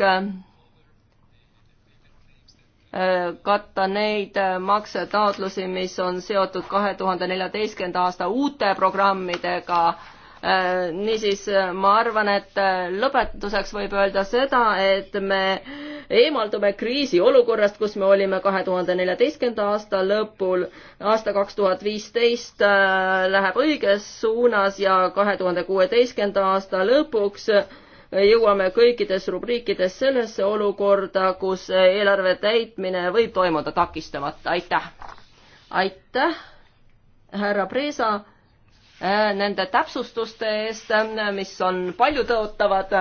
katta neid äh, maksetaotlusi, mis on seotud kahe tuhande neljateistkümnenda aasta uute programmidega. Äh, niisiis äh, ma arvan, et lõpetuseks võib öelda seda, et me eemaldume kriisiolukorrast, kus me olime kahe tuhande neljateistkümnenda aasta lõpul. aasta kaks tuhat viisteist läheb õiges suunas ja kahe tuhande kuueteistkümnenda aasta lõpuks jõuame kõikides rubriikides sellesse olukorda, kus eelarve täitmine võib toimuda takistamata, aitäh. aitäh, härra Preesa, äh, nende täpsustuste eest, äh, mis on paljutõotavad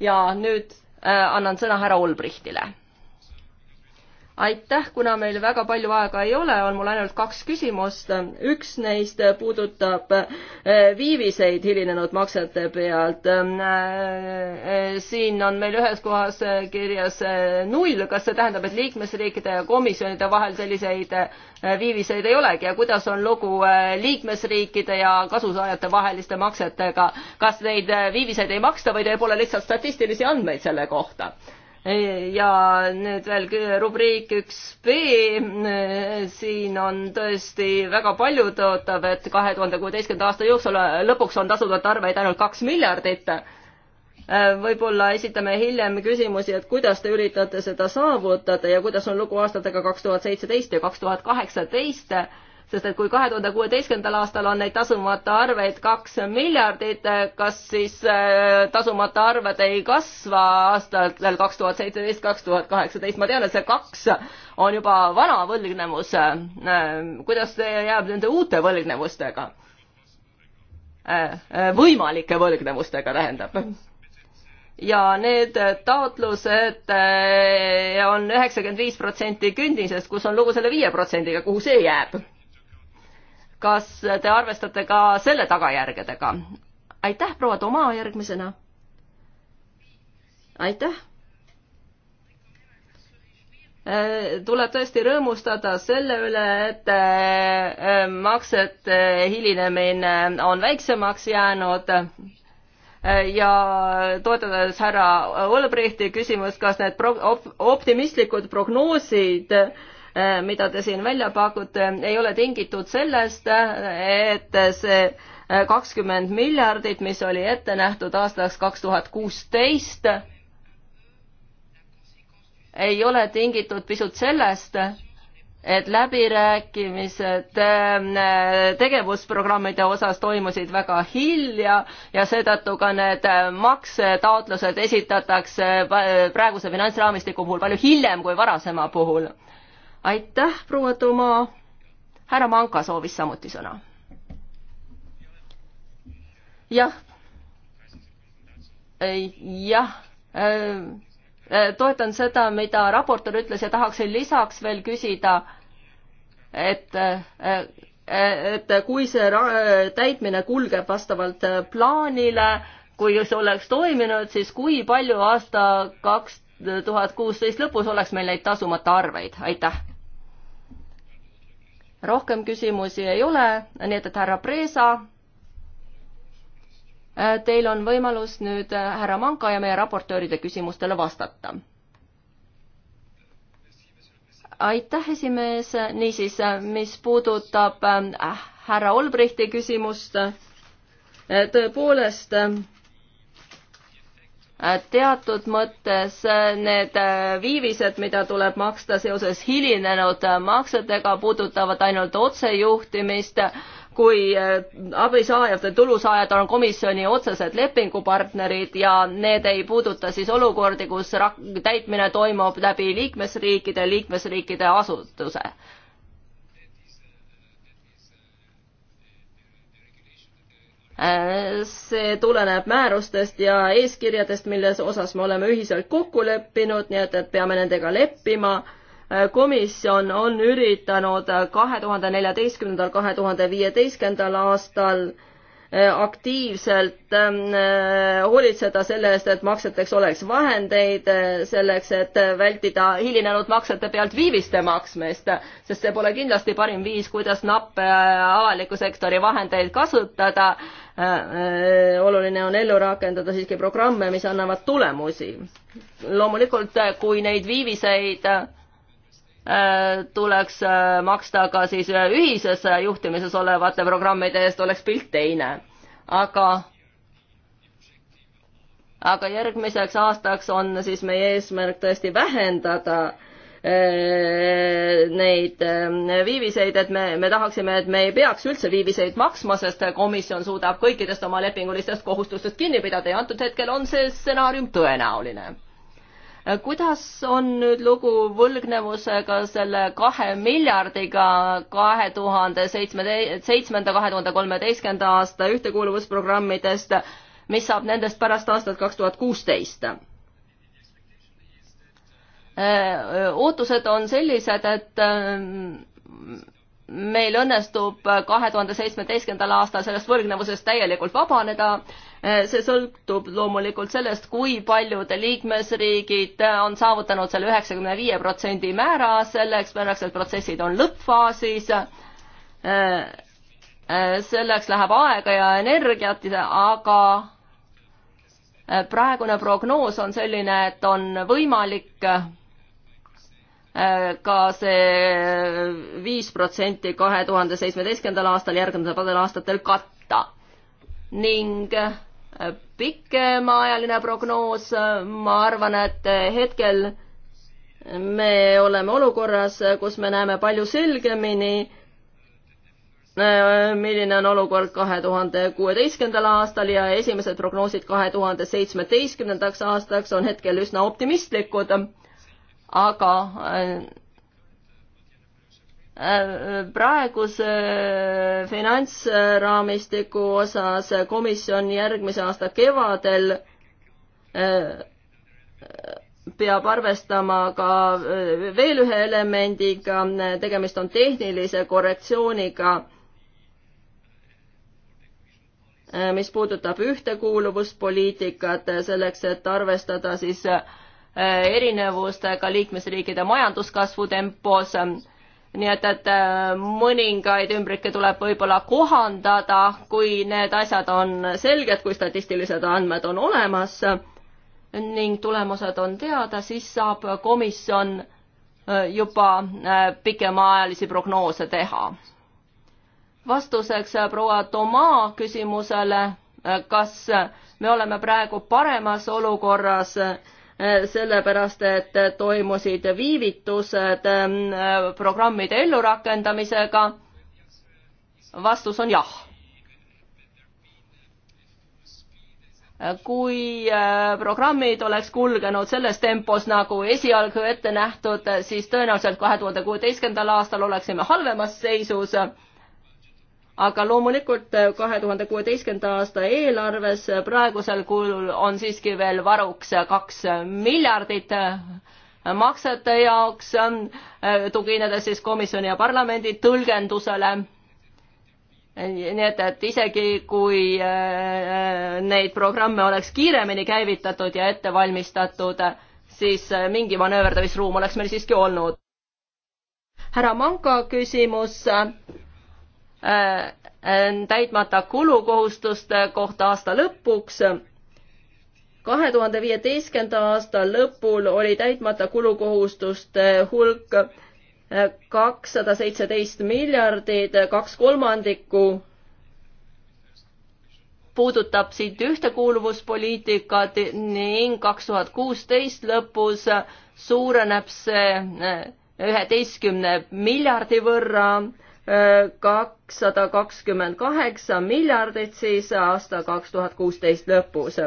ja nüüd äh, annan sõna härra Olbrichtile aitäh, kuna meil väga palju aega ei ole, on mul ainult kaks küsimust. üks neist puudutab eh, viiviseid hilinenud maksete pealt. Eh, eh, siin on meil ühes kohas kirjas null, kas see tähendab, et liikmesriikide ja komisjonide vahel selliseid viiviseid ei olegi ja kuidas on lugu liikmesriikide ja kasusaajate vaheliste maksetega, kas neid viiviseid ei maksta või teil pole lihtsalt statistilisi andmeid selle kohta? ja nüüd veel rubriik üks B, siin on tõesti väga palju tõotav, et kahe tuhande kuueteistkümnenda aasta jooksul äh, lõpuks on tasumata arveid ainult kaks miljardit. Äh, võib-olla esitame hiljem küsimusi, et kuidas te üritate seda saavutada ja kuidas on lugu aastatega kaks tuhat seitseteist ja kaks tuhat kaheksateist sest et kui kahe tuhande kuueteistkümnendal aastal on neid tasumata arveid kaks miljardit, kas siis äh, tasumata arved ei kasva aastatel kaks tuhat seitseteist, kaks tuhat kaheksateist, ma tean, et see kaks on juba vana võlgnevus. Äh, kuidas jääb nende uute võlgnevustega? Äh, võimalike võlgnevustega tähendab ja need taotlused on üheksakümmend viis protsenti künnisest, kus on lugu selle viie protsendiga, kuhu see jääb? kas te arvestate ka selle tagajärgedega? aitäh, proua Toma, järgmisena. aitäh äh, tuleb tõesti rõõmustada selle üle, et äh, maksete hilinemine on väiksemaks jäänud äh, ja toetades härra Olbrichti küsimust, kas need pro optimistlikud prognoosid äh, Äh, mida te siin välja pakute, ei ole tingitud sellest, et see äh, kakskümmend miljardit, mis oli ette nähtud aastaks kaks tuhat kuusteist, ei ole tingitud pisut sellest, et läbirääkimised äh, tegevusprogrammide osas toimusid väga hilja ja seetõttu ka need maksetaotlused esitatakse praeguse finantsraamistiku puhul palju hiljem kui varasema puhul aitäh, proua Toma. härra Manka soovis samuti sõna. jah. jah äh, äh, toetan seda, mida raportöör ütles ja tahaksin lisaks veel küsida, et äh, et kui see täitmine kulgeb vastavalt plaanile, kui see oleks toiminud, siis kui palju aasta kaks tuhat kuusteist lõpus oleks meil neid tasumata arveid, aitäh. rohkem küsimusi ei ole, nii et, et härra Preesa, äh, teil on võimalus nüüd äh, härra Manka ja meie raportööride küsimustele vastata. aitäh, esimees, niisiis, äh, mis puudutab äh, härra Olbrichti küsimust, tõepoolest äh, teatud mõttes äh, need äh, viivised, mida tuleb maksta seoses hilinenud äh, maksetega, puudutavad ainult otsejuhtimist, kui abisaajate tulusaajad on komisjoni otsesed lepingupartnerid ja need ei puuduta siis olukordi, kus täitmine toimub läbi liikmesriikide, liikmesriikide asutuse see tuleneb määrustest ja eeskirjadest, milles osas me oleme ühiselt kokku leppinud, nii et, et peame nendega leppima. komisjon on üritanud kahe tuhande neljateistkümnendal, kahe tuhande viieteistkümnendal aastal Äh, aktiivselt ähm, äh, hoolitseda selle eest, et makseteks oleks vahendeid, äh, selleks et vältida hilinenud maksete pealt viiviste maksmist, sest see pole kindlasti parim viis, kuidas nappe avaliku sektori vahendeid kasutada. oluline on ellu rakendada siiski programme, mis annavad tulemusi. loomulikult, kui neid viiviseid Äh, tuleks äh, maksta ka siis äh, ühises juhtimises olevate programmide eest, oleks pilt teine. aga aga järgmiseks aastaks on siis meie eesmärk tõesti vähendada neid viiviseid, et me, me tahaksime, et me ei peaks üldse viiviseid maksma, sest komisjon suudab kõikidest oma lepingulistest kohustustest kinni pidada ja antud hetkel on see stsenaarium tõenäoline kuidas on nüüd lugu võlgnevusega selle kahe miljardiga kahe tuhande seitsme, seitsmenda, kahe tuhande kolmeteistkümnenda aasta ühtekuuluvusprogrammidest, mis saab nendest pärast aastat kaks tuhat kuusteist? ootused on sellised, et meil õnnestub kahe tuhande seitsmeteistkümnendal aastal sellest võlgnevusest täielikult vabaneda. see sõltub loomulikult sellest, kui paljud liikmesriigid on saavutanud selle üheksakümne viie protsendi määra, selleks pärast, et protsessid on lõppfaasis. selleks läheb aega ja energiat, aga praegune prognoos on selline, et on võimalik Äh, ka see äh, viis protsenti kahe tuhande seitsmeteistkümnendal aastal järgnevatel aastatel katta ning äh, pikemaajaline prognoos, ma arvan, et hetkel me oleme olukorras, kus me näeme palju selgemini, milline on olukord kahe tuhande kuueteistkümnendal aastal ja esimesed prognoosid kahe tuhande seitsmeteistkümnendaks aastaks on hetkel üsna optimistlikud aga äh, äh, praeguse äh, finantsraamistiku osas komisjon järgmise aasta kevadel peab arvestama ka veel ühe elemendiga, tegemist on tehnilise korrektsiooniga, mis puudutab ühtekuuluvuspoliitikat, selleks et arvestada siis Äh, erinevustega liikmesriikide majanduskasvu tempos. nii et, et äh, mõningaid ümbrikke tuleb võib-olla kohandada, kui need asjad on selged, kui statistilised andmed on olemas ning tulemused on teada, siis saab komisjon äh, juba pikemaajalisi prognoose teha. vastuseks proua Toma küsimusele, kas me oleme praegu paremas olukorras äh, Eh, sellepärast et toimusid viivitused eh, programmide ellurakendamisega. vastus on jah eh, kui programmid oleks kulgenud selles tempos, nagu esialgu ette nähtud, siis tõenäoliselt kahe tuhande kuueteistkümnendal aastal oleksime halvemas seisus aga loomulikult äh, kahe tuhande kuueteistkümnenda aasta eelarves äh, praegusel kujul on siiski veel varuks äh, kaks miljardit maksete jaoks, tuginedes siis komisjoni ja parlamendi tõlgendusele. nii et, et isegi kui neid programme oleks kiiremini käivitatud ja ette valmistatud, siis mingi manööverdamisruum oleks meil siiski olnud. härra Manka küsimus Äh, äh, täitmata kulukohustuste kohta aasta lõpuks. kahe tuhande viieteistkümnenda aasta lõpul oli täitmata kulukohustuste hulk äh, kakssada seitseteist miljardit, kaks kolmandikku puudutab siit ühtekuuluvuspoliitikat ning kaks tuhat kuusteist lõpus suureneb see üheteistkümne miljardi võrra kakssada kakskümmend kaheksa miljardit siis aasta kaks tuhat kuusteist lõpus.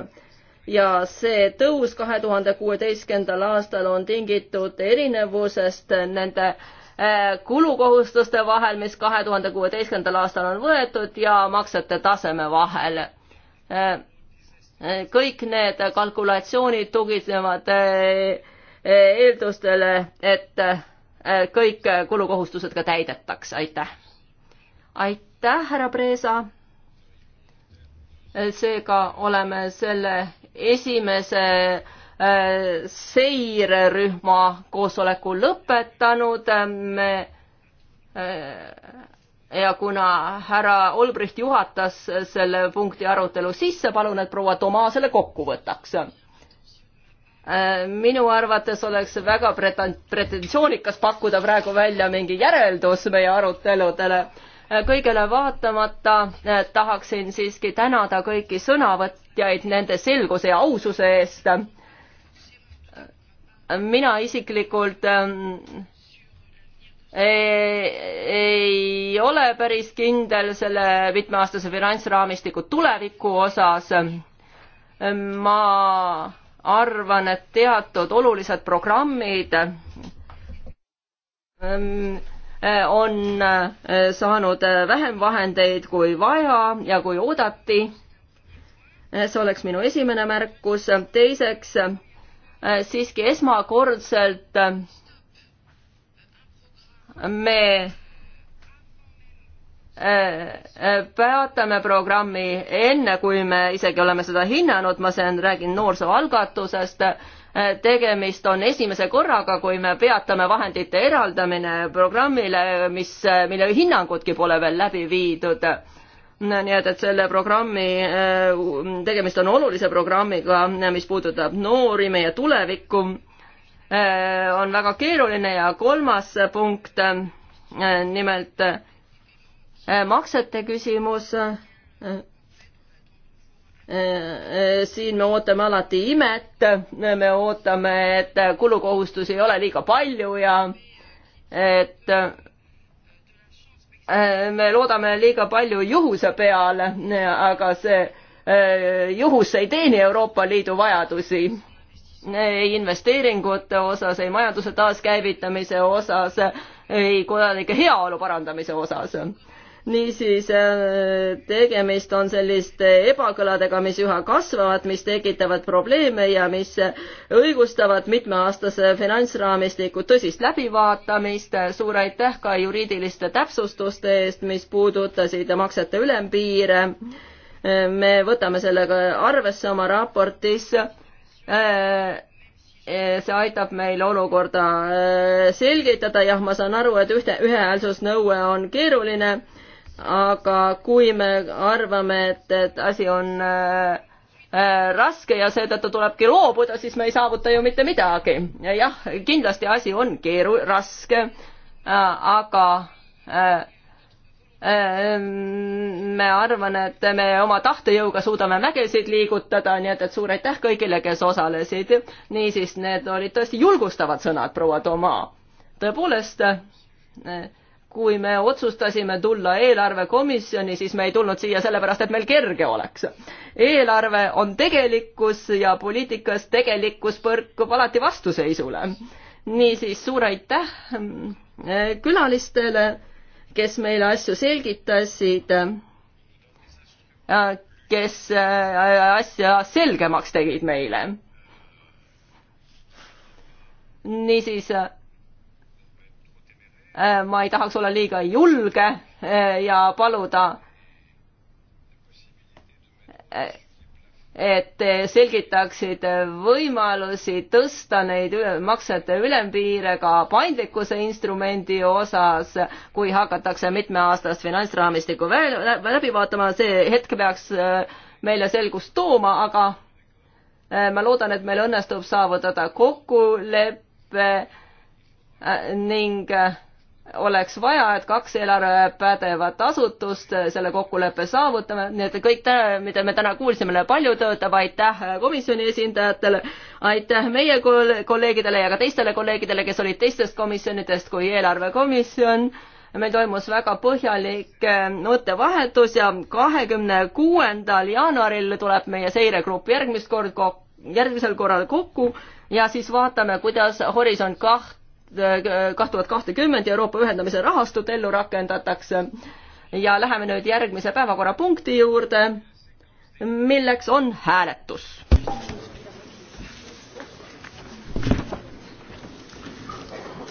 ja see tõus kahe tuhande kuueteistkümnendal aastal on tingitud erinevusest nende äh, kulukohustuste vahel, mis kahe tuhande kuueteistkümnendal aastal on võetud ja maksete taseme vahel. Äh, kõik need kalkulatsioonid tuginevad äh, eeldustele, et Äh, kõik äh, kulukohustused ka täidetaks, aitäh. aitäh, härra Preesa. Äh, seega oleme selle esimese seirerühma koosoleku lõpetanud. me ja kuna härra Olbricht juhatas selle punkti arutelu sisse, palun, et proua Toma selle kokku võtaks Äh, minu arvates oleks väga pretensioonikas pakkuda praegu välja mingi järeldus meie aruteludele. Äh, kõigele vaatamata äh, tahaksin siiski tänada kõiki sõnavõtjaid nende selguse ja aususe eest. mina isiklikult ähm, ei, ei ole päris kindel selle mitmeaastase finantsraamistiku tuleviku osas. ma arvan, et teatud olulised programmid ähm, äh, on äh, saanud äh, vähem vahendeid kui vaja ja kui oodati. see oleks minu esimene märkus. teiseks, siiski esmakordselt me Äh, äh, peatame programmi enne, kui me isegi oleme seda hinnanud, ma siin räägin noorsooalgatusest, äh, tegemist on esimese korraga, kui me peatame vahendite eraldamine programmile, mis, mille hinnangutki pole veel läbi viidud. nii et, et selle programmi, tegemist on olulise programmiga, mis puudutab noori, meie tulevikku, on väga keeruline ja kolmas punkt, nimelt Äh, maksete küsimus. Äh, äh, siin me ootame alati imet, me ootame, et kulukohustusi ei ole liiga palju ja et me loodame liiga palju juhuse peale, aga see juhus ei teeni Euroopa Liidu vajadusi ei investeeringute osas, ei majanduse taaskäivitamise osas, ei kodanike heaolu parandamise osas niisiis äh, tegemist on selliste ebakõladega, mis üha kasvavad, mis tekitavad probleeme ja mis õigustavad mitmeaastase finantsraamistiku tõsist läbivaatamist. suur aitäh ka juriidiliste täpsustuste eest, mis puudutasid maksete ülempiire. Äh, me võtame sellega arvesse oma raportis äh, see aitab meil olukorda selgitada, jah, ma saan aru, et ühte, ühehäälsusnõue on keeruline, aga kui me arvame, et, et asi on äh, äh, raske ja seetõttu tulebki loobuda, siis me ei saavuta ju mitte midagi. jah, kindlasti asi on keeru-, raske, äh, aga äh, äh, me arvan, et me oma tahtejõuga suudame mägesid liigutada, nii et, et suur aitäh kõigile, kes osalesid. niisiis, need olid tõesti julgustavad sõnad, proua Toma. tõepoolest äh,, kui me otsustasime tulla eelarvekomisjoni, siis me ei tulnud siia sellepärast, et meil kerge oleks. eelarve on tegelikkus ja poliitikas tegelikkus põrkub alati vastuseisule. niisiis suur aitäh eh, külalistele, kes meile asju selgitasid, eh, kes eh, asja selgemaks tegid meile. niisiis Äh, ma ei tahaks olla liiga julge äh, ja paluda, äh, et selgitaksid võimalusi tõsta neid maksete ülempiire ka paindlikkuse instrumendi osas, kui hakatakse mitmeaastast finantsraamistikku läbi vaatama, see hetk peaks meile selgust tooma, aga ma loodan, et meil õnnestub saavutada kokkulepe ning äh, oleks vaja, et kaks eelarvepädevat asutust selle kokkuleppe saavutame, nii et kõik, mida me täna kuulsime, palju töötab, aitäh komisjoni esindajatele, aitäh meie kolleegidele ja ka teistele kolleegidele, kes olid teistest komisjonidest kui eelarvekomisjon. meil toimus väga põhjalik eh, mõttevahetus ja kahekümne kuuendal jaanuaril tuleb meie seiregrupp järgmist kord kokku järgmisel korral kokku ja siis vaatame, kuidas Horisont kaht kaht tuhat kahtekümmend Euroopa ühendamise rahastut ellu rakendatakse. ja läheme nüüd järgmise päevakorrapunkti juurde, milleks on hääletus.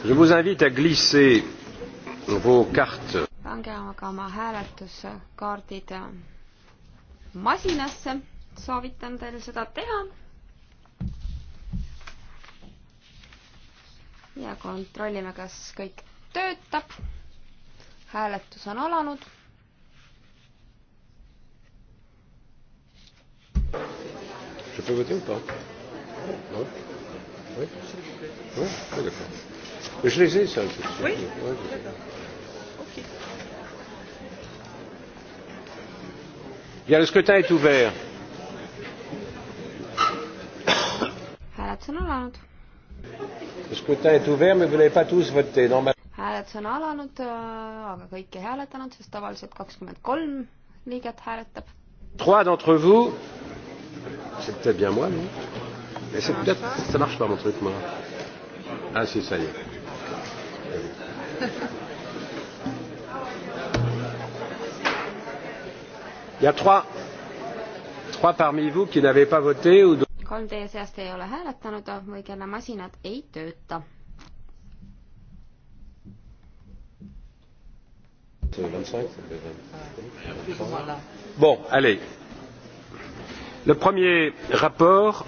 Je vous invite à glisser vos cartes. pange aga oma hääletuskaardid masinasse, soovitan teil seda teha ja kontrollime, kas kõik töötab. hääletus on alanud. Je peux voter ou pas Non Oui Oui, oui d'accord. Mais je les ai, ça. Je oui ouais, Ok. Bien, le scrutin est ouvert. hääletus on alanud hääletus on alanud, äh, aga kõik ei hääletanud, sest tavaliselt kakskümmend kolm liiget hääletab. Trois d'entre vous, c'est peut-être bien moi, non Mais c'est peut-être, ça marche pas mon truc, moi. Ah si, ça y est. Il y a trois, trois parmi vous qui n'avez pas voté ou kolm teie seast ei ole hääletanud või kelle masinad ei tööta. Bon, allez. Le premier rapport,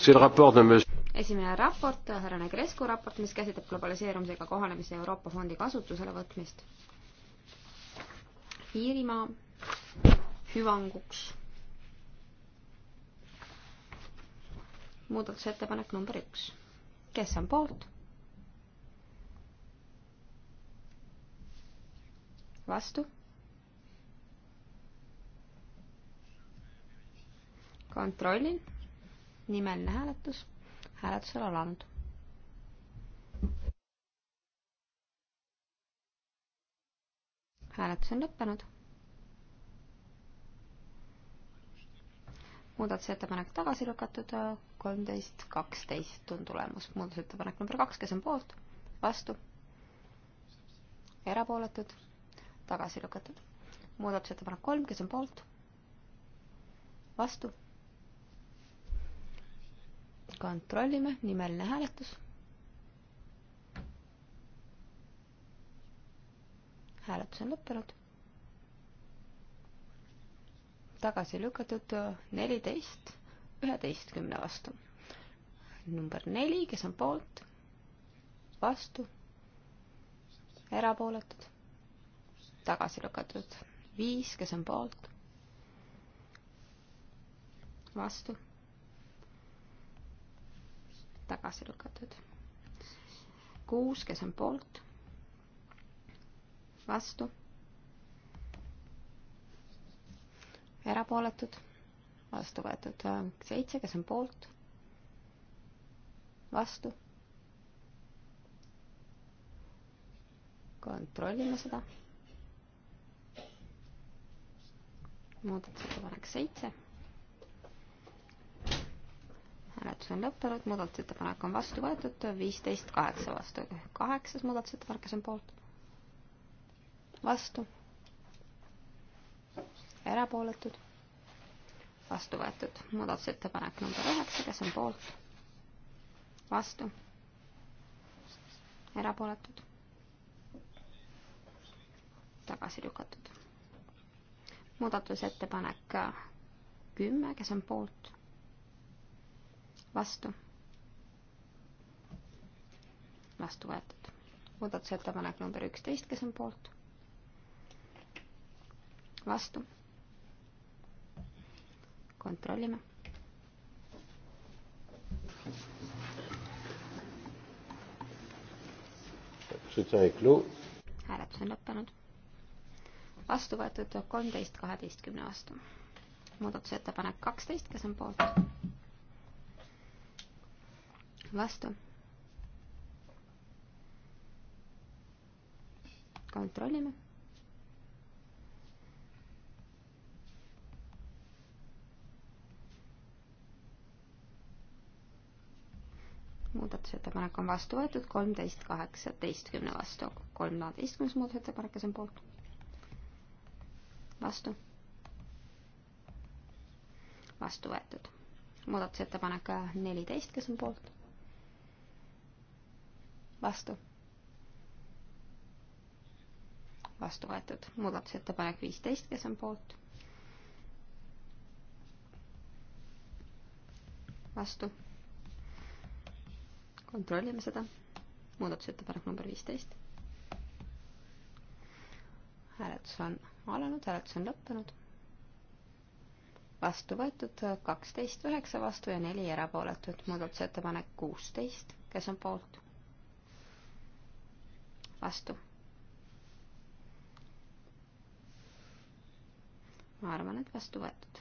c'est le rapport de monsieur esimene raport, härra Negrescu raport, mis käsitleb globaliseerumisega kohanemise Euroopa Fondi kasutusele võtmist. Iirimaa hüvanguks muudatusettepanek number üks. kes on poolt? vastu? kontrollin. nimeline hääletus. hääletus on alanud. hääletus on lõppenud. muudatusettepanek tagasi lükatud kolmteist, kaksteist on tulemus. muudatusettepanek number kaks, kes on poolt, vastu, erapooletud, tagasi lükatud. muudatusettepanek kolm, kes on poolt, vastu. kontrollime, nimeline hääletus. hääletus on lõppenud tagasi lükatud äh, neliteist üheteistkümne vastu. number neli, kes on poolt, vastu, erapooletud, tagasi lükatud. viis, kes on poolt, vastu, tagasi lükatud. kuus, kes on poolt, vastu erapooletud, vastu võetud äh, seitse, kes on poolt, vastu. kontrollime seda. muudatusettepanek seitse. hääletus on lõppenud, muudatusettepanek on vastu võetud, viisteist kaheksa vastu, kaheksas muudatusettepanek, kes on poolt, vastu, erapooletud vastu võetud. muudatusettepanek number üheksa, kes on poolt? vastu? erapooletud? tagasi lükatud. muudatusettepanek kümme, kes on poolt? vastu? vastu võetud. muudatusettepanek number üksteist, kes on poolt? vastu kontrollime. hääletus on lõppenud. vastu võetud kolmteist kaheteistkümne vastu. muudatusettepanek kaksteist, kes on poolt? vastu. kontrollime muudatusettepanek on vastu võetud, kolmteist kaheksateistkümne vastu. kolmeteistkümnes muudatusettepanek, kes on poolt? vastu? vastu võetud. muudatusettepanek neliteist, kes on poolt? vastu? vastu võetud. muudatusettepanek viisteist, kes on poolt? vastu kontrollime seda. muudatusettepanek number viisteist. hääletus on alanud, hääletus on lõppenud. vastu võetud kaksteist, üheksa vastu ja neli erapooletut. muudatusettepanek kuusteist, kes on poolt? vastu ma arvan, et vastu võetud.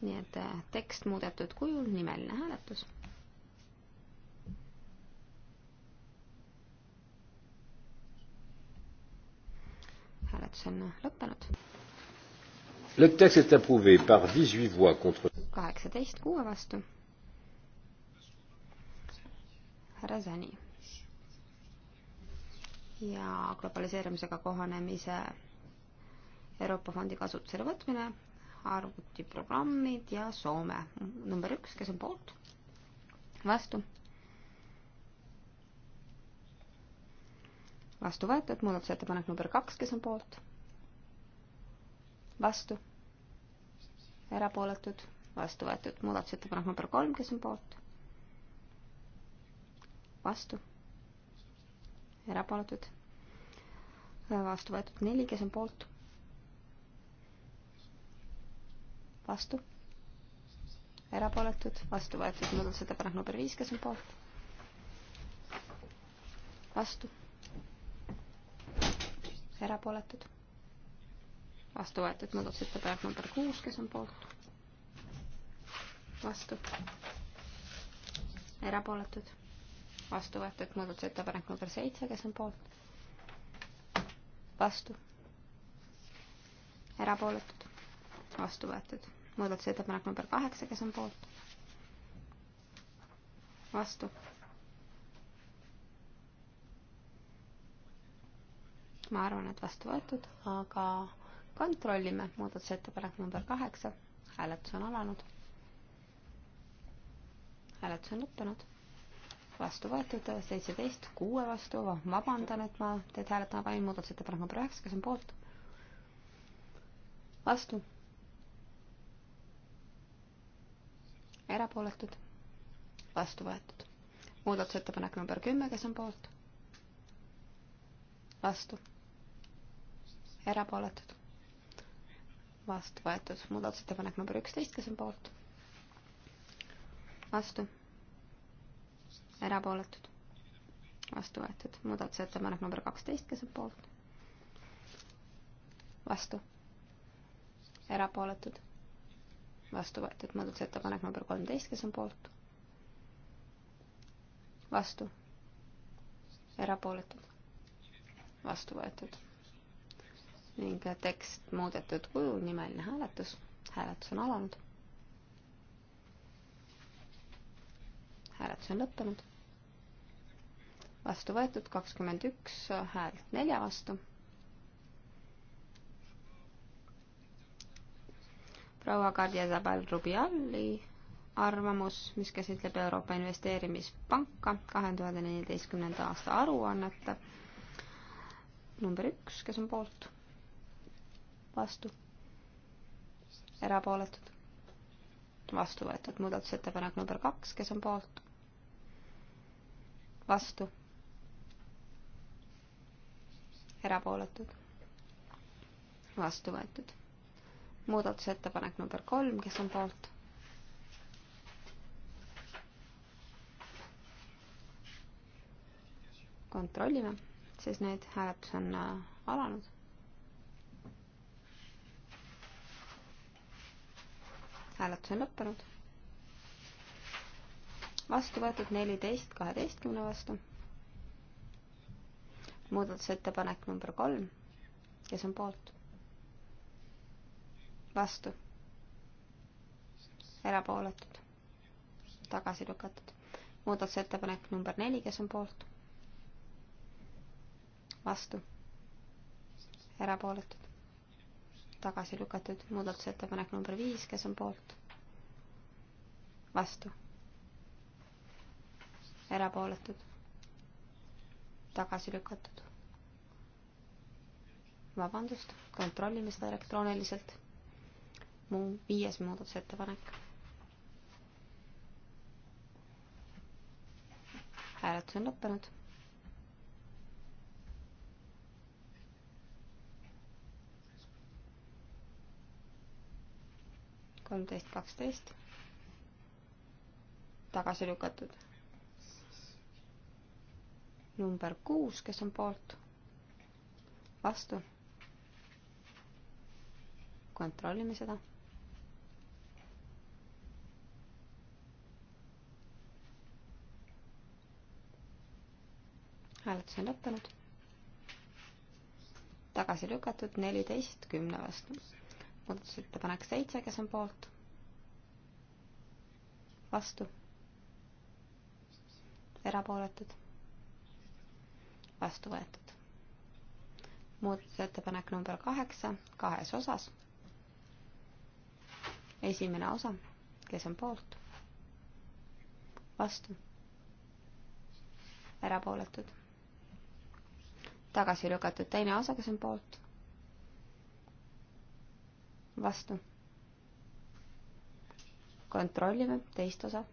nii et tekst muudetud kujul, nimeline hääletus hääletus on lõppenud. Le texte est approuvé par 18 voix contre. 18 kuue vastu. härra Sani. ja globaliseerumisega kohanemise Euroopa Fondi kasutusele võtmine, arvutiprogrammid ja Soome. number üks, kes on poolt? vastu vastu võetud, muudatusettepanek number kaks, kes on poolt? vastu? erapooletud? vastu võetud, muudatusettepanek number kolm, kes on poolt? vastu? erapooletud? vastu võetud neli, kes on poolt? vastu? erapooletud, vastu võetud muudatusettepanek number viis, kes on poolt? vastu? erapooletud, vastu võetud muudatusettepanek number kuus, kes on poolt, vastu, erapooletud, vastu võetud muudatusettepanek number seitse, kes on poolt, vastu, erapooletud, vastu võetud muudatusettepanek number kaheksa, kes on poolt, vastu ma arvan, et vastu võetud, aga kontrollime muudatusettepanek number kaheksa, hääletus on alanud. hääletus on lõppenud, vastu võetud seitseteist, kuue vastu, vabandan, et ma teid hääletama panin, muudatusettepanek number üheksa, kes on poolt? vastu. erapooletud, vastu võetud. muudatusettepanek number kümme, kes on poolt? vastu erapooletud, vastu võetud. muudatusettepanek number üksteist, kes on poolt? vastu, erapooletud, vastu võetud. muudatusettepanek number kaksteist, kes on poolt? vastu, erapooletud, vastu võetud. muudatusettepanek number kolmteist, kes on poolt? vastu, erapooletud, vastu võetud ning tekst muudetud kujul, nimeline hääletus. hääletus on alanud. hääletus on lõppenud. vastu võetud kakskümmend üks häält nelja vastu. proua Kadri Zabal-Rubialli arvamus, mis käsitleb Euroopa Investeerimispanka kahe tuhande neljateistkümnenda aasta aruannet. number üks, kes on poolt vastu, erapooletud, vastu võetud muudatusettepanek number kaks, kes on poolt, vastu, erapooletud, vastu võetud muudatusettepanek number kolm, kes on poolt kontrollime, siis nüüd hääletus on äh, alanud. hääletus on lõppenud. vastu võetud neliteist kaheteistkümne vastu. muudatusettepanek number kolm, kes on poolt? vastu. erapooletud. tagasi lükatud. muudatusettepanek number neli, kes on poolt? vastu. erapooletud tagasi lükatud muudatusettepanek number viis, kes on poolt? vastu. erapooletud. tagasi lükatud. vabandust, kontrollime seda elektrooniliselt. mu viies muudatusettepanek. hääletus on lõppenud kolmteist, kaksteist, tagasi lükatud. number kuus, kes on poolt, vastu. kontrollime seda. hääletus on lõppenud. tagasi lükatud neliteist kümne vastu muudatusettepanek seitse, kes on poolt? vastu? erapooletud? vastu võetud. muudatusettepanek number kaheksa, kahes osas. esimene osa, kes on poolt? vastu? erapooletud? tagasi lükatud teine osa, kes on poolt? vastu. kontrollime teist osa.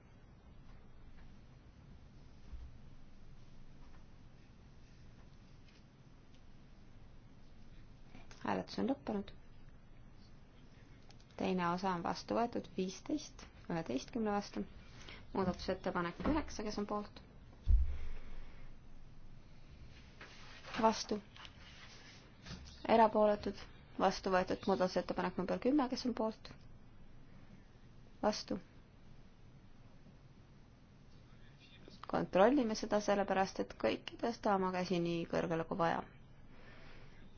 hääletus on lõppenud. teine osa on vastu võetud viisteist üheteistkümne vastu. muudatusettepanek üheksa, kes on poolt? vastu. erapooletud vastu võetud muudatusettepanek number kümme, kes on poolt? vastu. kontrollime seda sellepärast, et kõik ei tõsta oma käsi nii kõrgele kui vaja.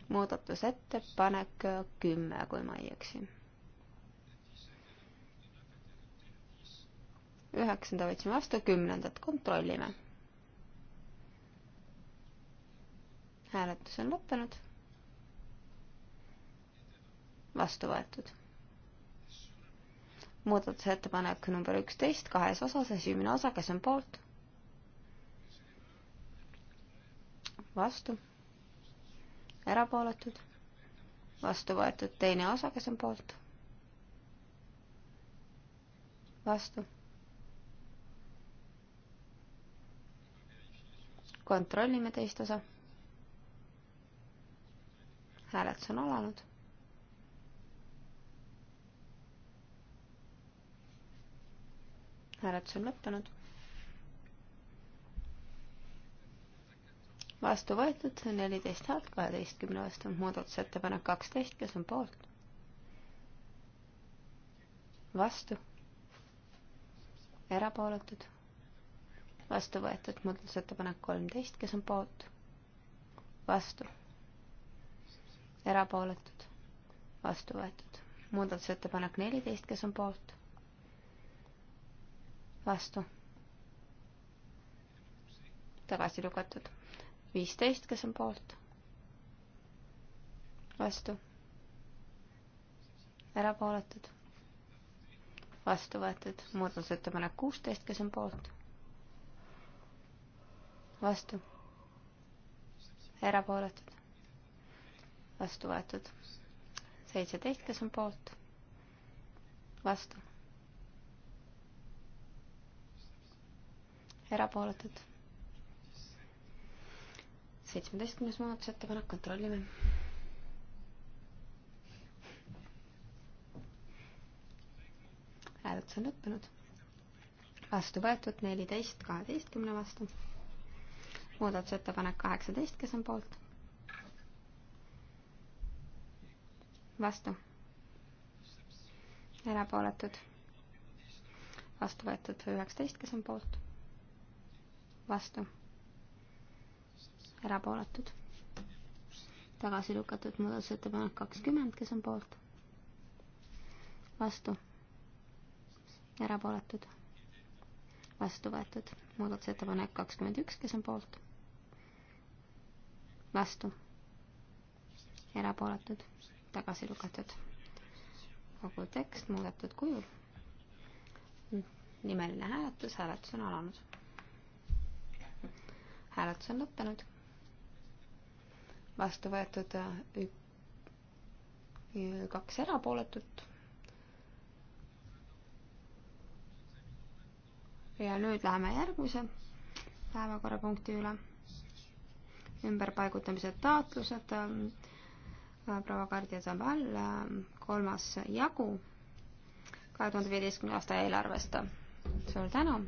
muudatusettepanek kümme, kui ma ei eksi. üheksanda võtsime vastu, kümnendat kontrollime. hääletus on lõppenud vastu võetud. muudatusettepanek number üksteist kahes osas, esimene osa, kes on poolt? vastu? erapooletud? vastu võetud teine osa, kes on poolt? vastu kontrollime teist osa. hääletus on alanud. hääletus on lõppenud. vastu võetud neliteist häält kaheteistkümne vastu, muudatusettepanek kaksteist, kes on poolt? vastu? erapooletud? vastu võetud muudatusettepanek kolmteist, kes on poolt? vastu? erapooletud? vastu võetud muudatusettepanek neliteist, kes on poolt? vastu. tagasi lükatud. viisteist, kes on poolt? vastu. erapooletud. vastu võetud. muudatusettepanek kuusteist, kes on poolt? vastu. erapooletud. vastu võetud. seitseteist, kes on poolt? vastu erapooletud. seitsmeteistkümnes muudatusettepanek, kontrollime. hääletus on lõppenud. vastu võetud neliteist kaheteistkümne vastu. muudatusettepanek kaheksateist, kes on poolt? vastu. erapooletud. vastu võetud üheksateist, kes on poolt vastu, erapooletud, tagasi lükatud muudatusettepanek kakskümmend, kes on poolt, vastu, erapooletud, vastu võetud, muudatusettepanek kakskümmend üks, kes on poolt, vastu, erapooletud, tagasi lükatud, kogu tekst muudetud kujul, nimeline hääletus, hääletus on alanud hääletus on lõppenud. vastu võetud äh, kaks erapooletut. ja nüüd läheme järgmise päevakorrapunkti üle. ümberpaigutamised, taotlused, äh, äh, proua Kardia Zabal, kolmas jagu kahe tuhande viieteistkümne aasta eelarvest. suur tänu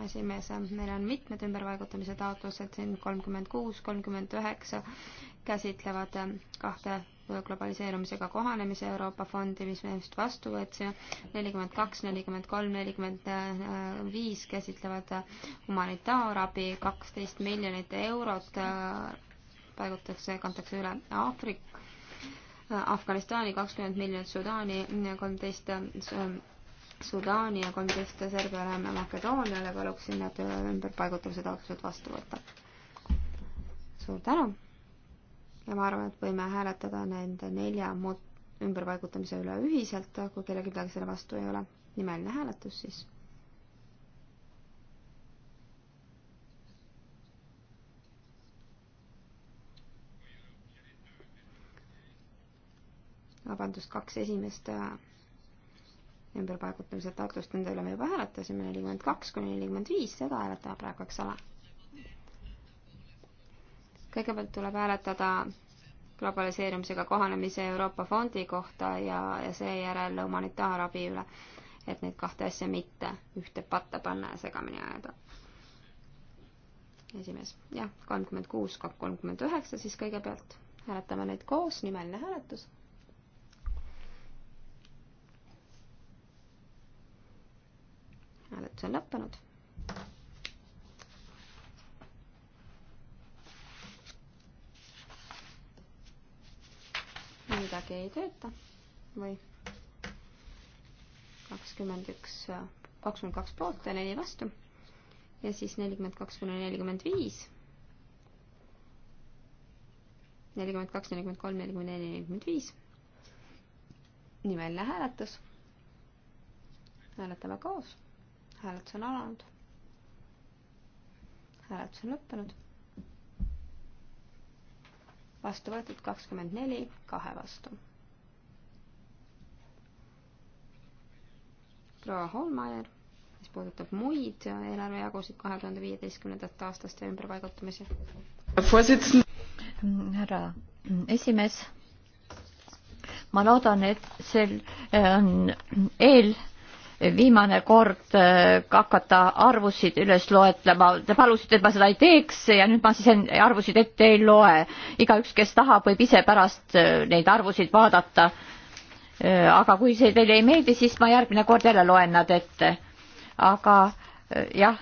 esimees, meil on mitmed ümberpaigutamise taotlused siin kolmkümmend kuus, kolmkümmend üheksa käsitlevad kahte globaliseerumisega kohanemise Euroopa fondi, mis me just vastu võtsime, nelikümmend kaks, nelikümmend kolm, nelikümmend viis käsitlevad humanitaarabi, kaksteist miljonit eurot äh, paigutatakse, kantakse üle Aafrika, Afganistani kakskümmend miljonit, Sudaani kolmteist 13 äh, Sudaani ja kontekste Serbiale ja Makedooniale paluksin need ümberpaigutamise taotlused vastu võtta. suur tänu ja ma arvan, et võime hääletada nende nelja muud ümberpaigutamise üle ühiselt, kui kellelgi midagi selle vastu ei ole. nimeline hääletus siis. vabandust, kaks esimest ümberpaigutamise taotlust, nende üle me juba hääletasime, nelikümmend kaks kuni nelikümmend viis, seda hääletame praegu, eks ole. kõigepealt tuleb hääletada globaliseerumisega kohanemise Euroopa Fondi kohta ja, ja seejärel humanitaarabi üle, et neid kahte asja mitte ühte patta panna ja segamini ajada. esimees, jah, kolmkümmend kuus, kolmkümmend üheksa siis kõigepealt, hääletame neid koos, nimeline hääletus hääletus on lõppenud. midagi ei tööta või kakskümmend üks, kakskümmend kaks poolt ja neli vastu ja siis nelikümmend kaks kuni nelikümmend viis. nelikümmend kaks, nelikümmend kolm, nelikümmend neli, nelikümmend viis. nimeline hääletus. hääletame koos hääletus on alanud. hääletus on lõppenud. vastu võetud kakskümmend neli, kahe vastu. proua Holmaier, mis puudutab muid eelarvejagusid kahe tuhande viieteistkümnendast aastast ja ümberpaigutamisi. härra esimees, ma loodan, et sel äh, on eel viimane kord äh, hakata arvusid üles loetlema. Te palusite, et ma seda ei teeks ja nüüd ma siis arvusid ette ei loe. igaüks, kes tahab, võib ise pärast äh, neid arvusid vaadata. Äh, aga kui see teile ei meeldi, siis ma järgmine kord jälle loen nad ette. aga jah,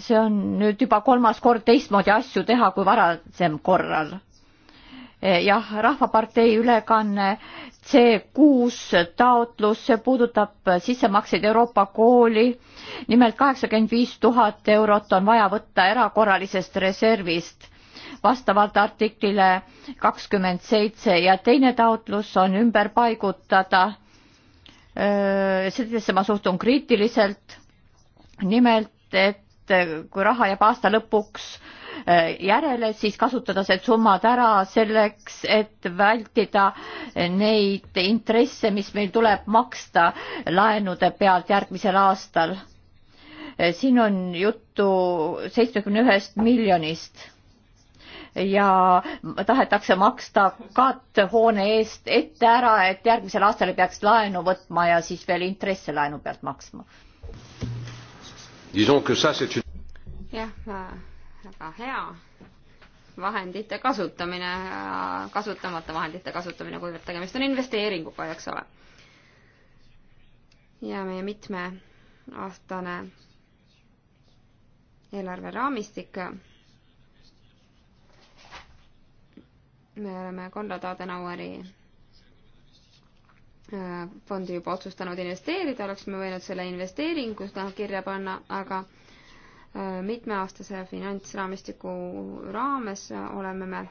see on nüüd juba kolmas kord teistmoodi asju teha kui varasem korral Eh, jah, Rahvapartei ülekanne C kuus taotlus, see puudutab eh, sissemakseid Euroopa kooli. nimelt kaheksakümmend viis tuhat eurot on vaja võtta erakorralisest reservist vastavalt artiklile kakskümmend seitse ja teine taotlus on ümber paigutada. Eh, sellesse ma suhtun kriitiliselt. nimelt, et kui raha jääb aasta lõpuks järele, siis kasutada need summad ära selleks, et vältida neid intresse, mis meil tuleb maksta laenude pealt järgmisel aastal. siin on juttu seitsmekümne ühest miljonist ja tahetakse maksta katthoone eest ette ära, et järgmisel aastal ei peaks laenu võtma ja siis veel intresse laenu pealt maksma. jah, väga hea vahendite kasutamine, kasutamata vahendite kasutamine, kuivõrd tegemist on investeeringuga, eks ole. ja meie mitmeaastane eelarveraamistik. me oleme Konrad Adenaueri äh, fondi juba otsustanud investeerida, oleksime võinud selle investeeringu kirja panna, aga mitmeaastase finantsraamistiku raames oleme me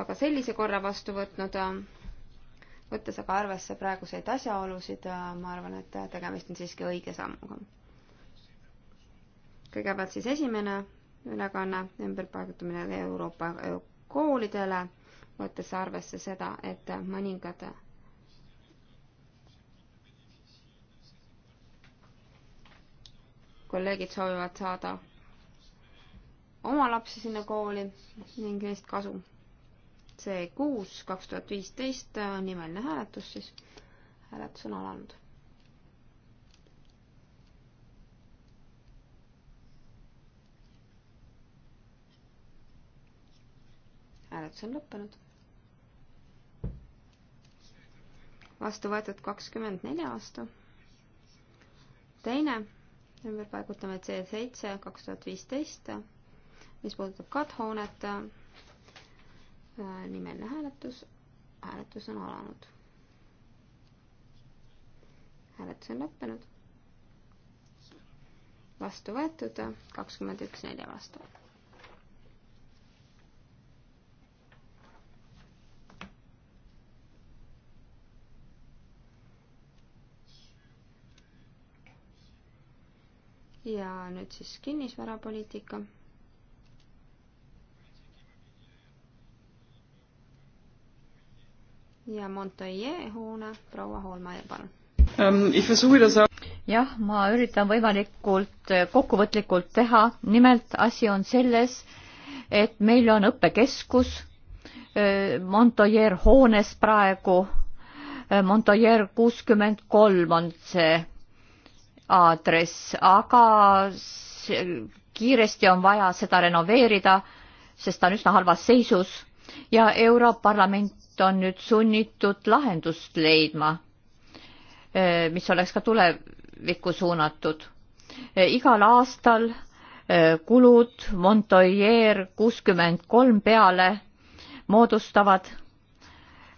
aga sellise korra vastu võtnud, võttes aga arvesse praeguseid asjaolusid, ma arvan, et tegemist on siiski õige sammuga. kõigepealt siis esimene ülekanne, ümberpaigutamine Euroopa koolidele, võttes arvesse seda, et mõningad kolleegid soovivad saada oma lapsi sinna kooli ning neist kasu. see kuus, kaks tuhat viisteist, nimeline hääletus siis, hääletus on alanud. hääletus on lõppenud. vastu võetud kakskümmend neli aasta. teine ümber paigutame C seitse kaks tuhat viisteist, mis puudutab kathoonet. Äh, nimeline hääletus, hääletus on alanud. hääletus on lõppenud. vastu võetud kakskümmend üks nelja vastu ja nüüd siis kinnisvarapoliitika. ja Montoyer hoone, proua Hoolmaier, palun. Ähm, jah, ma üritan võimalikult äh, kokkuvõtlikult teha, nimelt asi on selles, et meil on õppekeskus äh, Montoyer hoones praegu, äh, Montoyer kuuskümmend kolm on see aadress, aga kiiresti on vaja seda renoveerida, sest ta on üsna halvas seisus ja Europarlament on nüüd sunnitud lahendust leidma, e, mis oleks ka tulevikku suunatud. E, igal aastal e, kulud Montoyer kuuskümmend kolm peale moodustavad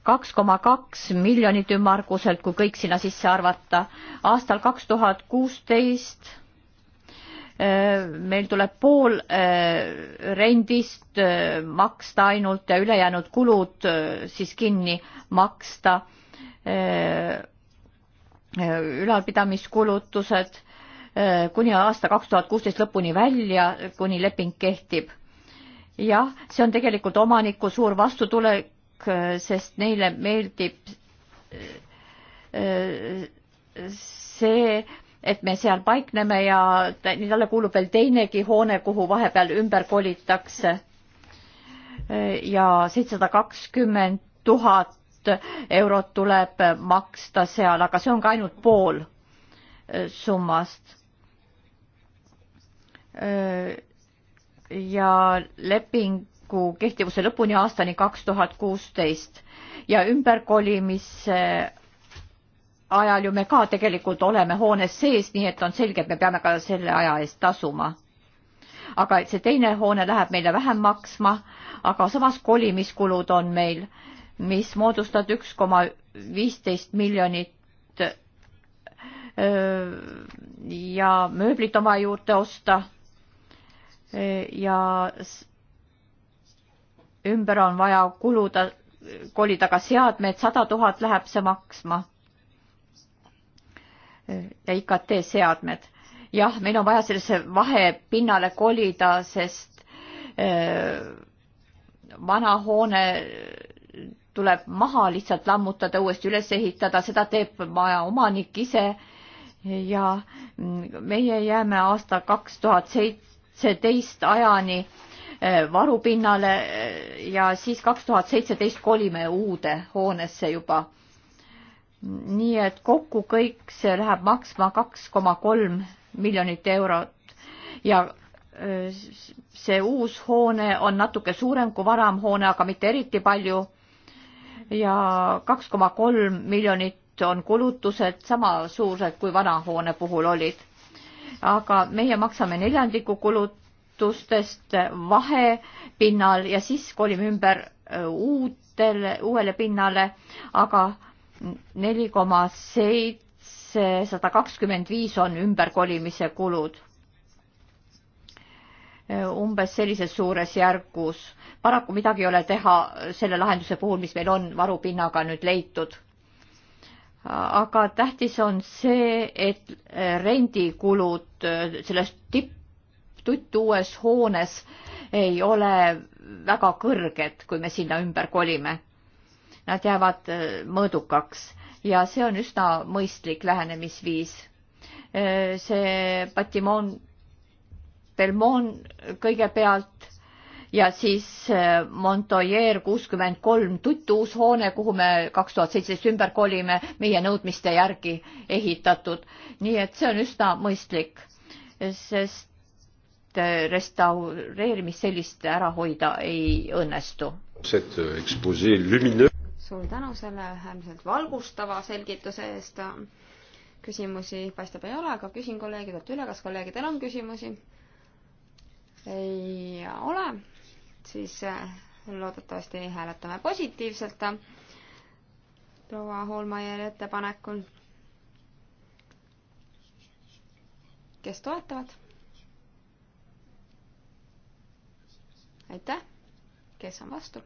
kaks koma kaks miljonit ümmarguselt, kui kõik sinna sisse arvata. aastal kaks tuhat kuusteist eh, meil tuleb pool eh, rendist eh, maksta ainult ja ülejäänud kulud siis kinni maksta. ülalpidamiskulutused kuni aasta kaks tuhat kuusteist lõpuni välja, kuni leping kehtib jah, see on tegelikult omaniku suur vastutule, sest neile meeldib äh, see, et me seal paikneme ja talle kuulub veel teinegi hoone, kuhu vahepeal ümber kolitakse. ja seitsesada kakskümmend tuhat eurot tuleb maksta seal, aga see on ka ainult pool äh, summast. Äh, ja leping ettepaneku kehtivuse lõpuni aastani kaks tuhat kuusteist ja ümberkolimise ajal ju me ka tegelikult oleme hoones sees, nii et on selge, et me peame ka selle aja eest tasuma. aga et see teine hoone läheb meile vähem maksma, aga samas kolimiskulud on meil, mis moodustavad üks koma viisteist miljonit ja mööblit on vaja juurde osta ja ümber on vaja kuluda, kolida ka seadmed, sada tuhat läheb see maksma. ja IKT seadmed. jah, meil on vaja sellesse vahepinnale kolida, sest öö, eh, vana hoone tuleb maha lihtsalt lammutada, uuesti üles ehitada, seda teeb maja omanik ise ja meie jääme aasta kaks tuhat seitseteist ajani Eh, varupinnale eh, ja siis kaks tuhat seitseteist kolime uude hoonesse juba. nii et kokku kõik see läheb maksma kaks koma kolm miljonit eurot ja eh, see uus hoone on natuke suurem kui varam hoone, aga mitte eriti palju. ja kaks koma kolm miljonit on kulutused sama suured kui vana hoone puhul olid. aga meie maksame neljandiku kulud väärtustest vahepinnal ja siis kolime ümber äh, uutele, uuele pinnale, aga neli koma seitse, sada kakskümmend viis on ümberkolimise kulud. Äh, umbes sellises suures järgus. paraku midagi ei ole teha selle lahenduse puhul, mis meil on varupinnaga nüüd leitud aga tähtis on see, et äh, rendikulud sellest tipp tutt uues hoones ei ole väga kõrged, kui me sinna ümber kolime. Nad jäävad äh, mõõdukaks ja see on üsna mõistlik lähenemisviis. Äh, see Batimon, Belmon kõigepealt ja siis äh, Montoyer kuuskümmend kolm, tuttu uus hoone, kuhu me kaks tuhat seitseteist ümber kolime, meie nõudmiste järgi ehitatud. nii et see on üsna mõistlik, sest et äh, restaureerimist sellist ära hoida ei õnnestu. Äh, suur tänu selle äärmiselt valgustava selgituse eest. küsimusi paistab ei ole, aga küsin kolleegidelt üle, kas kolleegidel on küsimusi? ei ole, siis äh, loodetavasti hääletame positiivselt proua Hoolmaieri ettepanekul. kes toetavad? aitäh, kes on vastu?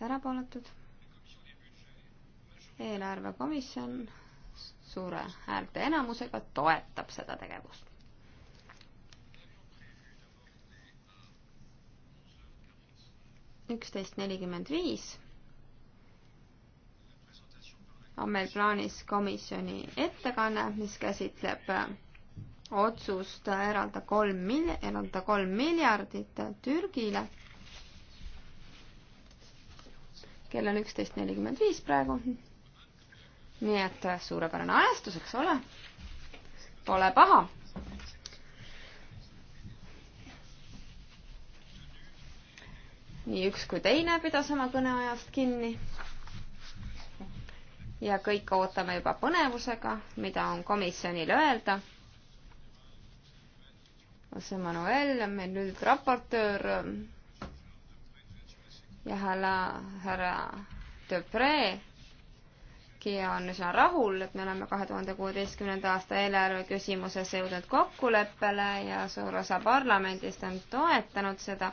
erapooletud. eelarvekomisjon suure häälte enamusega toetab seda tegevust. üksteist nelikümmend viis on meil plaanis komisjoni ettekanne, mis käsitleb otsust eralda kolm mil-, eralda kolm miljardit Türgile, kell on üksteist nelikümmend viis praegu. nii et suurepärane ajastus, eks ole. Pole paha. nii üks kui teine pidas oma kõneajast kinni ja kõik ootame juba põnevusega, mida on komisjonil öelda Jose Manuel on meil nüüd raportöör ähm, ja härra, härra Depre Kiia on üsna rahul, et me oleme kahe tuhande kuueteistkümnenda aasta eelarve küsimuses jõudnud kokkuleppele ja suur osa parlamendist on toetanud seda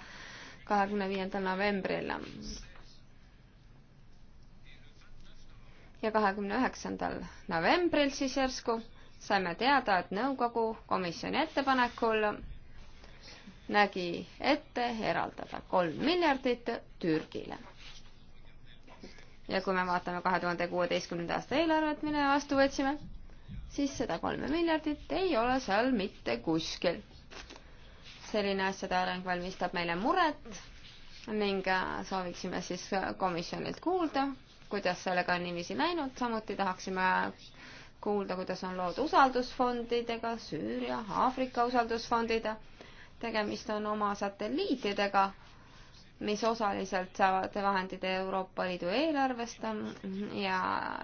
kahekümne viiendal novembril. ja kahekümne üheksandal novembril siis järsku saime teada, et nõukogu komisjoni ettepanekul nägi ette eraldada kolm miljardit Türgile. ja kui me vaatame kahe tuhande kuueteistkümnenda aasta eelarvet, mille vastu võtsime, siis seda kolme miljardit ei ole seal mitte kuskil. selline asjade areng valmistab meile muret ning äh, sooviksime siis komisjonilt kuulda, kuidas sellega on niiviisi läinud, samuti tahaksime kuulda, kuidas on lood usaldusfondidega, Süüria, Aafrika usaldusfondidega tegemist on oma satelliitidega, mis osaliselt saavad vahendid Euroopa Liidu eelarvest ähm, ja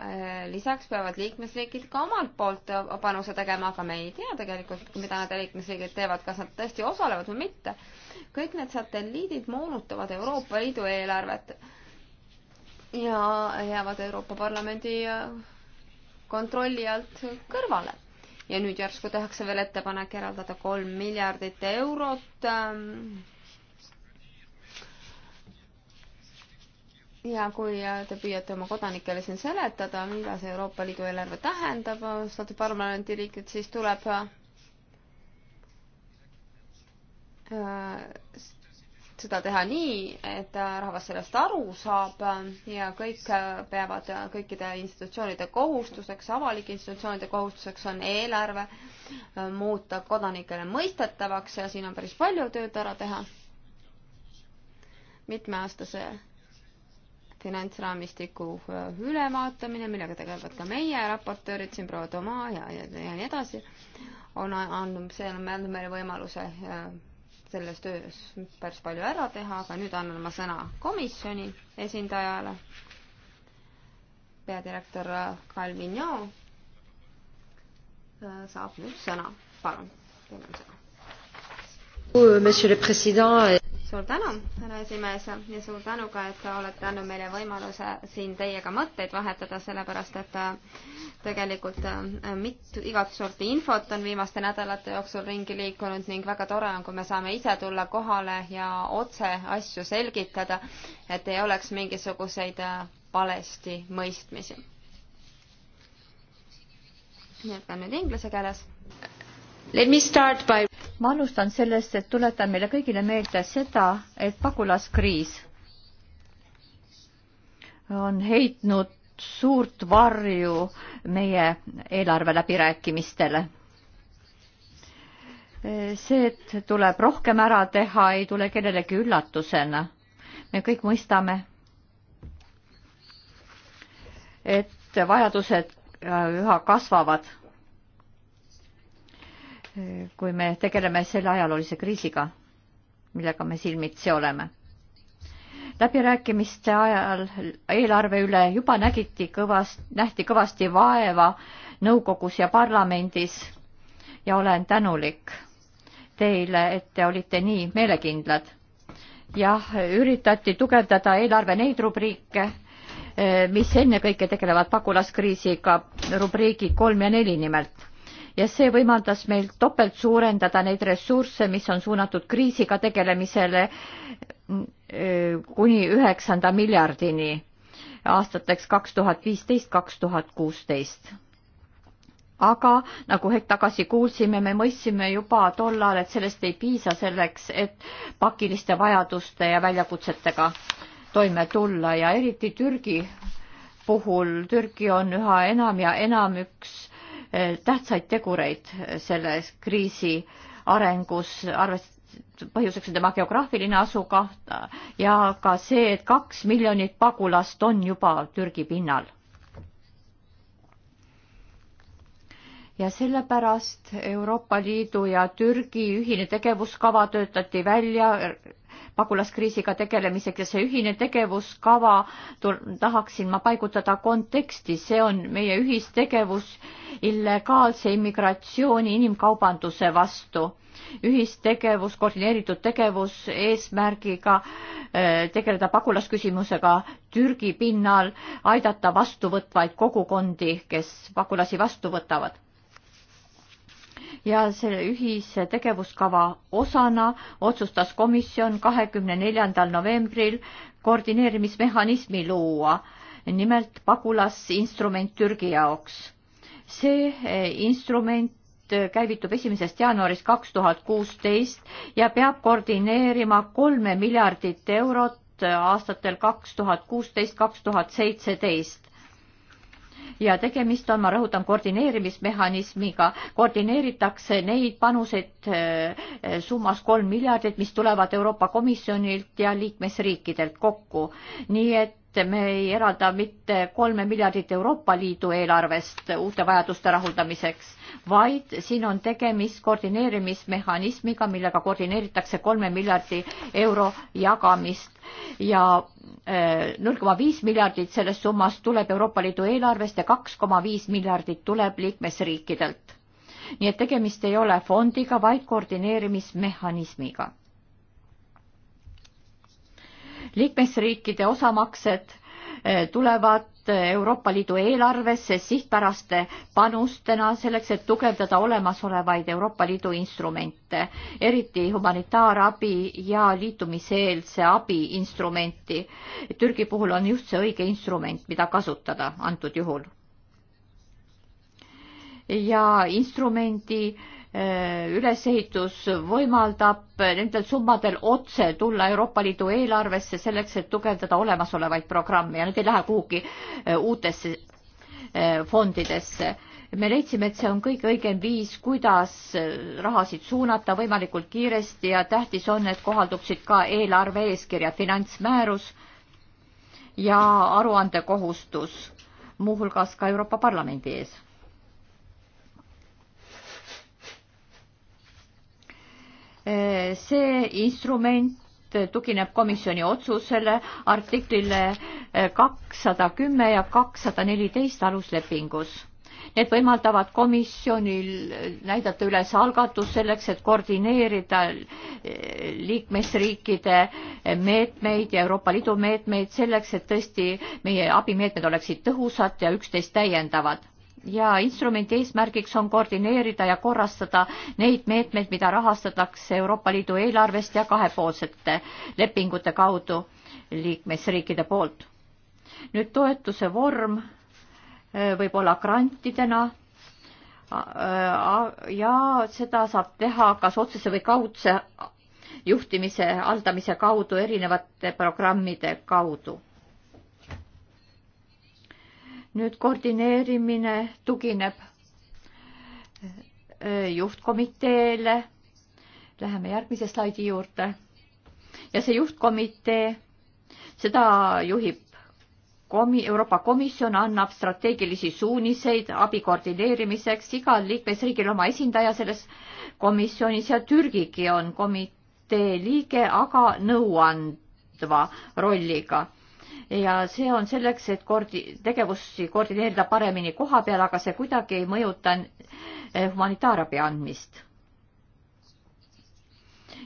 äh, lisaks peavad liikmesriigid ka omalt poolt panuse tegema, aga me ei tea tegelikult, mida need liikmesriigid teevad, kas nad tõesti osalevad või mitte. kõik need satelliidid moonutavad Euroopa Liidu eelarvet ja jäävad Euroopa Parlamendi äh, kontrolli alt kõrvale ja nüüd järsku tehakse veel ettepanek eraldada kolm miljardit eurot. Ähm, ja kui te püüate oma kodanikele siin seletada, mida see Euroopa Liidu eelarve tähendab, saate parlamendi liikmed, siis tuleb äh, seda teha nii, et rahvas sellest aru saab ja kõik peavad, kõikide institutsioonide kohustuseks, avalike institutsioonide kohustuseks on eelarve muuta kodanikele mõistetavaks ja siin on päris palju tööd ära teha. mitmeaastase finantsraamistiku ülevaatamine, millega tegelevad ka meie raportöörid siin, proua Toma ja, ja, ja nii edasi, on, on, see on andnud meile võimaluse äh, selles töös päris palju ära teha, aga nüüd annan ma sõna komisjoni esindajale, peadirektor Calvino äh, saab nüüd sõna, palun, teil on sõna suur tänu, härra esimees ja suur tänu ka, et olete andnud meile võimaluse siin teiega mõtteid vahetada, sellepärast et äh, tegelikult äh, mit-, igat sorti infot on viimaste nädalate jooksul ringi liikunud ning väga tore on, kui me saame ise tulla kohale ja otse asju selgitada, et ei oleks mingisuguseid äh, valesti mõistmisi. jätkan nüüd inglise keeles. By... ma alustan sellest, et tuletan meile kõigile meelde seda, et pagulaskriis on heitnud suurt varju meie eelarve läbirääkimistele. see, et tuleb rohkem ära teha, ei tule kellelegi üllatusena. me kõik mõistame, et vajadused üha kasvavad kui me tegeleme selle ajaloolise kriisiga, millega me silmitsi oleme. läbirääkimiste ajal eelarve üle juba nägiti kõvast, nähti kõvasti vaeva nõukogus ja parlamendis ja olen tänulik teile, et te olite nii meelekindlad. jah, üritati tugevdada eelarve neid rubriike, eh, mis ennekõike tegelevad pagulaskriisiga, rubriigid kolm ja neli nimelt ja see võimaldas meil topelt suurendada neid ressursse, mis on suunatud kriisiga tegelemisele mm, kuni üheksanda miljardini aastateks kaks tuhat viisteist, kaks tuhat kuusteist aga nagu hetk tagasi kuulsime, me mõistsime juba tollal, et sellest ei piisa selleks, et pakiliste vajaduste ja väljakutsetega toime tulla ja eriti Türgi puhul. Türgi on üha enam ja enam üks Eh, tähtsaid tegureid selles kriisi arengus, arvestades põhjuseks on tema geograafiline asukoht ja ka see, et kaks miljonit pagulast on juba Türgi pinnal. ja sellepärast Euroopa Liidu ja Türgi ühine tegevuskava töötati välja pagulaskriisiga tegelemiseks ja see ühine tegevuskava tahaksin ma paigutada konteksti, see on meie ühistegevus illegaalse immigratsiooni inimkaubanduse vastu. ühistegevus, koordineeritud tegevus eesmärgiga äh, tegeleda pagulasküsimusega Türgi pinnal, aidata vastuvõtvaid kogukondi, kes pagulasi vastu võtavad ja selle ühise tegevuskava osana otsustas komisjon kahekümne neljandal novembril koordineerimismehhanismi luua, nimelt pagulasinstrument Türgi jaoks. see eh, instrument eh, käivitub esimesest jaanuarist kaks tuhat kuusteist ja peab koordineerima kolme miljardit eurot eh, aastatel kaks tuhat kuusteist, kaks tuhat seitseteist ja tegemist on, ma rõhutan, koordineerimismehhanismiga, koordineeritakse neid panuseid äh, äh, summas kolm miljardit, mis tulevad Euroopa Komisjonilt ja liikmesriikidelt kokku. nii et et me ei eralda mitte kolme miljardit Euroopa Liidu eelarvest uute vajaduste rahuldamiseks, vaid siin on tegemist koordineerimismehhanismiga, millega koordineeritakse kolme miljardi euro jagamist ja eh, null koma viis miljardit sellest summast tuleb Euroopa Liidu eelarvest ja kaks koma viis miljardit tuleb liikmesriikidelt. nii et tegemist ei ole fondiga, vaid koordineerimismehhanismiga liikmesriikide osamaksed eh, tulevad Euroopa Liidu eelarvesse sihtpäraste panustena selleks, et tugevdada olemasolevaid Euroopa Liidu instrumente, eriti humanitaarabi ja liitumiseelse abi instrumenti. Türgi puhul on just see õige instrument, mida kasutada antud juhul ja instrumendi eh, ülesehitus võimaldab nendel summadel otse tulla Euroopa Liidu eelarvesse selleks, et tugevdada olemasolevaid programme ja need ei lähe kuhugi eh, uutesse eh, fondidesse. me leidsime, et see on kõige õigem viis, kuidas rahasid suunata võimalikult kiiresti ja tähtis on, et kohalduksid ka eelarve eeskirja finantsmäärus ja aruandekohustus, muuhulgas ka Euroopa Parlamendi ees see instrument tugineb komisjoni otsusele artiklile eh, kakssada kümme ja kakssada neliteist aluslepingus. Need võimaldavad komisjonil näidata üles algatus selleks, et koordineerida eh, liikmesriikide meetmeid ja Euroopa Liidu meetmeid selleks, et tõesti meie abimeetmed oleksid tõhusad ja üksteist täiendavad ja instrumendi eesmärgiks on koordineerida ja korrastada neid meetmeid, mida rahastatakse Euroopa Liidu eelarvest ja kahepoolsete lepingute kaudu liikmesriikide poolt. nüüd toetuse vorm äh, võib olla grantidena äh, ja seda saab teha kas otsese või kaudse juhtimise haldamise kaudu erinevate programmide kaudu nüüd koordineerimine tugineb äh, juhtkomiteele. Läheme järgmise slaidi juurde. ja see juhtkomitee, seda juhib komi-, Euroopa Komisjon annab strateegilisi suuniseid abi koordineerimiseks, igal liikmesriigil oma esindaja selles komisjonis ja Türgigi on komitee liige, aga nõuandva rolliga ja see on selleks, et koordi-, tegevusi koordineerida paremini koha peal, aga see kuidagi ei mõjuta eh, humanitaarabi andmist.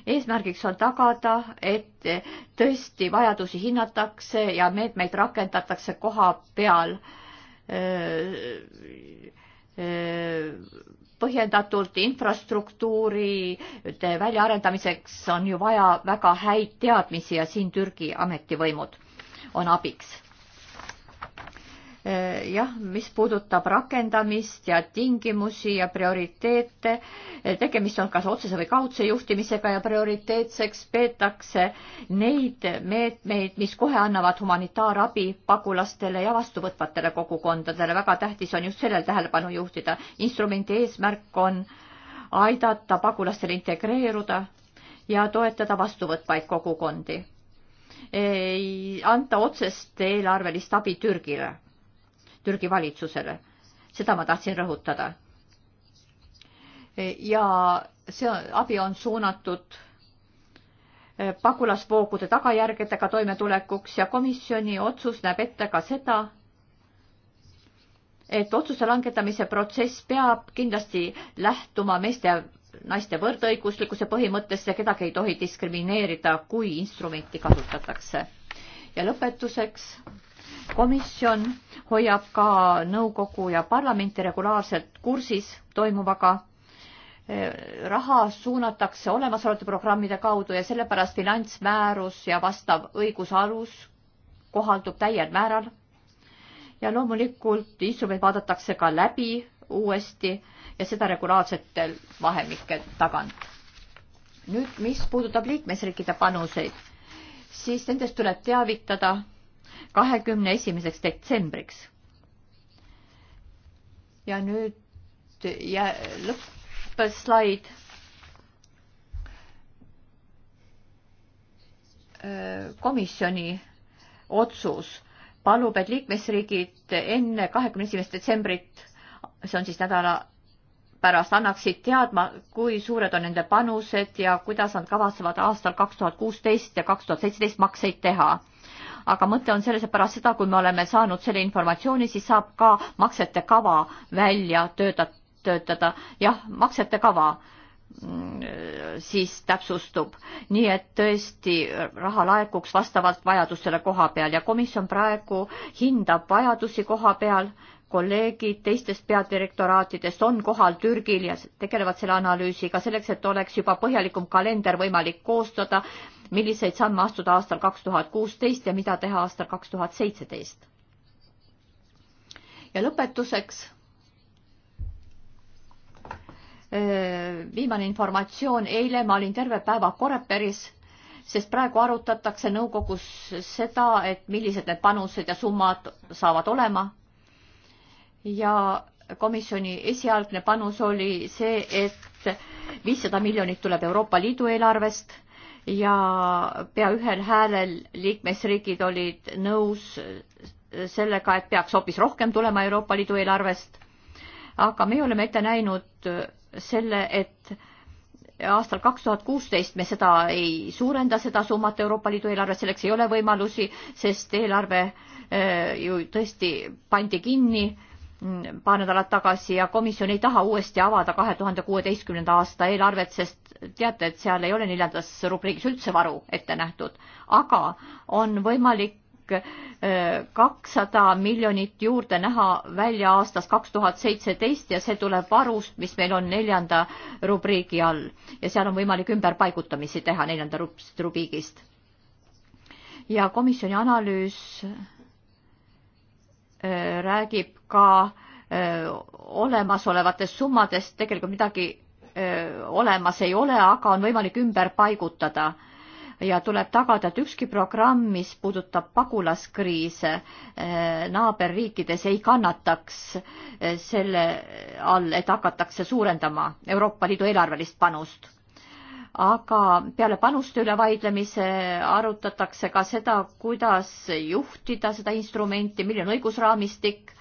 eesmärgiks on tagada, et eh, tõesti vajadusi hinnatakse ja meetmeid rakendatakse koha peal eh, põhjendatult infrastruktuuri väljaarendamiseks on ju vaja väga häid teadmisi ja siin Türgi ametivõimud on abiks. Äh, jah, mis puudutab rakendamist ja tingimusi ja prioriteete, äh, tegemist on kas otsese või kaudse juhtimisega ja prioriteetseks peetakse neid meetmeid, mis kohe annavad humanitaarabi pagulastele ja vastuvõtvatele kogukondadele. väga tähtis on just sellele tähelepanu juhtida. instrumendi eesmärk on aidata pagulastel integreeruda ja toetada vastuvõtvaid kogukondi ei anta otsest eelarvelist abi Türgile, Türgi valitsusele. seda ma tahtsin rõhutada. ja see abi on suunatud eh, pagulasvoogude tagajärgedega toimetulekuks ja komisjoni otsus näeb ette ka seda, et otsuse langetamise protsess peab kindlasti lähtuma meeste naiste võrdõiguslikkuse põhimõttesse, kedagi ei tohi diskrimineerida, kui instrumenti kasutatakse. ja lõpetuseks, komisjon hoiab ka nõukogu ja parlamenti regulaarselt kursis toimuvaga raha suunatakse olemasolevate programmide kaudu ja sellepärast finantsmäärus ja vastav õigusalus kohaldub täiel määral. ja loomulikult instrument vaadatakse ka läbi uuesti ja seda regulaarsetel vahemike tagant. nüüd, mis puudutab liikmesriikide panuseid, siis nendest tuleb teavitada kahekümne esimeseks detsembriks. ja nüüd ja lõppes slaid. komisjoni otsus palub, et liikmesriigid enne kahekümne esimest detsembrit, see on siis nädala pärast annaksid teadma, kui suured on nende panused ja kuidas nad kavatsevad aastal kaks tuhat kuusteist ja kaks tuhat seitseteist makseid teha. aga mõte on selles, et pärast seda, kui me oleme saanud selle informatsiooni, siis saab ka maksete kava välja tööta-, töötada. jah, maksete kava mm, siis täpsustub, nii et tõesti raha laekuks vastavalt vajadustele koha peal ja komisjon praegu hindab vajadusi koha peal kolleegid teistest peadirektoraatidest on kohal Türgil ja tegelevad selle analüüsiga selleks, et oleks juba põhjalikum kalender võimalik koostada, milliseid samme astuda aastal kaks tuhat kuusteist ja mida teha aastal kaks tuhat seitseteist. ja lõpetuseks viimane informatsioon, eile ma olin terve päeva Koreperis, sest praegu arutatakse nõukogus seda, et millised need panused ja summad saavad olema ja komisjoni esialgne panus oli see, et viissada miljonit tuleb Euroopa Liidu eelarvest ja pea ühel häälel liikmesriigid olid nõus sellega, et peaks hoopis rohkem tulema Euroopa Liidu eelarvest. aga meie oleme ette näinud selle, et aastal kaks tuhat kuusteist me seda ei suurenda, seda summat Euroopa Liidu eelarves, selleks ei ole võimalusi, sest eelarve äh, ju tõesti pandi kinni paar nädalat tagasi ja komisjon ei taha uuesti avada kahe tuhande kuueteistkümnenda aasta eelarvet, sest teate, et seal ei ole neljandas rubriigis üldse varu ette nähtud, aga on võimalik äh, kakssada miljonit juurde näha välja aastast kaks tuhat seitseteist ja see tuleb varust, mis meil on neljanda rubriigi all ja seal on võimalik ümberpaigutamisi teha neljanda rubriigist. ja komisjoni analüüs Äh, räägib ka äh, olemasolevatest summadest, tegelikult midagi äh, olemas ei ole, aga on võimalik ümber paigutada ja tuleb tagada, et ükski programm, mis puudutab pagulaskriise naaberriikides, ei kannataks selle all, et hakatakse suurendama Euroopa Liidu eelarvelist panust aga peale panuste üle vaidlemise arutatakse ka seda, kuidas juhtida seda instrumenti, milline on õigusraamistik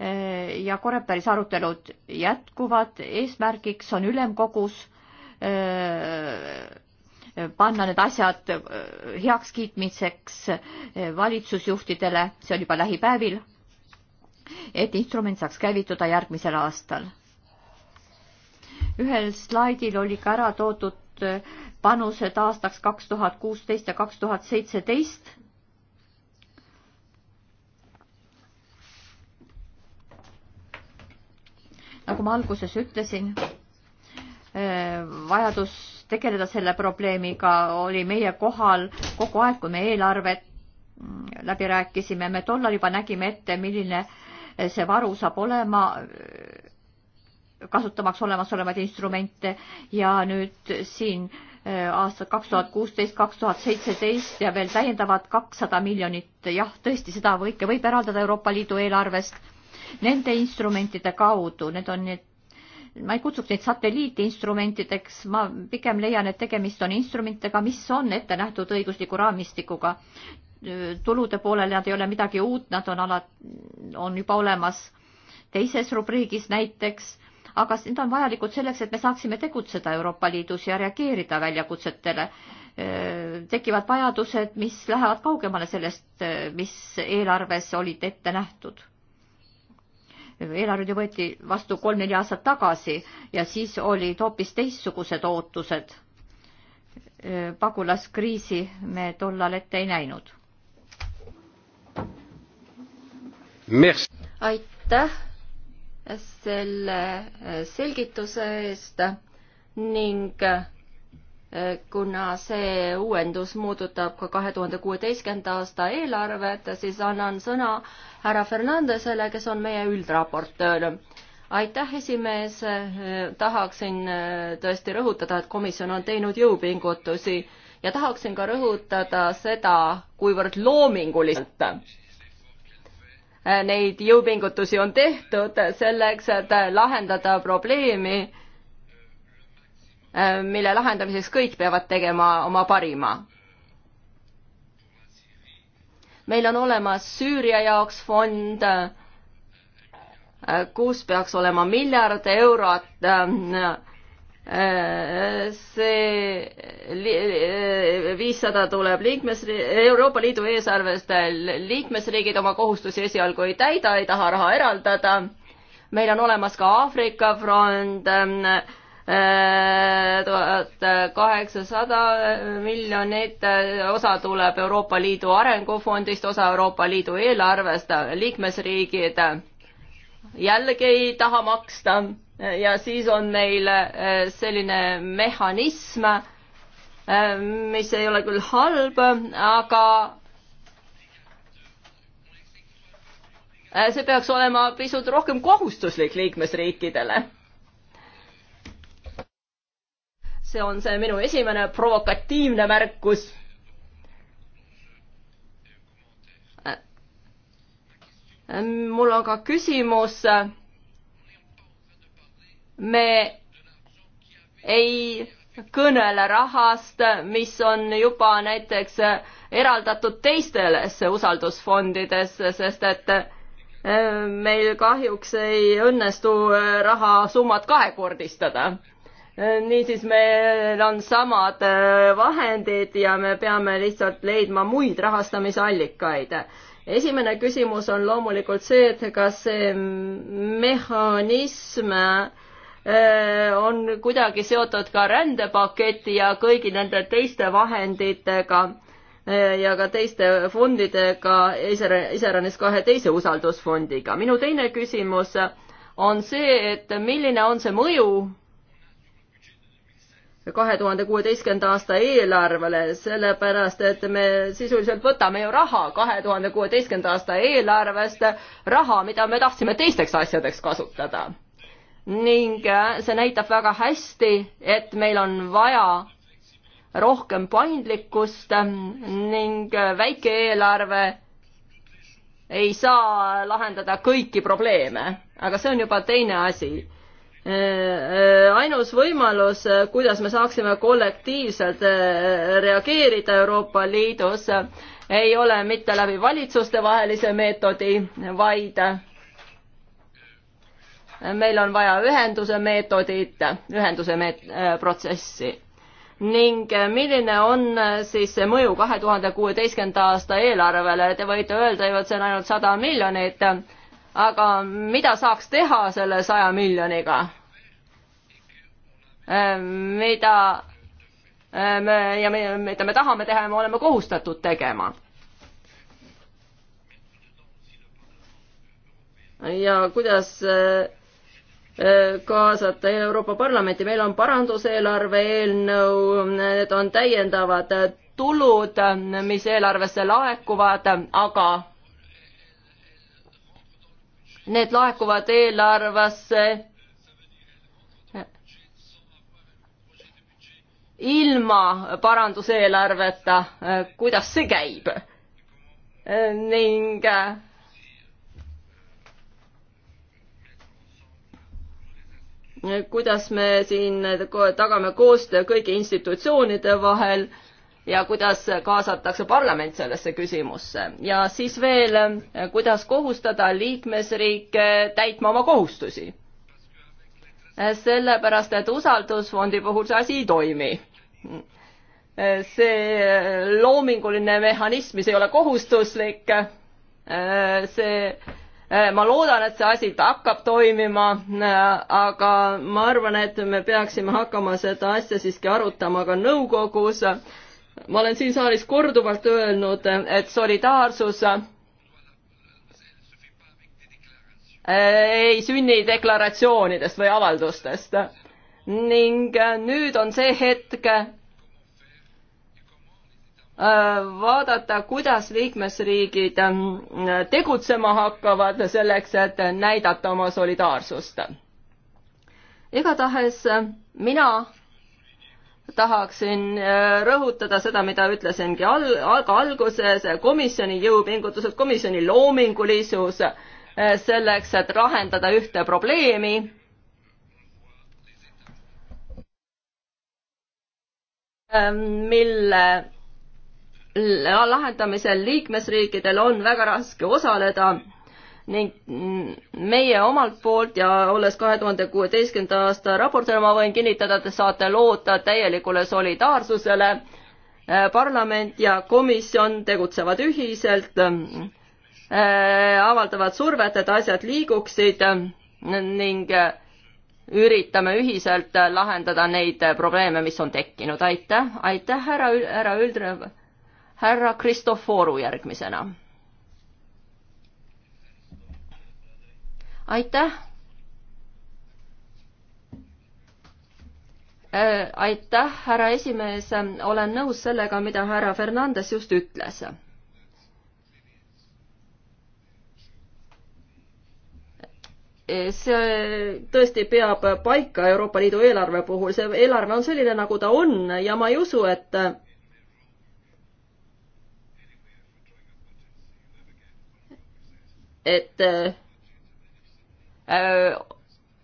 ja Koreperis arutelud jätkuvad, eesmärgiks on ülemkogus eh, panna need asjad eh, heakskiitmiseks eh, valitsusjuhtidele, see on juba lähipäevil, et instrument saaks käivituda järgmisel aastal ühel slaidil oli ka ära toodud äh, panused aastaks kaks tuhat kuusteist ja kaks tuhat seitseteist. nagu ma alguses ütlesin, äh, vajadus tegeleda selle probleemiga oli meie kohal kogu aeg, kui me eelarvet mm, läbi rääkisime, me tollal juba nägime ette, milline äh, see varu saab olema kasutamaks olemasolevaid instrumente ja nüüd siin äh, aastad kaks tuhat kuusteist, kaks tuhat seitseteist ja veel täiendavad kakssada miljonit, jah, tõesti, seda kõike võib eraldada Euroopa Liidu eelarvest nende instrumentide kaudu, need on need ma ei kutsuks neid satelliitinstrumentideks, ma pigem leian, et tegemist on instrumentidega, mis on ette nähtud õigusliku raamistikuga. tulude poolel nad ei ole midagi uut, nad on ala, on juba olemas teises rubriigis näiteks aga need on vajalikud selleks, et me saaksime tegutseda Euroopa Liidus ja reageerida väljakutsetele. tekivad vajadused, mis lähevad kaugemale sellest, mis eelarves olid ette nähtud. eelarved ju võeti vastu kolm-neli aastat tagasi ja siis olid hoopis teistsugused ootused. pagulaskriisi me tollal ette ei näinud. aitäh selle äh, selgituse eest ning äh, kuna see uuendus muudutab ka kahe tuhande kuueteistkümnenda aasta eelarvet, siis annan sõna härra Fernandesele, kes on meie üldraportöör. aitäh, esimees, tahaksin äh, tõesti rõhutada, et komisjon on teinud jõupingutusi ja tahaksin ka rõhutada seda, kuivõrd loominguliselt Äh, neid jõupingutusi on tehtud selleks, et äh, lahendada probleemi, äh, mille lahendamiseks kõik peavad tegema oma parima. meil on olemas Süüria jaoks fond, kus peaks olema miljard eurot Äh, see äh, viissada tuleb liikmesri-, Euroopa Liidu eesarvest, liikmesriigid oma kohustusi esialgu ei täida, ei taha raha eraldada. meil on olemas ka Aafrika front, ähm, äh, tuhat kaheksasada miljonit, osa tuleb Euroopa Liidu Arengufondist, osa Euroopa Liidu eelarvest, liikmesriigid jällegi ei taha maksta ja siis on meil eh, selline mehhanism, eh, mis ei ole küll halb, aga eh, see peaks olema pisut rohkem kohustuslik liikmesriikidele. see on see minu esimene provokatiivne märkus mul on ka küsimus me ei kõnele rahast, mis on juba näiteks eraldatud teistesse usaldusfondidesse, sest et e, meil kahjuks ei õnnestu rahasummat kahekordistada. E, niisiis, meil on samad e, vahendid ja me peame lihtsalt leidma muid rahastamisallikaid. esimene küsimus on loomulikult see, et kas see mehhanism äh, Äh, on kuidagi seotud ka rändepaketi ja kõigi nende teiste vahenditega äh, ja ka teiste fondidega, iseäranis kahe teise usaldusfondiga. minu teine küsimus on see, et milline on see mõju kahe tuhande kuueteistkümnenda aasta eelarvele, sellepärast et me sisuliselt võtame ju raha kahe tuhande kuueteistkümnenda aasta eelarvest, raha, mida me tahtsime teisteks asjadeks kasutada ning äh, see näitab väga hästi, et meil on vaja rohkem paindlikkust ähm, ning äh, väike eelarve ei saa lahendada kõiki probleeme, aga see on juba teine asi äh, ainus võimalus, kuidas me saaksime kollektiivselt reageerida Euroopa Liidus, ei ole mitte läbi valitsustevahelise meetodi, vaid meil on vaja ühenduse meetodit, ühenduse meet-, äh, protsessi. ning äh, milline on äh, siis see mõju kahe tuhande kuueteistkümnenda aasta eelarvele, te võite öelda ju, et see on ainult sada miljonit, aga mida saaks teha selle saja miljoniga? mida me ja me, mida me tahame teha ja me oleme kohustatud tegema ja kuidas Äh, kaasata Euroopa Parlamenti, meil on paranduseelarve eelnõu, need on täiendavad tulud, mis eelarvesse laekuvad, aga need laekuvad eelarvesse ilma paranduseelarveta, kuidas see käib? ning äh, kuidas me siin tagame koostöö kõigi institutsioonide vahel ja kuidas kaasatakse parlament sellesse küsimusse ja siis veel, kuidas kohustada liikmesriike täitma oma kohustusi. sellepärast, et usaldusfondi puhul see asi ei toimi. see loominguline mehhanism, mis ei ole kohustuslik, see Äh, ma loodan, et see asi hakkab toimima, äh, aga ma arvan, et me peaksime hakkama seda asja siiski arutama ka nõukogus. ma olen siin saalis korduvalt öelnud, et solidaarsus äh, ei sünni deklaratsioonidest või avaldustest ning nüüd on see hetk, vaadata, kuidas liikmesriigid ähm, tegutsema hakkavad selleks, et näidata oma solidaarsust. igatahes äh, mina tahaksin äh, rõhutada seda, mida ütlesingi al-, aga alguses, äh, komisjoni jõupingutused, komisjoni loomingulisus selleks, et lahendada ühte probleemi ähm, mille lahendamisel liikmesriikidel on väga raske osaleda ning meie omalt poolt ja olles kahe tuhande kuueteistkümnenda aasta raportöör, ma võin kinnitada, te saate loota täielikule solidaarsusele. parlament ja komisjon tegutsevad ühiselt, äh, avaldavad survet, et asjad liiguksid ning üritame ühiselt lahendada neid probleeme, mis on tekkinud. aitäh, aitäh, härra, härra Üldrev härra Kristoforu järgmisena. aitäh äh, aitäh, härra esimees, olen nõus sellega, mida härra Fernandes just ütles. see tõesti peab paika Euroopa Liidu eelarve puhul, see eelarve on selline, nagu ta on ja ma ei usu, et et äh,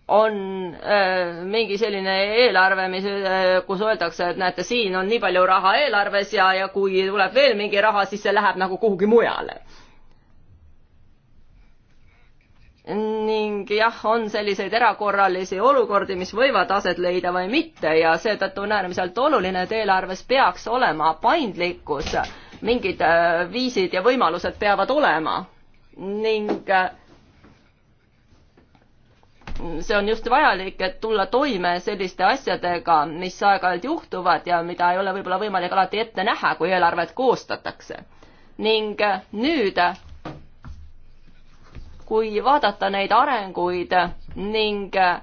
on äh, mingi selline eelarve, mis, äh, kus öeldakse, et näete, siin on nii palju raha eelarves ja, ja kui tuleb veel mingi raha, siis see läheb nagu kuhugi mujale. ning jah, on selliseid erakorralisi olukordi, mis võivad aset leida või mitte ja seetõttu on äärmiselt oluline, et eelarves peaks olema paindlikkus, mingid viisid ja võimalused peavad olema ning äh, see on just vajalik, et tulla toime selliste asjadega, mis aeg-ajalt juhtuvad ja mida ei ole võib-olla võimalik alati ette näha, kui eelarvet koostatakse. ning äh, nüüd, kui vaadata neid arenguid ning äh,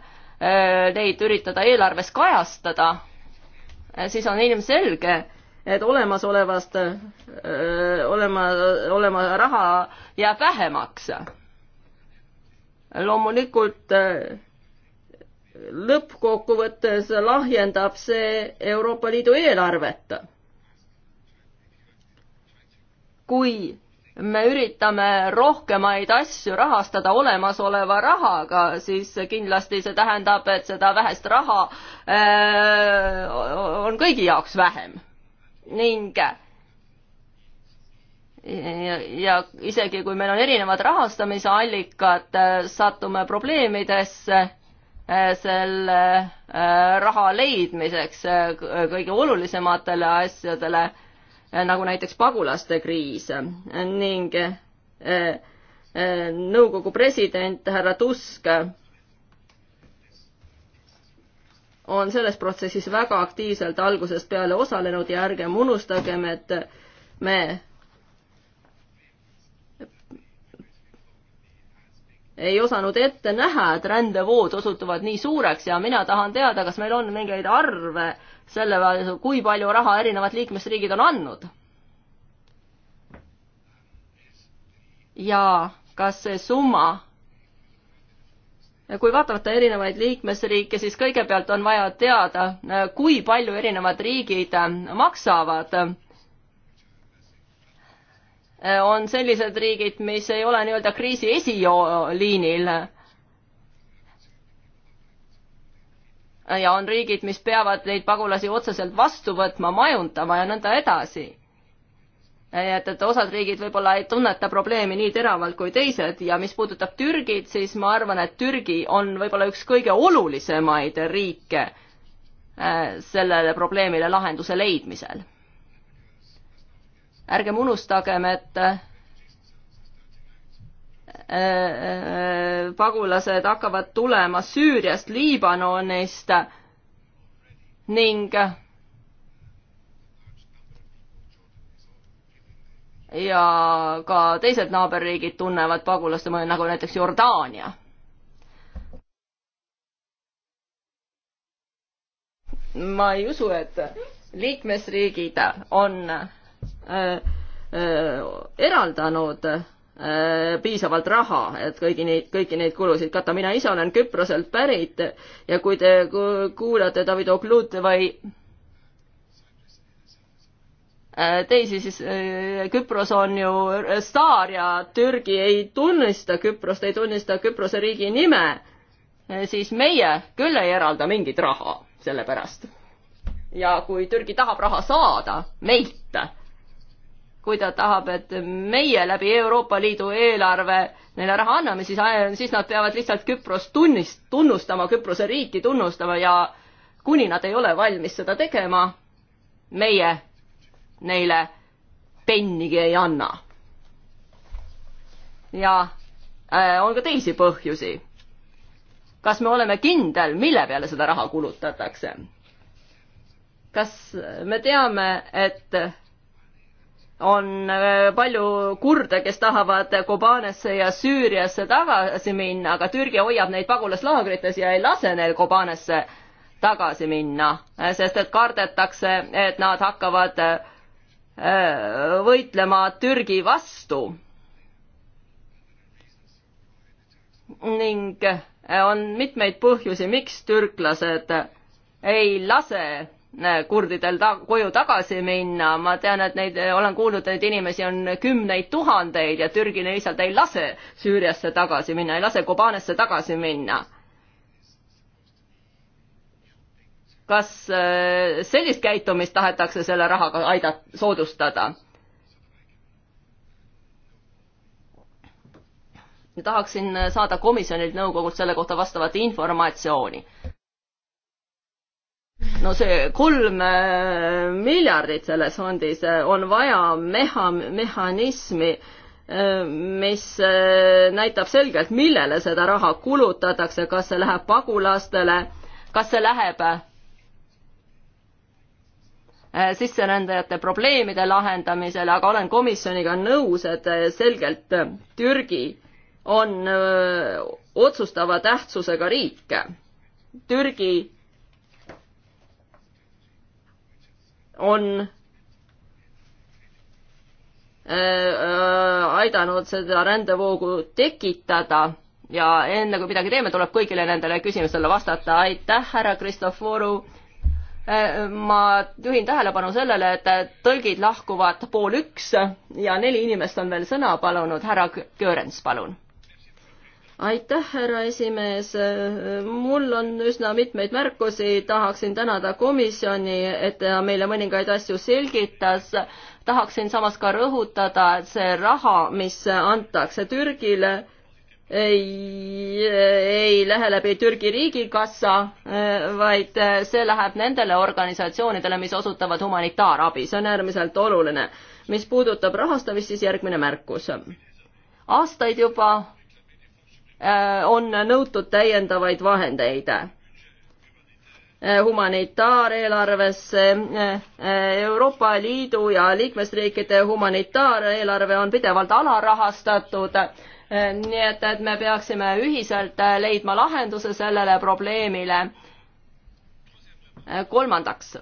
neid üritada eelarves kajastada, siis on ilmselge, et olemasolevast, olema, olema raha jääb vähemaks. loomulikult lõppkokkuvõttes lahjendab see Euroopa Liidu eelarvet. kui me üritame rohkemaid asju rahastada olemasoleva rahaga, siis kindlasti see tähendab, et seda vähest raha öö, on kõigi jaoks vähem ning ja, ja isegi kui meil on erinevad rahastamise allikad, satume probleemidesse eh, selle eh, raha leidmiseks eh, kõige olulisematele asjadele, nagu näiteks pagulaste kriis ning nõukogu president härra Tusk on selles protsessis väga aktiivselt algusest peale osalenud ja ärgem unustagem, et me ei osanud ette näha, et rändevood osutuvad nii suureks ja mina tahan teada, kas meil on mingeid arve selle, kui palju raha erinevad liikmesriigid on andnud. ja kas see summa kui vaadata erinevaid liikmesriike, siis kõigepealt on vaja teada, kui palju erinevad riigid maksavad. on sellised riigid, mis ei ole nii-öelda kriisi esiliinil. ja on riigid, mis peavad neid pagulasi otseselt vastu võtma, majundama ja nõnda edasi nii äh, et, et osad riigid võib-olla ei tunneta probleemi nii teravalt kui teised ja mis puudutab Türgit, siis ma arvan, et Türgi on võib-olla üks kõige olulisemaid riike äh, sellele probleemile lahenduse leidmisel. ärgem unustagem, et äh, pagulased hakkavad tulema Süüriast, Liibanonist ning ja ka teised naaberriigid tunnevad pagulaste mõju, nagu näiteks Jordaania. ma ei usu, et liikmesriigid on äh, äh, eraldanud äh, piisavalt raha, et kõigi neid, kõiki neid kulusid katta. mina ise olen Küproselt pärit ja kui te kuulate David Oglutovai või Äh, teisi, siis äh, Küpros on ju staar ja Türgi ei tunnista Küprost, ei tunnista Küprose riigi nime, äh, siis meie küll ei eralda mingit raha selle pärast. ja kui Türgi tahab raha saada meilt, kui ta tahab, et meie läbi Euroopa Liidu eelarve neile raha anname, siis, siis nad peavad lihtsalt Küprost tunnist-, tunnustama, Küprose riiki tunnustama ja kuni nad ei ole valmis seda tegema, meie neile pennigi ei anna. ja äh, on ka teisi põhjusi. kas me oleme kindel, mille peale seda raha kulutatakse? kas me teame, et on äh, palju kurde, kes tahavad Kobanesse ja Süüriasse tagasi minna, aga Türgi hoiab neid pagulaslaagrites ja ei lase neil Kobanesse tagasi minna, äh, sest et kardetakse, et nad hakkavad Äh, võitlema Türgi vastu. ning äh, on mitmeid põhjusi, miks türklased ei lase äh, kurdidel ta-, koju tagasi minna, ma tean, et neid, olen kuulnud, et inimesi on kümneid tuhandeid ja Türgi lihtsalt ei lase Süüriasse tagasi minna, ei lase Kobanesse tagasi minna. kas äh, sellist käitumist tahetakse selle rahaga aidata, soodustada? tahaksin saada komisjonilt, nõukogult selle kohta vastavat informatsiooni. no see kolm äh, miljardit selles fondis äh, on vaja meha-, mehhanismi, mis näitab selgelt, millele seda raha kulutatakse, kas see läheb pagulastele, kas see läheb Äh, sisserändajate probleemide lahendamisele, aga olen komisjoniga nõus, et äh, selgelt äh, Türgi on otsustava tähtsusega riik. Türgi on aidanud seda rändevoogu tekitada ja enne kui midagi teeme, tuleb kõigile nendele küsimustele vastata. aitäh, härra Kristoforu ma juhin tähelepanu sellele, et tõlgid lahkuvad pool üks ja neli inimest on veel sõna palunud. härra Göörens, palun. aitäh, härra esimees. mul on üsna mitmeid märkusi, tahaksin tänada komisjoni, et ta meile mõningaid asju selgitas. tahaksin samas ka rõhutada, et see raha, mis antakse Türgile ei, ei lähe läbi Türgi riigikassa, vaid see läheb nendele organisatsioonidele, mis osutavad humanitaarabi, see on äärmiselt oluline. mis puudutab rahastamist, siis järgmine märkus. aastaid juba äh, on nõutud täiendavaid vahendeid äh, humanitaareelarvesse. Äh, Euroopa Liidu ja liikmesriikide humanitaareelarve on pidevalt alarahastatud nii et, et me peaksime ühiselt äh, leidma lahenduse sellele probleemile. Äh, kolmandaks,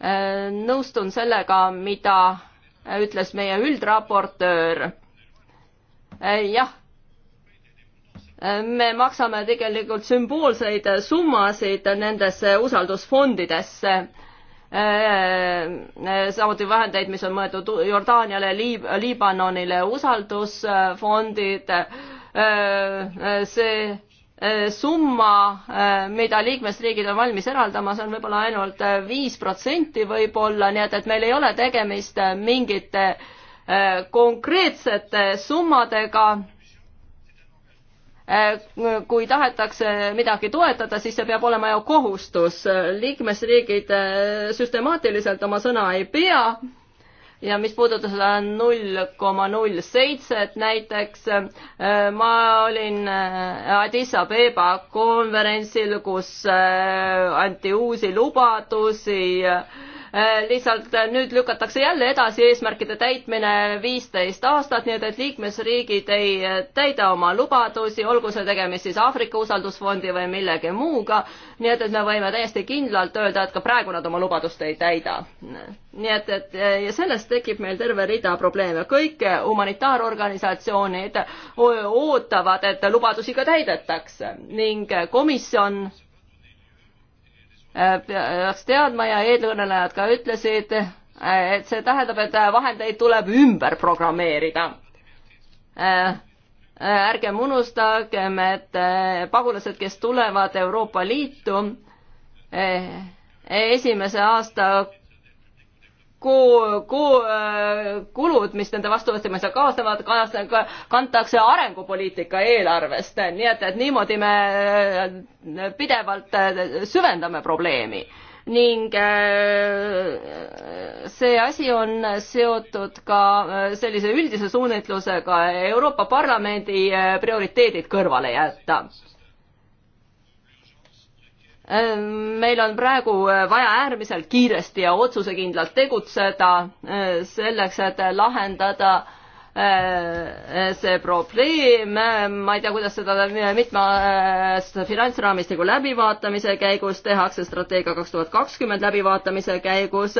äh, nõustun sellega, mida ütles meie üldraportöör. jah me maksame tegelikult sümboolseid summasid nendesse usaldusfondidesse Äh, äh, samuti vahendeid, mis on mõeldud Jordaaniale Liib, Liibanonile, usaldusfondid, äh, see summa, mida liikmesriigid on valmis eraldama, see on võib-olla ainult viis protsenti võib-olla, nii et, et meil ei ole tegemist mingite konkreetsete summadega Äh, kui tahetakse midagi toetada, siis see peab olema ju kohustus. liikmesriigid äh, süstemaatiliselt oma sõna ei pea ja mis puudutab seda null koma null seitset näiteks, äh, ma olin Addis Abeba konverentsil, kus anti uusi lubadusi äh, Äh, lihtsalt äh, nüüd lükatakse jälle edasi eesmärkide täitmine viisteist aastat, nii et, et liikmesriigid ei äh, täida oma lubadusi, olgu see tegemist siis Aafrika usaldusfondi või millegi muuga, nii et, et me võime täiesti kindlalt öelda, et ka praegu nad oma lubadust ei täida. nii et, et ja sellest tekib meil terve rida probleeme, kõik humanitaarorganisatsioonid ootavad, et lubadusi ka täidetakse ning komisjon peaks teadma ja eelkõnelejad ka ütlesid, et see tähendab, et vahendeid tuleb ümber programmeerida. ärgem unustagem, et pagulased, kes tulevad Euroopa Liitu, esimese aasta kuu, kuu äh, kulud, mis nende vastuvõtmisega kaasnevad, kantakse arengupoliitika eelarvest, nii et, et niimoodi me äh, pidevalt äh, süvendame probleemi ning see asi on seotud ka sellise üldise suunitlusega Euroopa Parlamendi prioriteedid kõrvale jätta Ehm, meil on praegu eh, vaja äärmiselt kiiresti ja otsusekindlalt tegutseda eh, selleks, et lahendada eh, see probleem, ma ei tea, kuidas seda mitme finantsraamistiku läbivaatamise käigus tehakse, strateegia kaks tuhat kakskümmend läbivaatamise käigus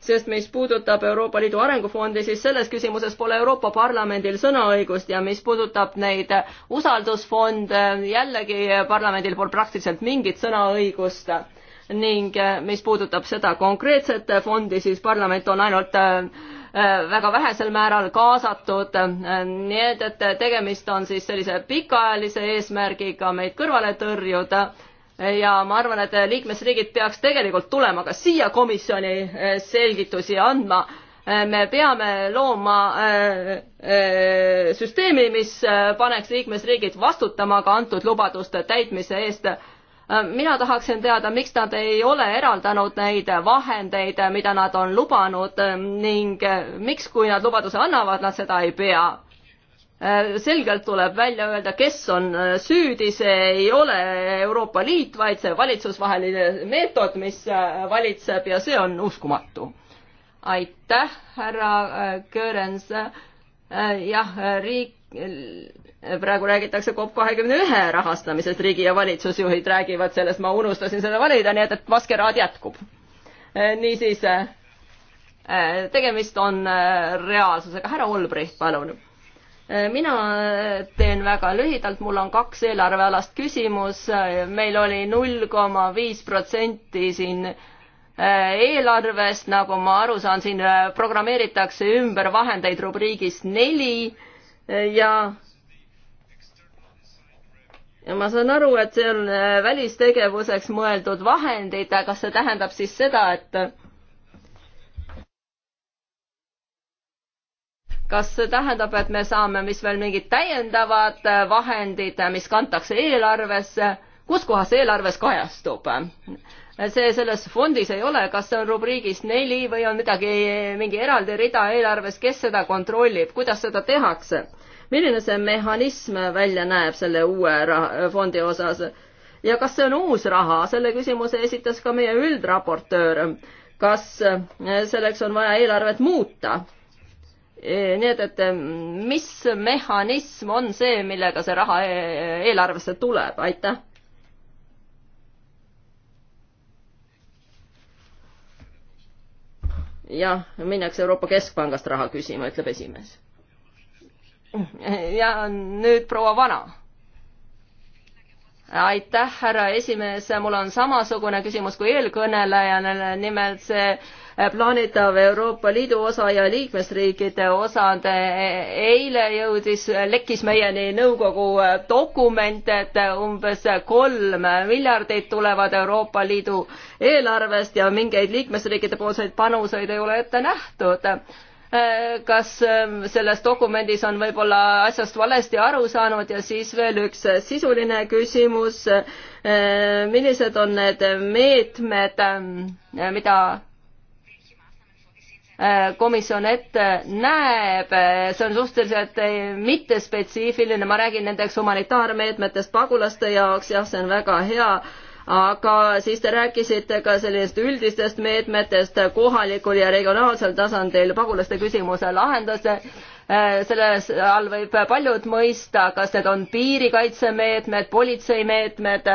sest mis puudutab Euroopa Liidu arengufondi, siis selles küsimuses pole Euroopa Parlamendil sõnaõigust ja mis puudutab neid usaldusfonde, jällegi parlamendil pole praktiliselt mingit sõnaõigust ning eh, mis puudutab seda konkreetset fondi, siis parlament on ainult eh, eh, väga vähesel määral kaasatud, nii et, et tegemist on siis sellise pikaajalise eesmärgiga meid kõrvale tõrjuda ja ma arvan, et äh, liikmesriigid peaks tegelikult tulema ka siia komisjoni äh, selgitusi andma. Äh, me peame looma süsteemi, mis paneks liikmesriigid vastutama ka antud lubaduste täitmise eest mina tahaksin teada, miks nad ei ole eraldanud neid vahendeid, mida nad on lubanud ning miks, kui nad lubaduse annavad, nad seda ei pea Äh, selgelt tuleb välja öelda, kes on äh, süüdi, see ei ole Euroopa Liit, vaid see valitsusvaheline meetod, mis äh, valitseb ja see on uskumatu. aitäh, härra Görens. jah, riik, praegu räägitakse COP kahekümne ühe rahastamisest, riigi ja valitsusjuhid räägivad sellest, ma unustasin selle valida, nii et, et maskeraad jätkub. niisiis, tegemist on reaalsusega, härra Olbrich, palun mina teen väga lühidalt, mul on kaks eelarvealast küsimus, meil oli null koma viis protsenti siin äh, eelarvest, nagu ma aru saan, siin äh, programmeeritakse ümber vahendeid rubriigist neli äh, ja ja ma saan aru, et see on välistegevuseks mõeldud vahendid, kas see tähendab siis seda, et kas see tähendab, et me saame, mis veel mingid täiendavad äh, vahendid, äh, mis kantakse eelarvesse, kus kohas eelarves kajastub? see selles fondis ei ole, kas see on rubriigis neli või on midagi, äh, mingi eraldi rida eelarves, kes seda kontrollib, kuidas seda tehakse? milline see mehhanism välja näeb selle uue raha, fondi osas? ja kas see on uus raha, selle küsimuse esitas ka meie üldraportöör. kas selleks on vaja eelarvet muuta? nii et, et mm, mis mehhanism on see, millega see raha e-, eelarvesse tuleb, aitäh? jah, minnakse Euroopa Keskpangast raha küsima, ütleb esimees. ja nüüd proua Vana aitäh, härra esimees, mul on samasugune küsimus kui eelkõnelejal, nimelt see plaanitav Euroopa Liidu osa ja liikmesriikide osad. eile jõudis, lekkis meieni nõukogu dokument, et umbes kolm miljardit tulevad Euroopa Liidu eelarvest ja mingeid liikmesriikide poolseid panuseid ei ole ette nähtud Äh, kas ähm, selles dokumendis on võib-olla asjast valesti aru saanud ja siis veel üks äh, sisuline küsimus. Äh, millised on need meetmed, ähm, mida komisjon ette näeb, see on suhteliselt mittespetsiifiline, ma räägin nendeks humanitaarmeetmetest pagulaste jaoks, jah, see on väga hea aga siis te rääkisite ka sellistest üldistest meetmetest kohalikul ja regionaalsel tasandil pagulaste küsimuse lahenduse eh, selles all võib paljud mõista, kas need on piirikaitsemeetmed, politseimeetmed,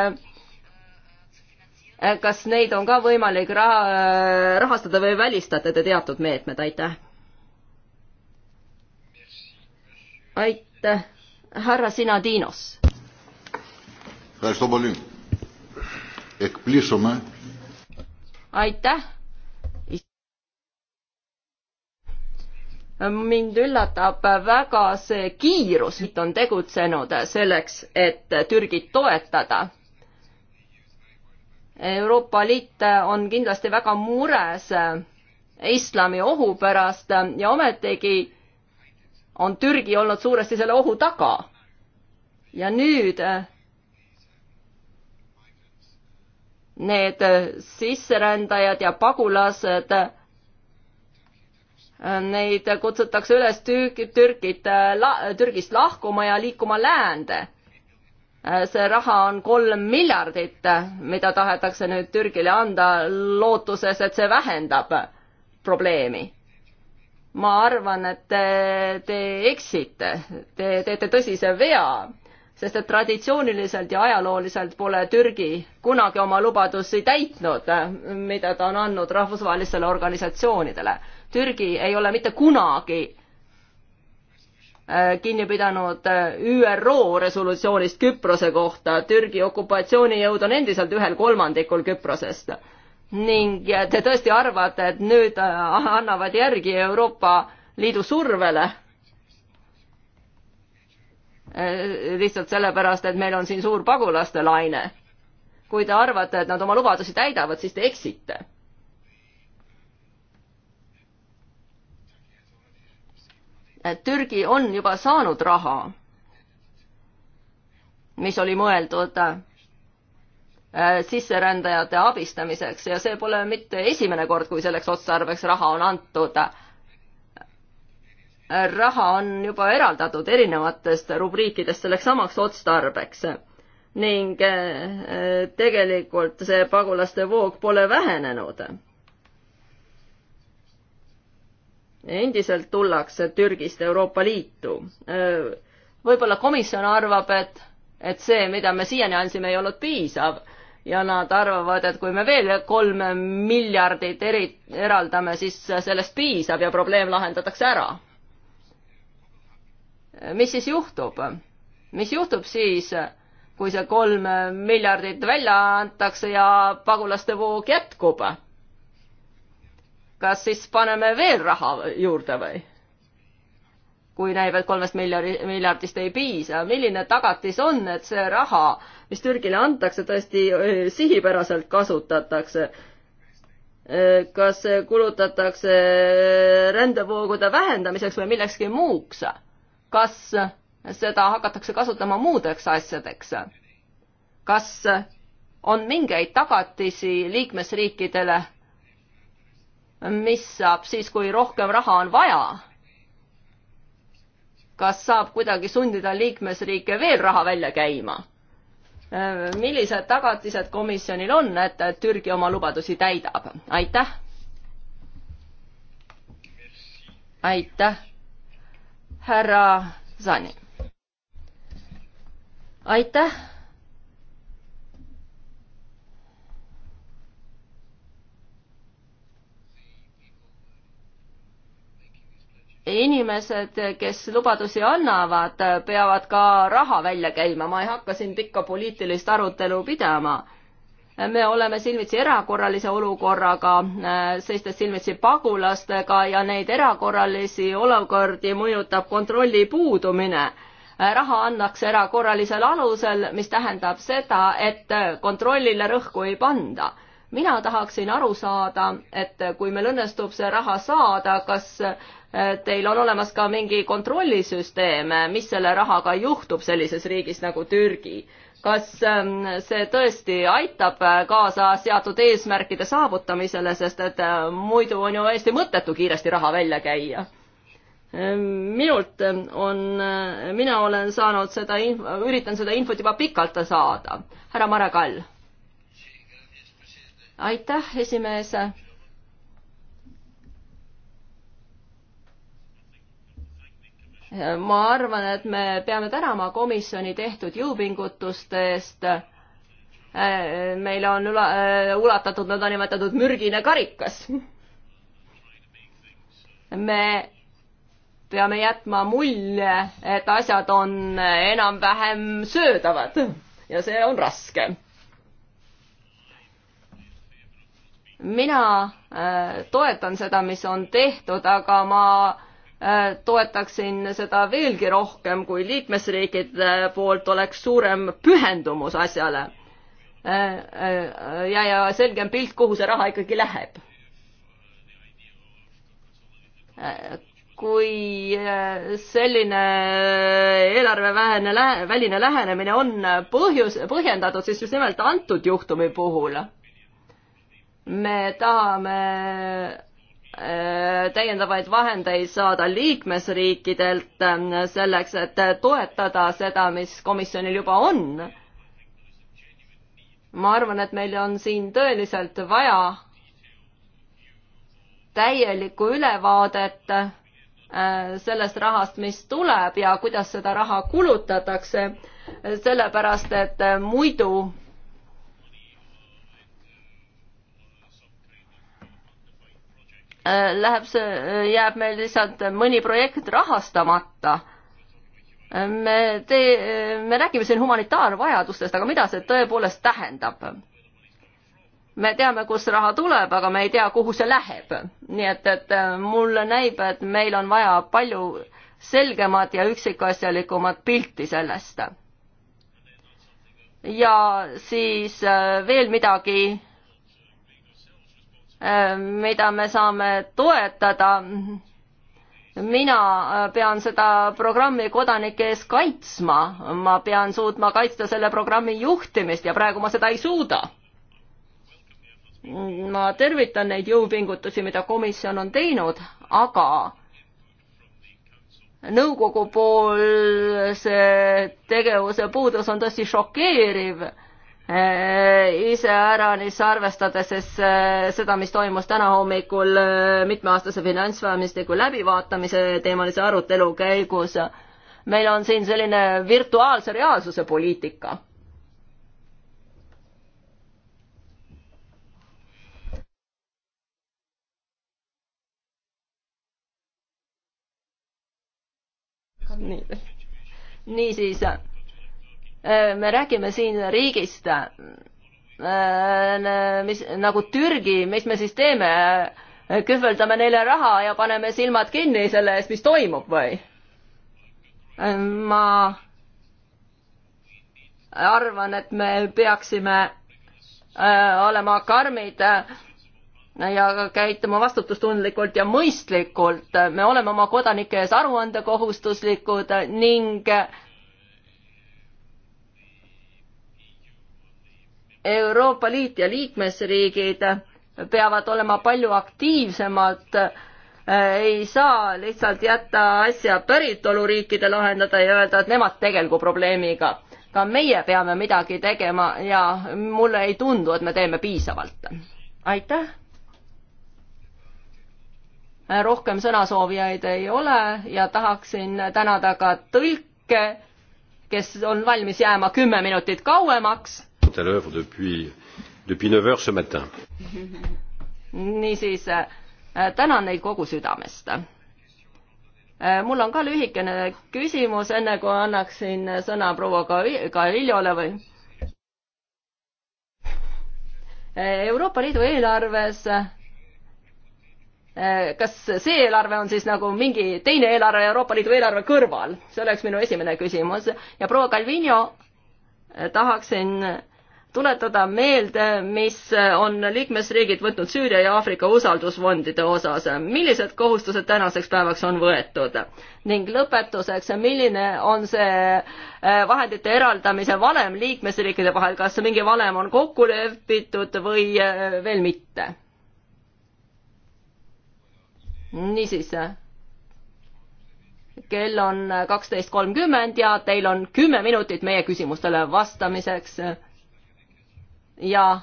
eh, kas neid on ka võimalik raha, eh, rahastada või välistate te teatud meetmed, aitäh? aitäh, härra Sinadinos εκπλήσωμα. aitäh. mind üllatab väga see kiirus, mis on tegutsenud selleks, et Türgit toetada Euroopa Liit on kindlasti väga mures islami ohu pärast ja ometigi on Türgi olnud suuresti selle ohu taga. ja nüüd need äh, sisserändajad ja pagulased, äh, neid kutsutakse üles Türgit, Türgit, äh, Türgist lahkuma ja liikuma läände. see raha on kolm miljardit, mida tahetakse nüüd Türgile anda lootuses, et see vähendab probleemi. ma arvan, et te, te eksite, te teete tõsise vea sest et traditsiooniliselt ja ajalooliselt pole Türgi kunagi oma lubadusi täitnud, mida ta on andnud rahvusvahelistele organisatsioonidele. Türgi ei ole mitte kunagi äh, kinni pidanud äh, ÜRO resolutsioonist Küprose kohta, Türgi okupatsioonijõud on endiselt ühel kolmandikul Küprosest. ning te tõesti arvate, et nüüd äh, annavad järgi Euroopa Liidu survele? Äh, lihtsalt sellepärast, et meil on siin suur pagulaste laine. kui te arvate, et nad oma lubadusi täidavad, siis te eksite. Türgi on juba saanud raha, mis oli mõeldud äh, sisserändajate abistamiseks ja see pole mitte esimene kord, kui selleks otstarbeks raha on antud raha on juba eraldatud erinevatest rubriikidest selleks samaks otstarbeks ning eh, eh, tegelikult see pagulaste voog pole vähenenud. endiselt tullakse Türgist Euroopa Liitu. Eh, võib-olla komisjon arvab, et, et see, mida me siiani andsime, ei olnud piisav ja nad arvavad, et kui me veel kolm miljardit eri, eraldame, siis sellest piisab ja probleem lahendatakse ära mis siis juhtub? mis juhtub siis, kui see kolm miljardit välja antakse ja pagulaste voog jätkub? kas siis paneme veel raha juurde või? kui näib, et kolmest miljardi, miljardist ei piisa, milline tagatis on, et see raha, mis Türgile antakse, tõesti eh, sihipäraselt kasutatakse? Eh, kas kulutatakse eh, rändevoogude vähendamiseks või millekski muuks? kas seda hakatakse kasutama muudeks asjadeks? kas on mingeid tagatisi liikmesriikidele, mis saab siis, kui rohkem raha on vaja? kas saab kuidagi sundida liikmesriike veel raha välja käima? millised tagatised komisjonil on, et Türgi oma lubadusi täidab? aitäh! aitäh! härra Zani. aitäh. inimesed, kes lubadusi annavad, peavad ka raha välja käima, ma ei hakka siin pikka poliitilist arutelu pidama me oleme silmitsi erakorralise olukorraga, äh, seistes silmitsi pagulastega ja neid erakorralisi olukordi mõjutab kontrolli puudumine. Äh, raha annakse erakorralisel alusel, mis tähendab seda, et äh, kontrollile rõhku ei panda. mina tahaksin aru saada, et kui meil õnnestub see raha saada, kas teil on olemas ka mingi kontrollisüsteem, mis selle rahaga juhtub sellises riigis nagu Türgi kas ähm, see tõesti aitab äh, kaasa seatud eesmärkide saavutamisele, sest et äh, muidu on ju hästi mõttetu kiiresti raha välja käia. Ähm, minult ähm, on, äh, mina olen saanud seda, üritan seda infot juba pikalt saada. härra Mare Kall. aitäh, esimees ma arvan, et me peame tänama komisjoni tehtud jõupingutuste eest. Äh, meile on üla, äh, ulatatud nõndanimetatud mürgine karikas. me peame jätma mulje, et asjad on enam-vähem söödavad ja see on raske. mina äh, toetan seda, mis on tehtud, aga ma Äh, toetaksin seda veelgi rohkem, kui liikmesriikide poolt oleks suurem pühendumus asjale. Äh, äh, ja, ja selgem pilt, kuhu see raha ikkagi läheb. kui selline eelarveväline, väline lähenemine on põhjus, põhjendatud, siis just nimelt antud juhtumi puhul me tahame Äh, täiendavaid vahendeid saada liikmesriikidelt äh, selleks, et toetada seda, mis komisjonil juba on. ma arvan, et meil on siin tõeliselt vaja täielikku ülevaadet äh, sellest rahast, mis tuleb ja kuidas seda raha kulutatakse, sellepärast et muidu Äh, läheb see, äh, jääb meil lihtsalt mõni projekt rahastamata. Äh, me tee, me räägime siin humanitaarvajadustest, aga mida see tõepoolest tähendab? me teame, kust raha tuleb, aga me ei tea, kuhu see läheb. nii et, et mulle näib, et meil on vaja palju selgemat ja üksikasjalikumat pilti sellest. ja siis veel midagi Äh, mida me saame toetada. mina äh, pean seda programmi kodanike ees kaitsma, ma pean suutma kaitsta selle programmi juhtimist ja praegu ma seda ei suuda ma tervitan neid jõupingutusi, mida komisjon on teinud, aga nõukogu poolse tegevuse puudus on tõesti šokeeriv Äh, iseäranis arvestades siis äh, seda, mis toimus täna hommikul äh, mitmeaastase finantsraamistiku läbivaatamise teemalise arutelu käigus. meil on siin selline virtuaalse reaalsuse poliitika. nii, niisiis Äh, me räägime siin riigist, äh, mis nagu Türgi, mis me siis teeme? Äh, kühveldame neile raha ja paneme silmad kinni selle eest, mis toimub või? ma arvan, et me peaksime olema karmid ja käituma vastutustundlikult ja mõistlikult. me oleme oma kodanike ees aruandekohustuslikud ning äh, Euroopa Liit ja liikmesriigid peavad olema palju aktiivsemad, äh, ei saa lihtsalt jätta asja päritoluriikide lahendada ja öelda, et nemad tegelgu probleemiga. ka meie peame midagi tegema ja mulle ei tundu, et me teeme piisavalt. aitäh! rohkem sõnasoovijaid ei ole ja tahaksin tänada ka tõlke, kes on valmis jääma kümme minutit kauemaks sont à l'œuvre depuis, depuis 9 heures ce matin. niisiis, äh, tänan neid kogu südamest. Äh, mul on ka lühikene küsimus, enne kui annaksin sõna proua Galiljole või? Äh, Euroopa Liidu eelarves kas see eelarve on siis nagu mingi teine eelarve Euroopa Liidu eelarve kõrval? see oleks minu esimene küsimus. ja proua Calvino, tahaksin tuletada meelde, mis on liikmesriigid võtnud Süüria ja Aafrika usaldusfondide osas, millised kohustused tänaseks päevaks on võetud ning lõpetuseks, milline on see eh, vahendite eraldamise valem liikmesriikide vahel, kas mingi valem on kokku lepitud või eh, veel mitte? niisiis, kell on kaksteist kolmkümmend ja teil on kümme minutit meie küsimustele vastamiseks ja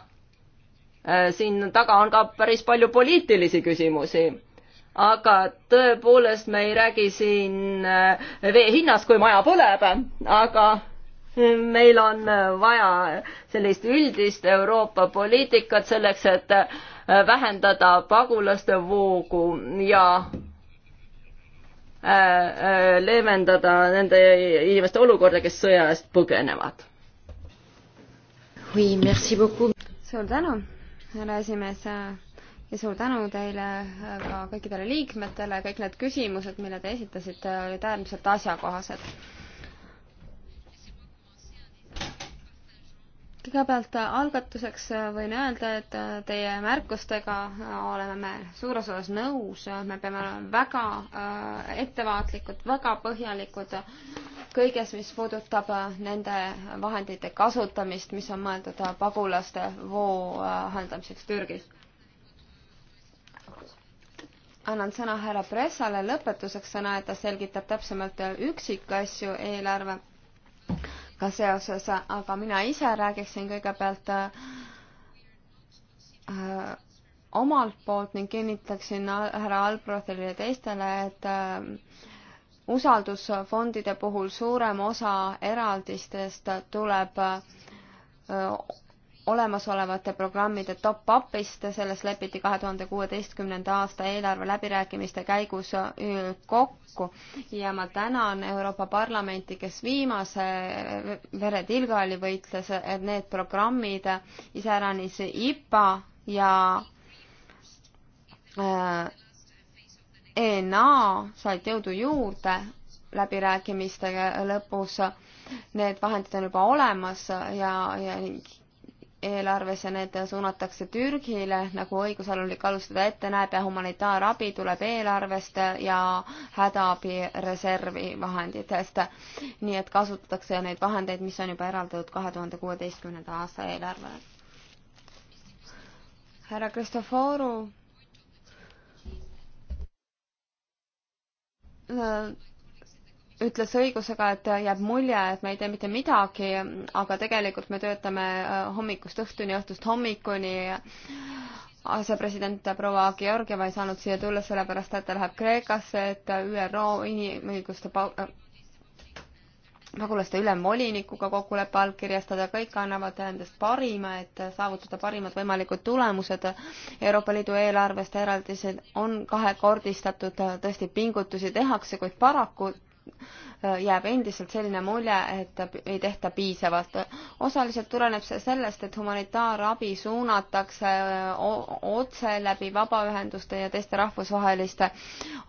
äh, siin taga on ka päris palju poliitilisi küsimusi. aga tõepoolest, me ei räägi siin äh, vee hinnast, kui maja põleb, aga äh, meil on vaja sellist üldist Euroopa poliitikat selleks, et vähendada pagulaste voogu ja leevendada nende inimeste olukorda, kes sõja eest põgenevad oui, merci beaucoup. suur tänu, härra esimees ja suur tänu teile äh, ka kõikidele liikmetele, kõik need küsimused, mille te esitasite, olid äärmiselt asjakohased kõigepealt äh, algatuseks äh, võin öelda, et äh, teie märkustega oleme me suures osas nõus, me peame olema väga ettevaatlikud, väga põhjalikud kõiges, mis puudutab nende vahendite kasutamist, mis on mõeldud pagulaste voo haldamiseks Türgis. annan sõna härra Pressale lõpetuseks sõna, et ta selgitab täpsemalt üksikasju eelarve ka seoses, aga mina ise räägiksin kõigepealt äh, omalt poolt ning kinnitaksin härra Albrothile ja teistele, et äh, usaldusfondide puhul suurem osa eraldistest tuleb äh, olemasolevate programmide top-up'ist, selles lepiti kahe tuhande kuueteistkümnenda aasta eelarve läbirääkimiste käigus kokku ja ma tänan Euroopa Parlamenti, kes viimase veretilgali võitles, et need programmid, iseäranis IPA ja ENA said jõudu juurde läbirääkimiste lõpus. Need vahendid on juba olemas ja, ja eelarves ja need suunatakse Türgile, nagu õigusalulik alustada ette näeb ja humanitaarabi tuleb eelarvest ja hädaabireservi vahenditest. nii et kasutatakse neid vahendeid, mis on juba eraldatud kahe tuhande kuueteistkümnenda aasta eelarvele. härra Kristoforu ütles õigusega, et jääb mulje, et me ei tee mitte midagi, aga tegelikult me töötame äh, hommikust õhtuni, õhtust hommikuni. asepresident proua Georgieva ei saanud siia tulla sellepärast, et ta läheb Kreekasse, et ÜRO inimõiguste pagulaste ülemvolinikuga kokkuleppe allkirjastada, kõik annavad endast parima, et saavutada parimad võimalikud tulemused. Euroopa Liidu eelarvest eraldised on kahekordistatud, tõesti pingutusi tehakse, kuid paraku jääb endiselt selline mulje, et ei tehta piisavalt. osaliselt tuleneb see sellest, et humanitaarabi suunatakse otse läbi vabaühenduste ja teiste rahvusvaheliste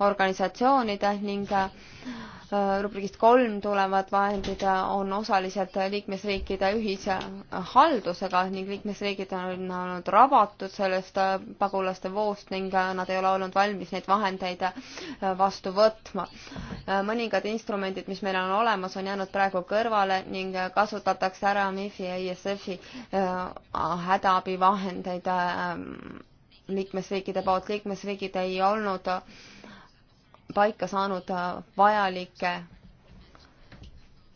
organisatsioonide ning äh, rubriigist kolm tulevad vahendid äh, on osaliselt liikmesriikide ühise haldusega ning liikmesriigid on olnud rabatud sellest äh, pagulaste voost ning nad ei ole olnud valmis neid vahendeid vastu võtma. mõningad instrumendid, mis meil on olemas, on jäänud praegu kõrvale ning kasutatakse ära MIFi ja ISF-i hädaabivahendeid liikmesriikide poolt. liikmesriigid ei olnud äh, paika saanud äh, vajalikke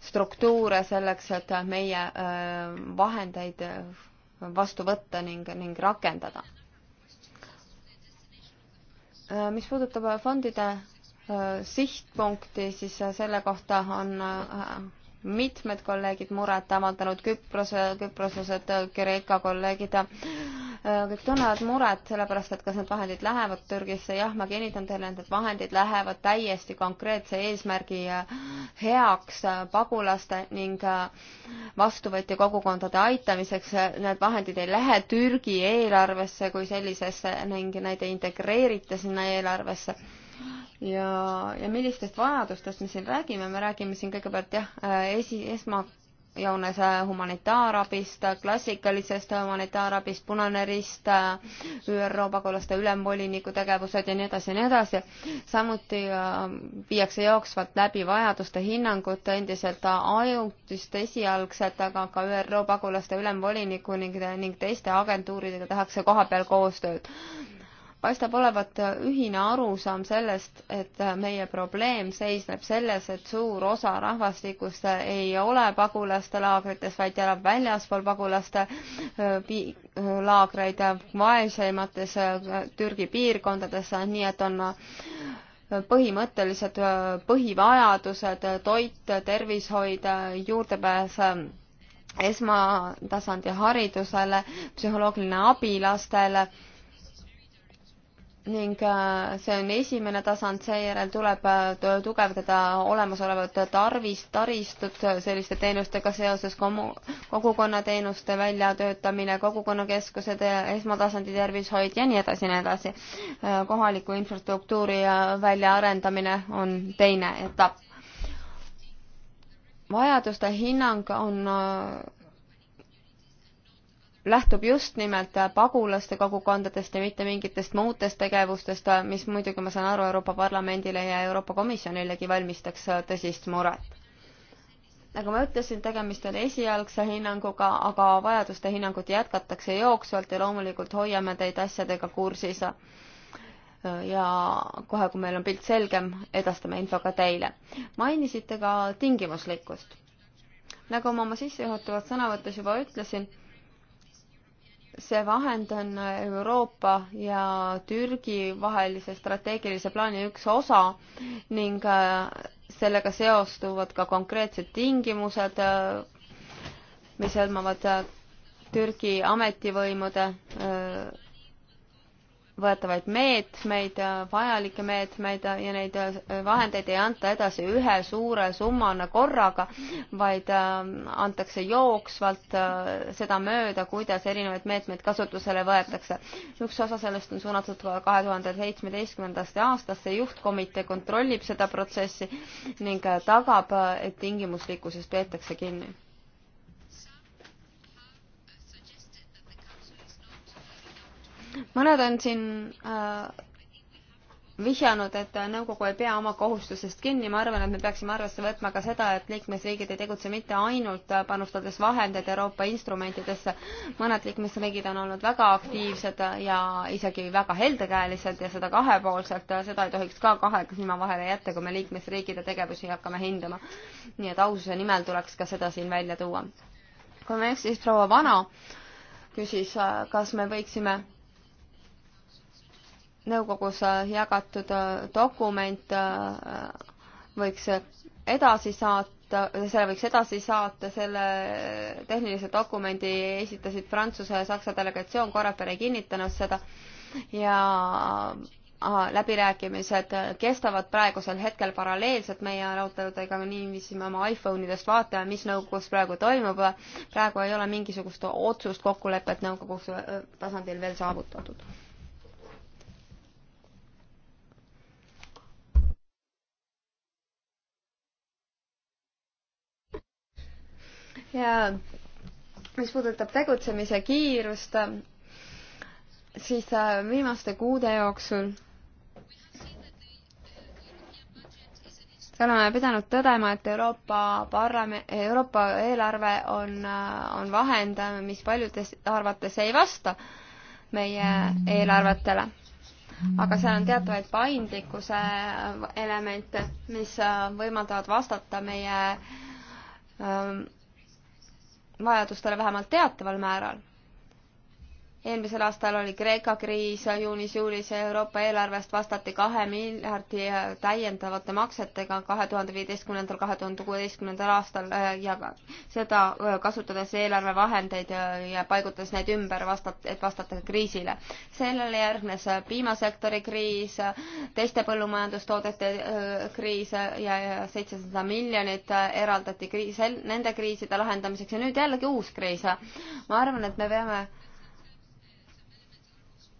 struktuure selleks, et äh, meie äh, vahendeid vastu võtta ning, ning rakendada. mis puudutab fondide sihtpunkti, siis selle kohta on mitmed kolleegid muret avaldanud, Küprose, küproslased, Kreeka kolleegid Äh, kõik tunnevad muret sellepärast, et kas need vahendid lähevad Türgisse, jah, ma kinnitan teile, et need vahendid lähevad täiesti konkreetse eesmärgi äh, heaks äh, pagulaste ning vastuvõtja kogukondade aitamiseks. Need vahendid ei lähe Türgi eelarvesse kui sellisesse ning neid ei integreerita sinna eelarvesse ja, ja millistest vajadustest me siin räägime, me räägime siin kõigepealt jah, esi, esma- joonese äh, humanitaarabist, klassikalisest humanitaarabist, Punane Rist, äh, ÜRO pagulaste ülemvoliniku tegevused ja nii edasi ja nii edasi. samuti äh, viiakse jooksvalt läbi vajaduste hinnangut, endiselt ajutist esialgset, aga ka ÜRO pagulaste ülemvoliniku ning, ning teiste agentuuridega tehakse kohapeal koostööd paistab olevat ühine arusaam sellest, et meie probleem seisneb selles, et suur osa rahvastikust ei ole pagulaste laagrites, vaid elab väljaspool pagulaste laagreid vaesemates Türgi piirkondades, nii et on põhimõttelised põhivajadused, toit, tervishoid, juurdepääs esmatasandi haridusele, psühholoogiline abi lastele ning äh, see on esimene tasand, seejärel tuleb äh, tugevdada olemasolevat tarvist, taristut selliste teenustega seoses, kogukonnateenuste väljatöötamine, kogukonnakeskused, esmatasandi tervishoid ja nii edasi ja nii edasi. Äh, kohaliku infrastruktuuri väljaarendamine on teine etapp. vajaduste hinnang on lähtub just nimelt pagulaste kogukondadest ja mitte mingitest muudest tegevustest, mis muidugi, ma saan aru, Euroopa Parlamendile ja Euroopa Komisjonilegi valmistaks tõsist muret. nagu ma ütlesin, tegemist on esialgse hinnanguga, aga vajaduste hinnangut jätkatakse jooksvalt ja loomulikult hoiame teid asjadega kursis. ja kohe, kui meil on pilt selgem, edastame info ka teile. mainisite ka tingimuslikkust. nagu ma oma sissejuhatavas sõnavõttes juba ütlesin see vahend on Euroopa ja Türgi vahelise strateegilise plaani üks osa ning äh, sellega seostuvad ka konkreetsed tingimused, äh, mis hõlmavad äh, Türgi ametivõimude võetavaid meetmeid, vajalikke meetmeid ja neid vahendeid ei anta edasi ühe suure summana korraga, vaid ähm, antakse jooksvalt äh, sedamööda, kuidas erinevaid meetmeid kasutusele võetakse. üks osa sellest on suunatud kahe tuhande seitsmeteistkümnendasse aastasse, juhtkomitee kontrollib seda protsessi ning äh, tagab, äh, et tingimuslikkusest peetakse kinni mõned on siin äh, vihjanud, et nõukogu ei pea oma kohustusest kinni, ma arvan, et me peaksime arvesse võtma ka seda, et liikmesriigid ei tegutse mitte ainult panustades vahendeid Euroopa instrumentidesse, mõned liikmesriigid on olnud väga aktiivsed ja isegi väga heldekäelised ja seda kahepoolselt, seda ei tohiks ka kahe silma vahele jätta, kui me liikmesriikide tegevusi hakkame hindama. nii et aususe nimel tuleks ka seda siin välja tuua. kui ma ei eksi, siis proua Vana küsis, äh, kas me võiksime nõukogus äh, jagatud äh, dokument äh, võiks edasi saata, selle võiks edasi saata, selle tehnilise dokumendi esitasid Prantsuse ja Saksa delegatsioon, Korraper ei kinnitanud seda ja aha, läbirääkimised kestavad praegusel hetkel paralleelselt meie aruteludega, niiviisi me oma iPhone idest vaatame, mis nõukogus praegu toimub. praegu ei ole mingisugust otsust, kokkulepet nõukogus tasandil veel saavutatud ja mis puudutab tegutsemise kiirust, siis äh, viimaste kuude jooksul oleme pidanud tõdema, et Euroopa parlament, Euroopa eelarve on, äh, on vahend, äh, mis paljudes arvates ei vasta meie eelarvetele. aga seal on teatavaid paindlikkuse elemente, mis võimaldavad vastata meie ähm, vajadustele vähemalt teataval määral eelmisel aastal oli Kreeka kriis juunis-juulis ja Euroopa eelarvest vastati kahe miljardi täiendavate maksetega kahe tuhande viieteistkümnendal, kahe tuhande kuueteistkümnendal aastal äh, ja seda äh, kasutades eelarvevahendeid ja, äh, ja paigutades neid ümber vastat-, et vastata kriisile. sellele järgnes piimasektori kriis, teiste põllumajandustoodete kriis ja seitsesada miljonit eraldati kriis, nende kriiside lahendamiseks ja nüüd jällegi uus kriis. ma arvan, et me peame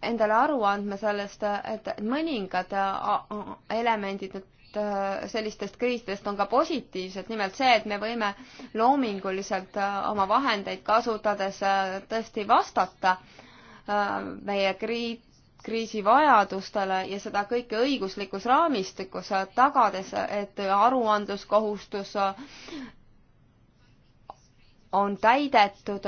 endale aru andma sellest, et mõningad äh, äh, elemendid äh, sellistest kriisidest on ka positiivsed, nimelt see, et me võime loominguliselt oma vahendeid kasutades tõesti vastata meie kriit-, kriisivajadustele ja seda kõike õiguslikus raamistikus, tagades, et aruandluskohustus on täidetud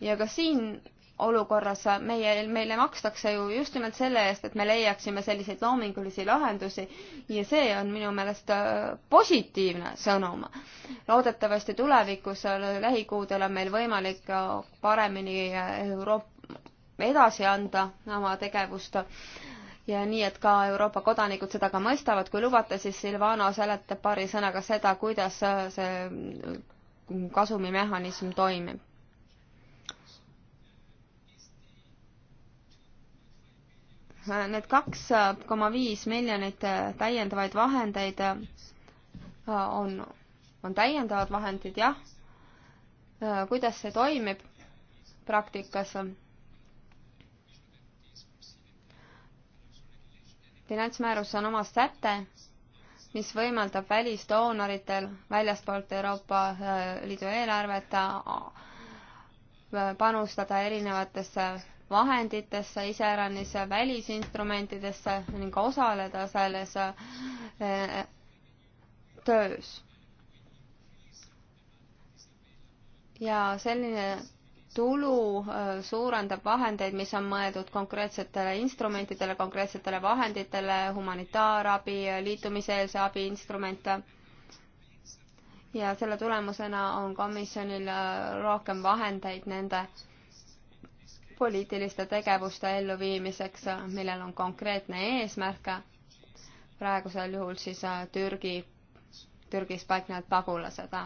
ja ka siin olukorras meie, meile makstakse ju just nimelt selle eest, et me leiaksime selliseid loomingulisi lahendusi ja see on minu meelest äh, positiivne sõnum. loodetavasti tulevikus, äh, lähikuudel on meil võimalik äh, paremini Euroopa, edasi anda oma tegevust ja nii, et ka Euroopa kodanikud seda ka mõistavad. kui lubate, siis Silvano seletab paari sõnaga seda, kuidas see kasumimehhanism toimib need kaks äh, koma viis miljonit äh, täiendavaid vahendeid äh, on, on täiendavad vahendid, jah. kuidas see toimib praktikas? finantsmäärus on oma säte, mis võimaldab välisdoonoritel väljastpoolt Euroopa Liidu eelarvet panustada erinevatesse vahenditesse, iseäranis välisinstrumentidesse ning osaleda selles eh, töös. ja selline tulu eh, suurendab vahendeid, mis on mõeldud konkreetsetele instrumentidele, konkreetsetele vahenditele, humanitaarabi, liitumiseelse abi instrumente. ja selle tulemusena on komisjonil eh, rohkem vahendeid nende poliitiliste tegevuste elluviimiseks, millel on konkreetne eesmärk, praegusel juhul siis äh, Türgi, Türgis paiknevad pagulased.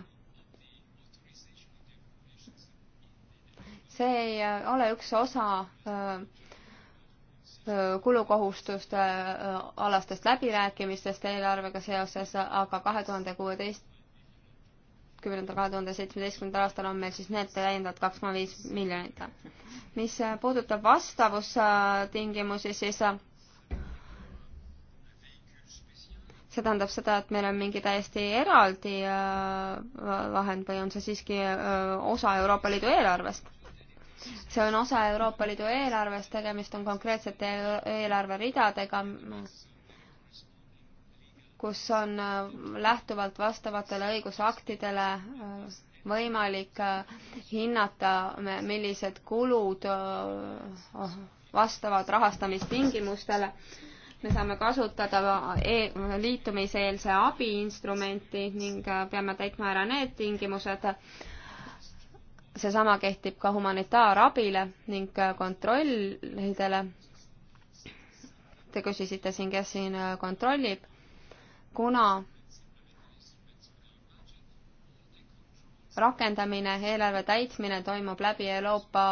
see ei äh, ole üks osa äh, kulukohustuste alastest läbirääkimistest eelarvega seoses, aga kahe tuhande kuueteist, kümnendal, kahe tuhande seitsmeteistkümnendal aastal on meil siis need täiendavad kaks koma viis miljonit. mis äh, puudutab vastavustingimusi, siis äh, see tähendab seda, et meil on mingi täiesti eraldi vahend äh, või on see siiski osa Euroopa Liidu eelarvest? see on osa Euroopa Liidu eelarvest, tegemist on konkreetsete eelarveridadega, kus on äh, lähtuvalt vastavatele õigusaktidele äh, võimalik äh, hinnata, millised kulud vastavad rahastamistingimustele. me saame kasutada e liitumiseelse abi instrumenti ning peame täitma ära need tingimused. seesama kehtib ka humanitaarabile ning kontrollidele. Te küsisite siin, kes siin kontrollib kuna rakendamine, eelarve täitmine toimub läbi Euroopa,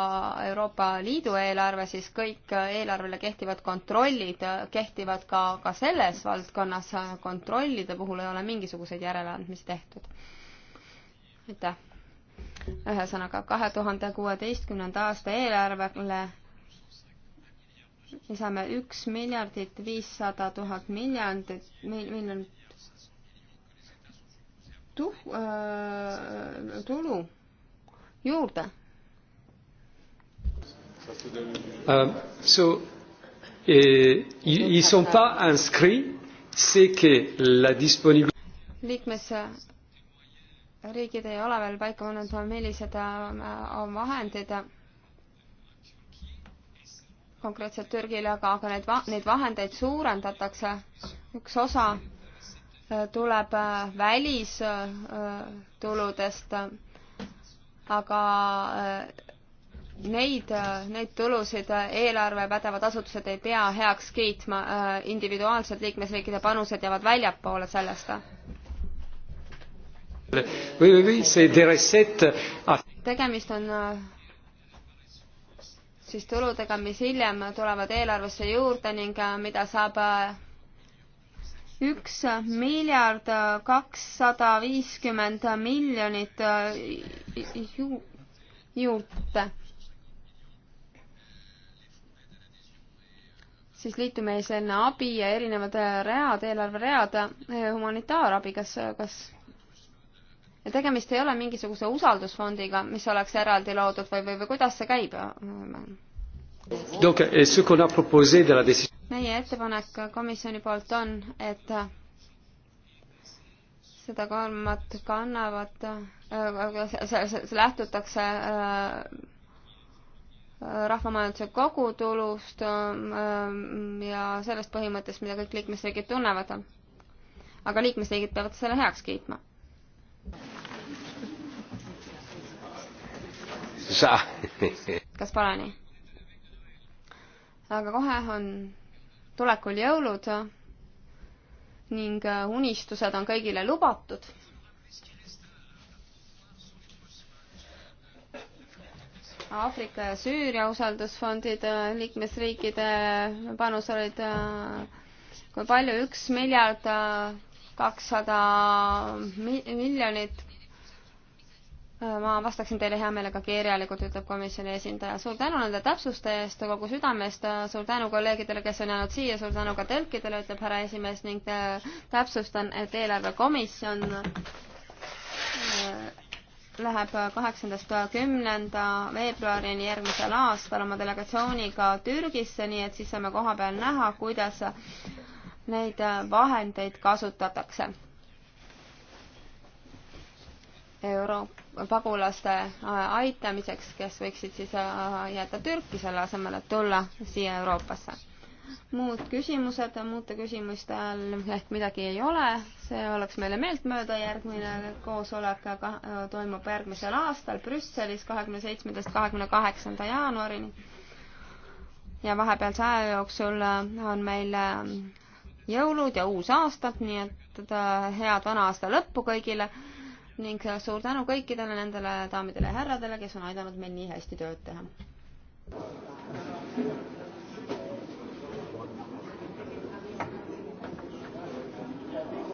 Euroopa Liidu eelarve, siis kõik eelarvele kehtivad kontrollid kehtivad ka, ka selles valdkonnas. kontrollide puhul ei ole mingisuguseid järeleandmisi tehtud. aitäh. ühesõnaga, kahe tuhande kuueteistkümnenda aasta eelarvele lisame üks miljardit viissada tuhat miljardit, miljonit tu- äh,, tulu juurde Uh, so, eh, ils ne sont pas inscrits, c'est que la disponibilité. liikmesriigid ei ole veel paika pannud, millised on äh, vahendid konkreetselt Türgile, aga, aga need, neid vahendeid suurendatakse. üks osa äh, tuleb äh, välistuludest, äh, aga neid, neid tulusid eelarve pädevad asutused ei pea heaks kiitma, individuaalsed liikmesriikide panused jäävad väljapoole sellest. tegemist on siis tuludega, mis hiljem tulevad eelarvesse juurde ning äh, mida saab äh, üks miljard kakssada viiskümmend miljonit äh, ju-, juurde. siis liitumiseelne abi ja erinevad read, eelarveread, humanitaarabi, kas, kas ja tegemist ei ole mingisuguse usaldusfondiga, mis oleks eraldi loodud või, või, või kuidas see käib? meie ettepanek komisjoni poolt on, et seda koormat kannavad, äh, lähtutakse äh, rahvamajanduse kogutulust äh, ja sellest põhimõttest, mida kõik liikmesriigid tunnevad. aga liikmesriigid peavad selle heaks kiitma kas pole nii? aga kohe on tulekul jõulud ning äh, unistused on kõigile lubatud. Aafrika ja Süüria usaldusfondid, äh, liikmesriikide panus olid äh, kui palju, üks miljard kakssada miljonit. ma vastaksin teile hea meelega kirjalikult, ütleb komisjoni esindaja. suur tänu nende täpsuste eest kogu südamest, suur tänu kolleegidele, kes on jäänud siia, suur tänu ka tõlkidele, ütleb härra esimees ning äh, täpsustan, et eelarvekomisjon äh, läheb kaheksandast kümnenda veebruarini järgmisel aastal oma delegatsiooniga Türgisse, nii et siis saame koha peal näha, kuidas neid äh, vahendeid kasutatakse. euro-, pagulaste äh, aitamiseks, kes võiksid siis äh, jääda Türki, selle asemel, et tulla siia Euroopasse. muud küsimused, muude küsimuste all ehk midagi ei ole, see oleks meile meeltmööda, järgmine koosolek aga toimub järgmisel aastal Brüsselis kahekümne seitsmendast kahekümne kaheksanda jaanuarini. ja vahepealse aja jooksul on meil jõulud ja uus aastat, nii et äh, head vana aasta lõppu kõigile ning äh, suur tänu kõikidele nendele daamidele ja härradele, kes on aidanud meil nii hästi tööd teha.